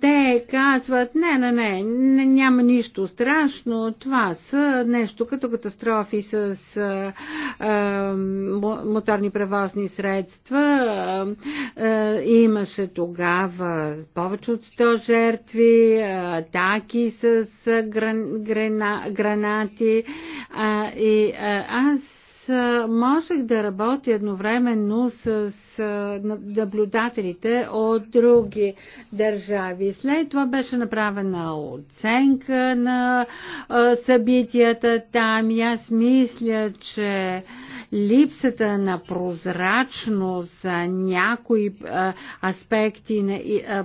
Те казват, не, не, не, няма нищо страшно. Това са нещо като катастрофи с моторни превозни средства. Имаше тогава повече от 100 жертви, атаки с гранати. И аз можех да работя едновременно с наблюдателите от други държави. След това беше направена оценка на събитията там и аз мисля, че липсата на прозрачност за някои аспекти на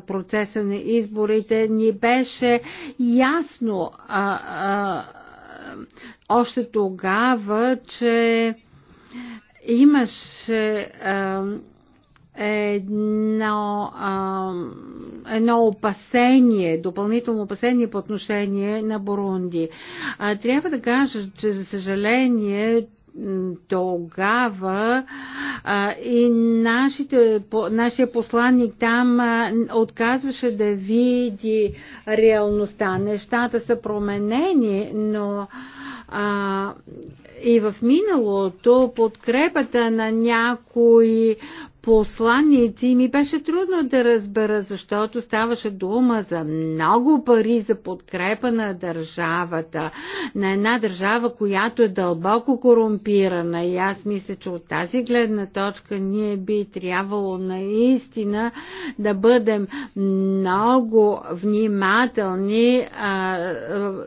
процеса на изборите ни беше ясно още тогава, че имаше едно, едно опасение, допълнително опасение по отношение на Бурунди. трябва да кажа, че за съжаление тогава а, и нашите, по, нашия посланник там а, отказваше да види реалността. Нещата са променени, но а, и в миналото подкрепата на някои посланици ми беше трудно да разбера, защото ставаше дума за много пари за подкрепа на държавата, на една държава, която е дълбоко корумпирана. И аз мисля, че от тази гледна точка ние би трябвало наистина да бъдем много внимателни а,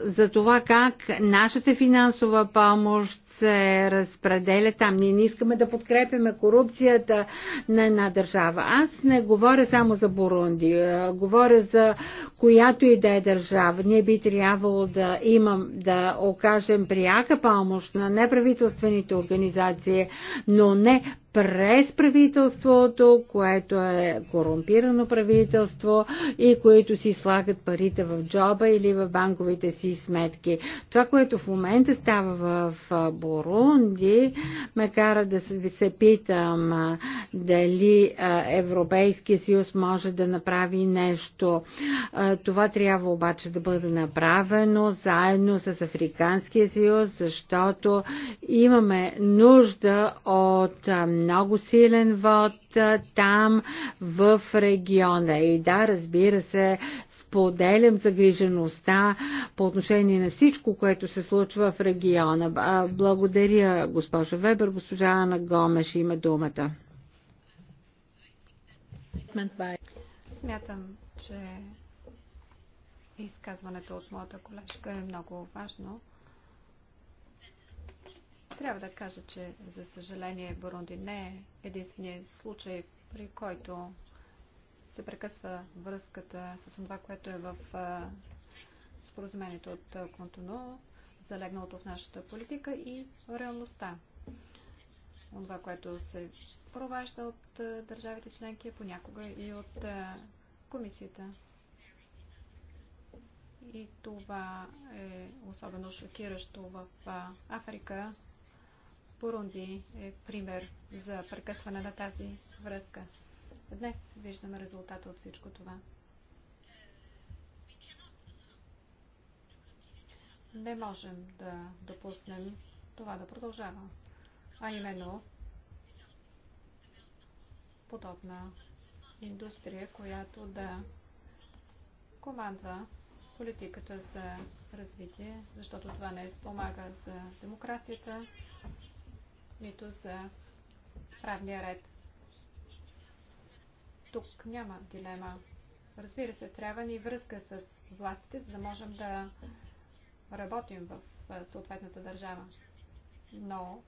за това как нашата финансова помощ се разпределя там. Ние не искаме да подкрепяме корупцията на една държава. Аз не говоря само за Бурунди, е, говоря за която и да е държава. Ние би трябвало да имам, да окажем прияка помощ на неправителствените организации, но не през правителството, което е корумпирано правителство и които си слагат парите в джоба или в банковите си сметки. Това, което в момента става в Бурунди, ме кара да се питам дали Европейския съюз може да направи нещо. Това трябва обаче да бъде направено заедно с Африканския съюз, защото имаме нужда от много силен вод там в региона. И да, разбира се, споделям загрижеността по отношение на всичко, което се случва в региона. Благодаря, госпожа Вебер. Госпожа Ана Гомеш има думата. Смятам, че изказването от моята колежка е много важно. Трябва да кажа, че за съжаление Бурунди не е единствения случай, при който се прекъсва връзката с това, което е в споразумението от Контуно, залегналото в нашата политика и реалността. Това, което се проважда от държавите членки, е понякога и от комисията. И това е особено шокиращо в Африка, Бурунди е пример за прекъсване на тази връзка. Днес виждаме резултата от всичко това. Не можем да допуснем това да продължава. А именно подобна индустрия, която да командва политиката за развитие, защото това не спомага за демокрацията, нито за правния ред. Тук няма дилема. Разбира се, трябва ни връзка с властите, за да можем да работим в съответната държава. Но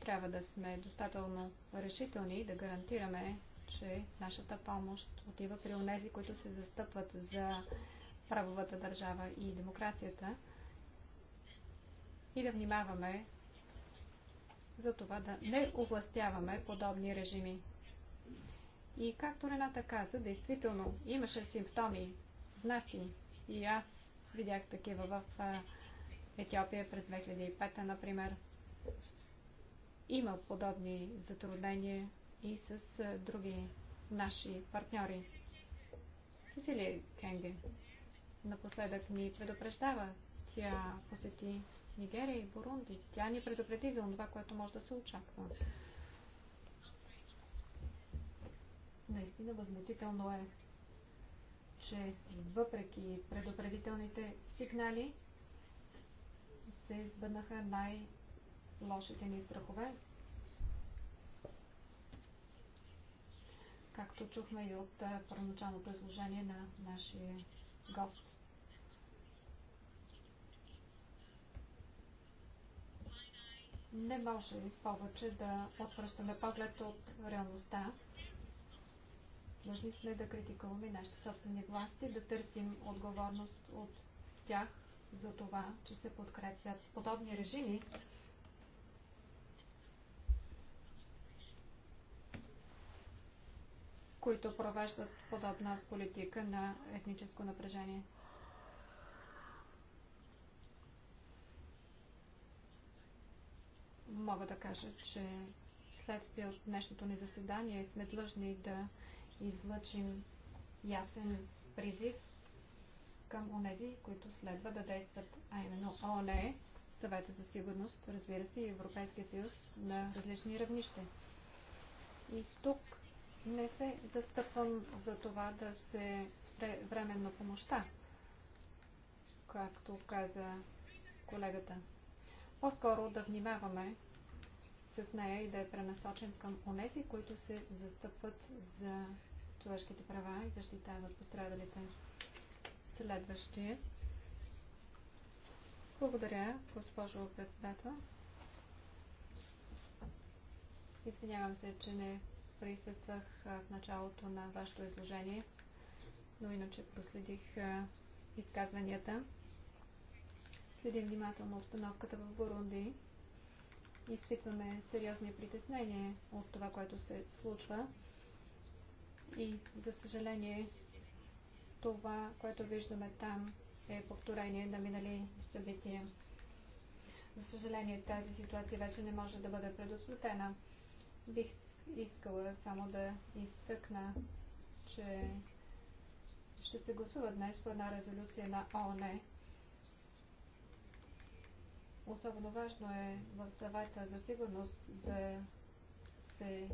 трябва да сме достатъчно решителни и да гарантираме, че нашата помощ отива при онези, които се застъпват за правовата държава и демокрацията и да внимаваме за това да не овластяваме подобни режими. И както Рената каза, действително имаше симптоми, знаци и аз видях такива в Етиопия през 2005, например. Има подобни затруднения и с други наши партньори. Сесилия Кенге напоследък ни предупреждава. Тя посети Нигерия и Бурунди. Тя ни предупреди за това, което може да се очаква. Наистина възмутително е, че въпреки предупредителните сигнали се избъднаха най-лошите ни страхове. Както чухме и от първоначалното изложение на нашия гост. Не може повече да отвръщаме поглед от реалността. Длъжни сме да критикуваме нашите собствени власти, да търсим отговорност от тях за това, че се подкрепят подобни режими, които провеждат подобна политика на етническо напрежение. мога да кажа, че следствие от днешното ни заседание сме длъжни да излъчим ясен призив към онези, които следва да действат, а именно ООН, Съвета за сигурност, разбира се, и Европейския съюз на различни равнища. И тук не се застъпвам за това да се спре временно помощта, както каза колегата. По-скоро да внимаваме с нея и да е пренасочен към онези, които се застъпват за човешките права и защитават пострадалите. Следващия. Благодаря, госпожо председател. Извинявам се, че не присъствах в началото на вашето изложение, но иначе проследих изказванията. Следим внимателно обстановката в Бурунди изпитваме сериозни притеснения от това, което се случва. И, за съжаление, това, което виждаме там, е повторение на минали събития. За съжаление, тази ситуация вече не може да бъде предотвратена. Бих искала само да изтъкна, че ще се гласува днес по една резолюция на ООН Особено важно е в съвета за сигурност да се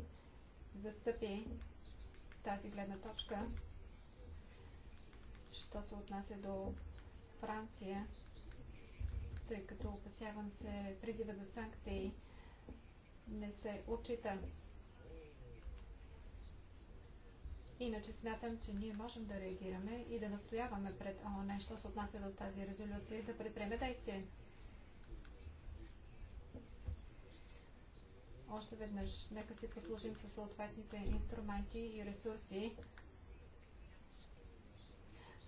застъпи тази гледна точка, що се отнася до Франция, тъй като опасявам се призива за санкции не се отчита. Иначе смятам, че ние можем да реагираме и да настояваме пред ООН, що се отнася до тази резолюция и да предприеме действие. Още веднъж, нека си послужим със съответните инструменти и ресурси,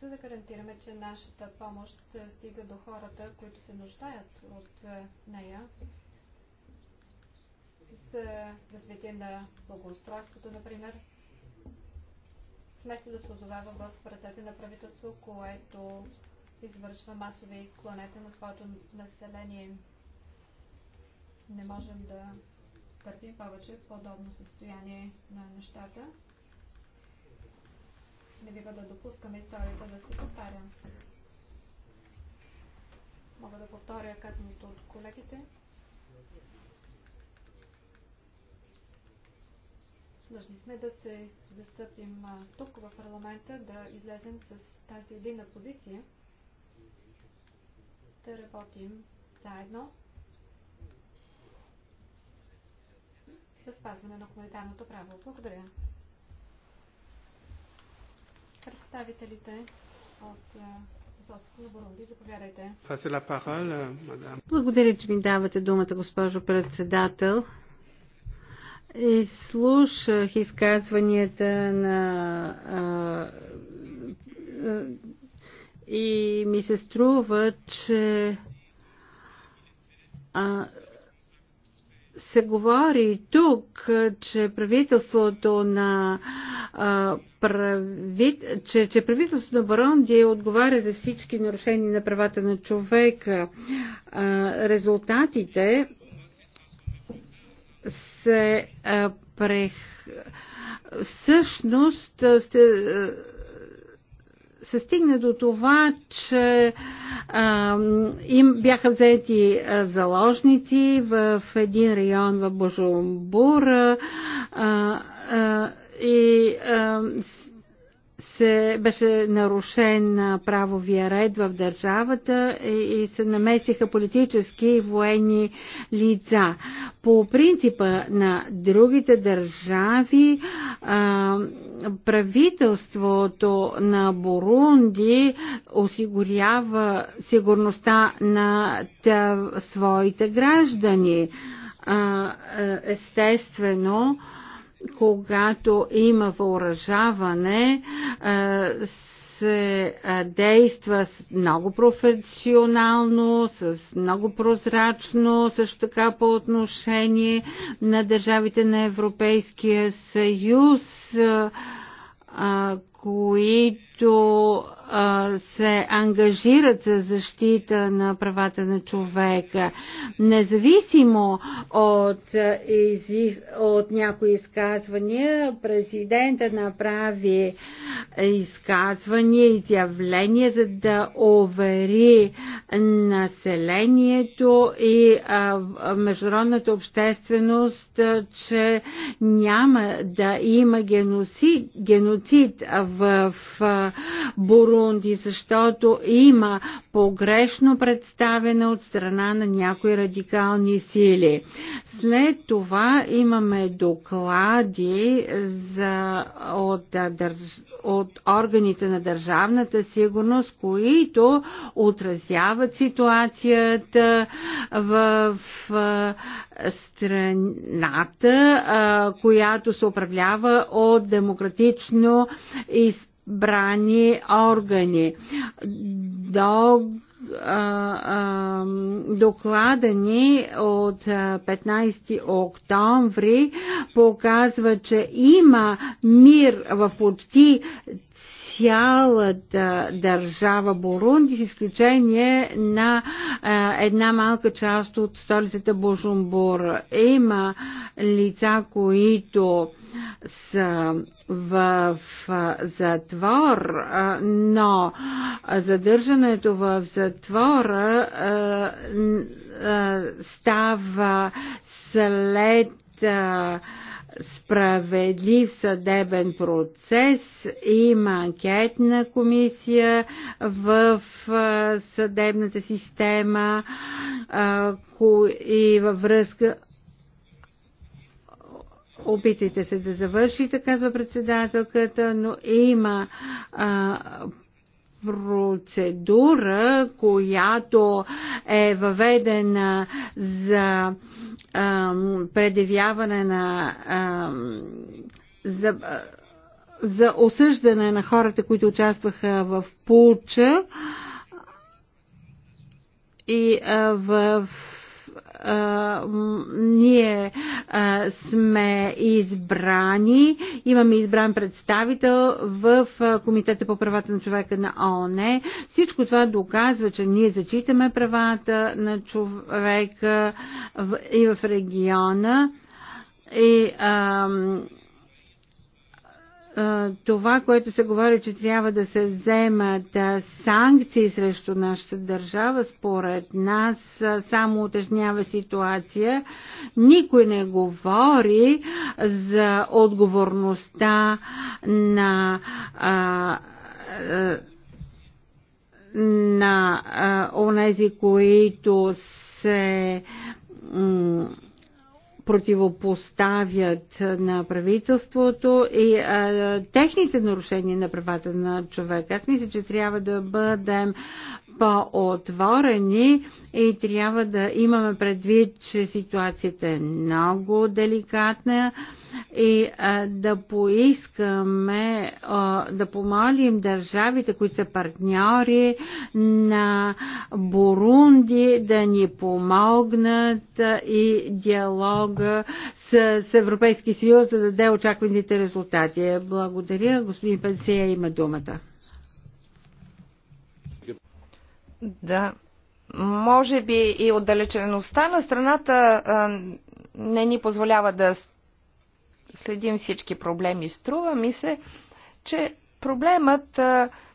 за да гарантираме, че нашата помощ е, стига до хората, които се нуждаят от е, нея за развитие на благоустройството, например, вместо да се озовава в ръцете на правителство, което извършва масови клонета на своето население. Не можем да търпим повече подобно състояние на нещата. Не бива да допускаме историята да се повтаря. Мога да повторя казаното от колегите. Длъжни сме да се застъпим тук в парламента, да излезем с тази единна позиция, да работим заедно за спазване на хуманитарното право. Благодаря. Представителите от е, заповядайте. благодаря, че ми давате думата, госпожо председател. И слушах изказванията на а, е, а, е, и ми се струва, че а, се говори тук, че правителството на че, че правителството на Баронди отговаря за всички нарушения на правата на човека. резултатите се прех... Всъщност се стигне до това, че а, им бяха взети заложници в един район в Божумбура а, а, и а, се, беше нарушен правовия ред в държавата и, и се намесиха политически и военни лица. По принципа на другите държави, а, правителството на Бурунди осигурява сигурността на своите граждани. А, е, естествено, а, когато има въоръжаване, е, се е, действа много професионално, с много прозрачно, също така по отношение на държавите на Европейския съюз е, които а, се ангажират за защита на правата на човека, независимо от, от някои изказвания, президента направи изказвания, изявления, за да увери населението и а, международната общественост, че няма да има геноцид, геноцид в Бурунди, защото има погрешно представене от страна на някои радикални сили. След това имаме доклади за, от, от органите на държавната сигурност, които отразяват ситуацията в страната, а, която се управлява от демократично избрани органи. До доклада ни от 15 октомври показва, че има мир в почти цялата държава Бурунди, с изключение на а, една малка част от столицата Божумбур. Има лица, които са в затвор, но задържането в затвора става след справедлив съдебен процес, има анкетна комисия в съдебната система и във връзка Опитайте се да завършите, казва председателката, но има а, процедура, която е въведена за ам, предявяване на ам, за, за осъждане на хората, които участваха в пуча, и а, в а, ние а, сме избрани, имаме избран представител в Комитета по правата на човека на ООН. Всичко това доказва, че ние зачитаме правата на човека в, и в региона. И а, това, което се говори, че трябва да се вземат санкции срещу нашата държава, според нас само утежнява ситуация. Никой не говори за отговорността на на онези, които се противопоставят на правителството и а, техните нарушения на правата на човека. Аз мисля, че трябва да бъдем по-отворени и трябва да имаме предвид, че ситуацията е много деликатна и а, да поискаме, а, да помолим държавите, които са партньори на Бурунди, да ни помогнат а, и диалога с, с Европейски съюз да даде очакваните резултати. Благодаря. Господин Пенсия има думата. Да. Може би и отдалечеността на страната а, не ни позволява да следим всички проблеми. Струва ми се, че проблемът,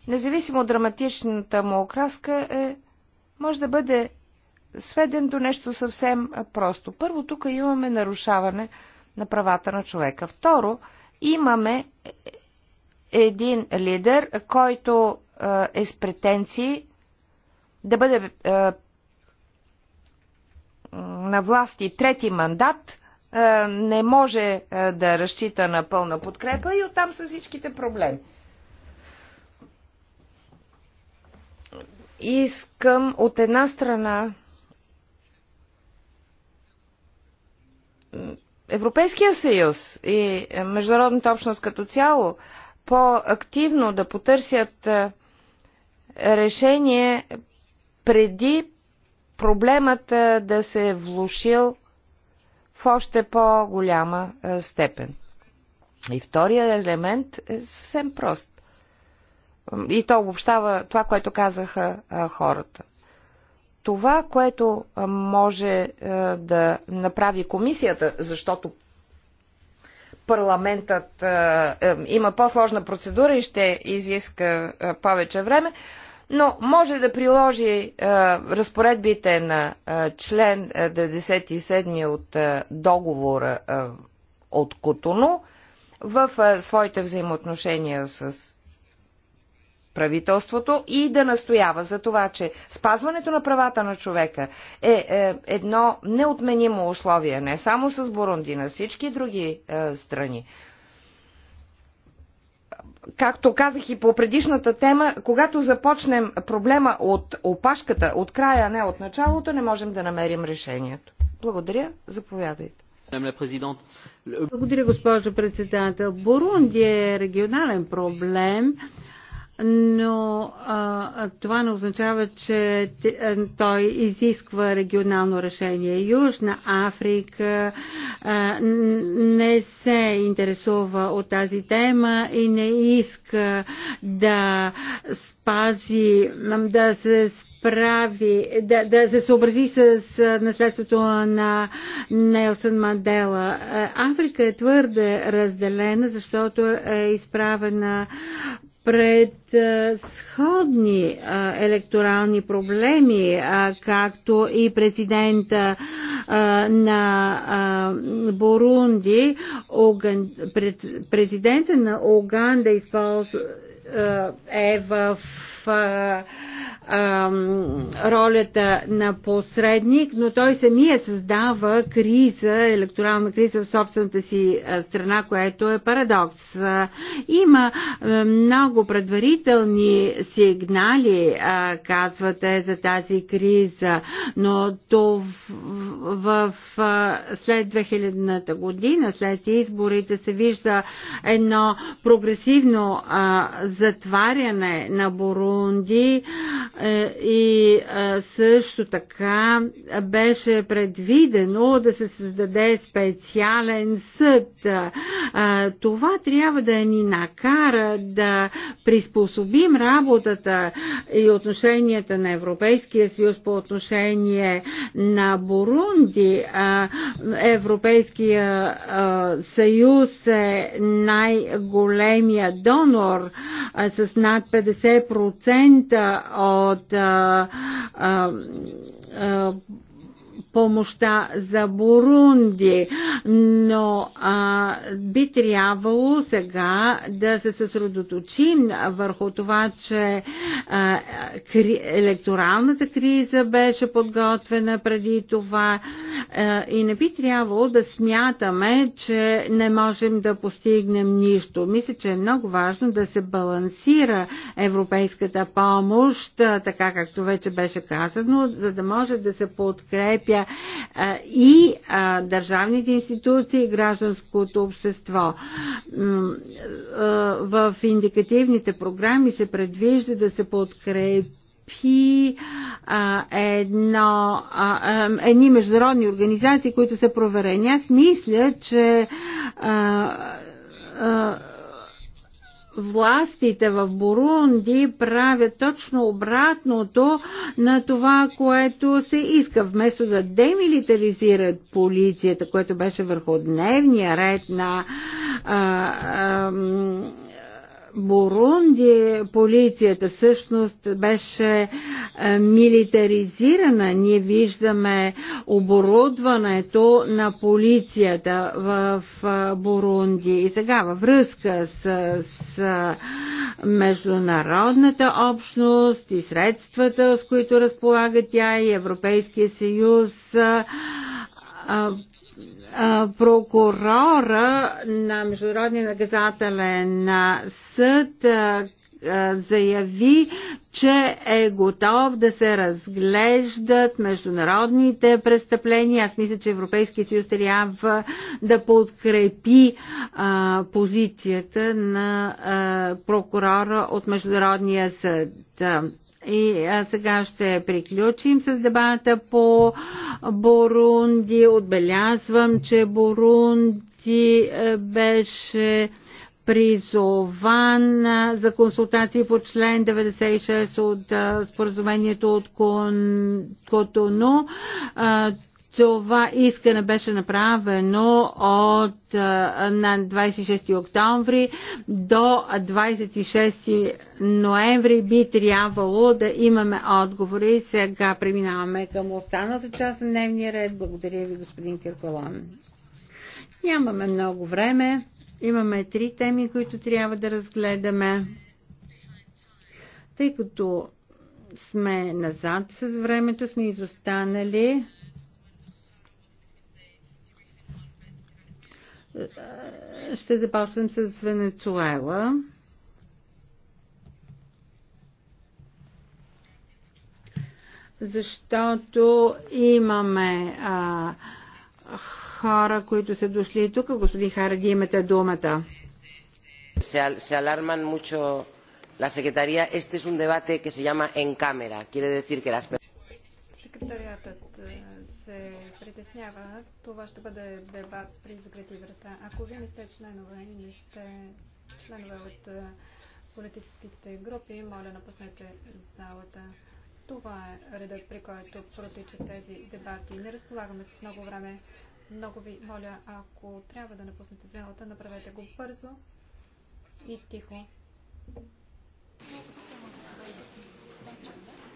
независимо от драматичната му окраска, е, може да бъде сведен до нещо съвсем просто. Първо, тук имаме нарушаване на правата на човека. Второ, имаме е, е, един лидер, който е с претенции да бъде на власт и трети мандат – е, не може е, да разчита на пълна подкрепа и оттам са всичките проблеми. Искам от една страна Европейския съюз и международната общност като цяло по-активно да потърсят е, решение преди проблемът да се е влушил в още по-голяма е, степен. И втория елемент е съвсем прост. И то обобщава това, което казаха е, хората. Това, което е, може да направи комисията, защото парламентът има по-сложна процедура и ще изиска повече време, но може да приложи а, е, разпоредбите на а, е, член 97 е, от а, договора а, от Котоно в а, своите взаимоотношения с правителството и да настоява за това, че спазването на правата на човека е, е едно неотменимо условие не само с Бурунди, на всички други е, страни както казах и по предишната тема, когато започнем проблема от опашката, от края, а не от началото, не можем да намерим решението. Благодаря. Заповядайте. Благодаря, госпожо председател. Бурунди е регионален проблем но а, това не означава, че той изисква регионално решение. Южна Африка а, не се интересува от тази тема и не иска да спази, да се прави, да, да се съобрази с наследството на Нелсън Мандела. Африка е твърде разделена, защото е изправена пред сходни електорални проблеми, както и президента на Бурунди, президента на Оганда използва е в а, а, ролята на посредник, но той самия създава криза, електорална криза в собствената си страна, което е парадокс. Има много предварителни сигнали, казвате, за тази криза, но то в, в, в след 2000-та година, след изборите се вижда едно прогресивно а, затваряне на Бурун секунди е, и е, също така беше предвидено да се създаде специален съд. Е, това трябва да ни накара да приспособим работата и отношенията на Европейския съюз по отношение на Бурунди. Европейския съюз е най-големия донор с над 50% процента от а, а, а, помощта за Бурунди, но а, би трябвало сега да се съсредоточим върху това, че а, кри, електоралната криза беше подготвена преди това а, и не би трябвало да смятаме, че не можем да постигнем нищо. Мисля, че е много важно да се балансира европейската помощ, така както вече беше казано, за да може да се подкрепя и държавните институции и гражданското общество. В индикативните програми се предвижда да се подкрепи Пи, а, едно, а, а, едни международни организации, които са проверени. Аз мисля, че а, а, властите в Бурунди правят точно обратното на това, което се иска. Вместо да демилитаризират полицията, което беше върху дневния ред на а, а, Бурунди полицията всъщност беше е, милитаризирана. Ние виждаме оборудването на полицията в е, Бурунди. И сега във връзка с, с е, международната общност и средствата, с които разполага тя и Европейския съюз, прокурора на Международния наказателен съд заяви, че е готов да се разглеждат международните престъпления. Аз мисля, че Европейския съюз трябва да подкрепи а, позицията на а, прокурора от Международния съд. И а сега ще приключим с дебата по Бурунди. Отбелязвам, че Бурунди е, беше призован за консултации по член 96 от споразумението от Котону. Това искане беше направено от на 26 октомври до 26 ноември би трябвало да имаме отговори. Сега преминаваме към останалата част на дневния ред. Благодаря ви, господин Кирколон. Нямаме много време. Имаме три теми, които трябва да разгледаме. Тъй като сме назад с времето, сме изостанали. Е, ще започнем с Венецуела. Защото имаме а, хора, които са дошли тук. Господин Харади, имате думата. Се аларман mucho la Секретария. Este es un debate que se llama en cámara. Quiere decir que las Секретариатът е, се притеснява, това ще бъде дебат при закрити врата. Ако вие не сте членове и не сте членове от политическите групи, моля напуснете залата. Това е редът, при който протичат тези дебати. Не разполагаме с много време. Много ви моля, ако трябва да напуснете залата, направете го бързо и тихо.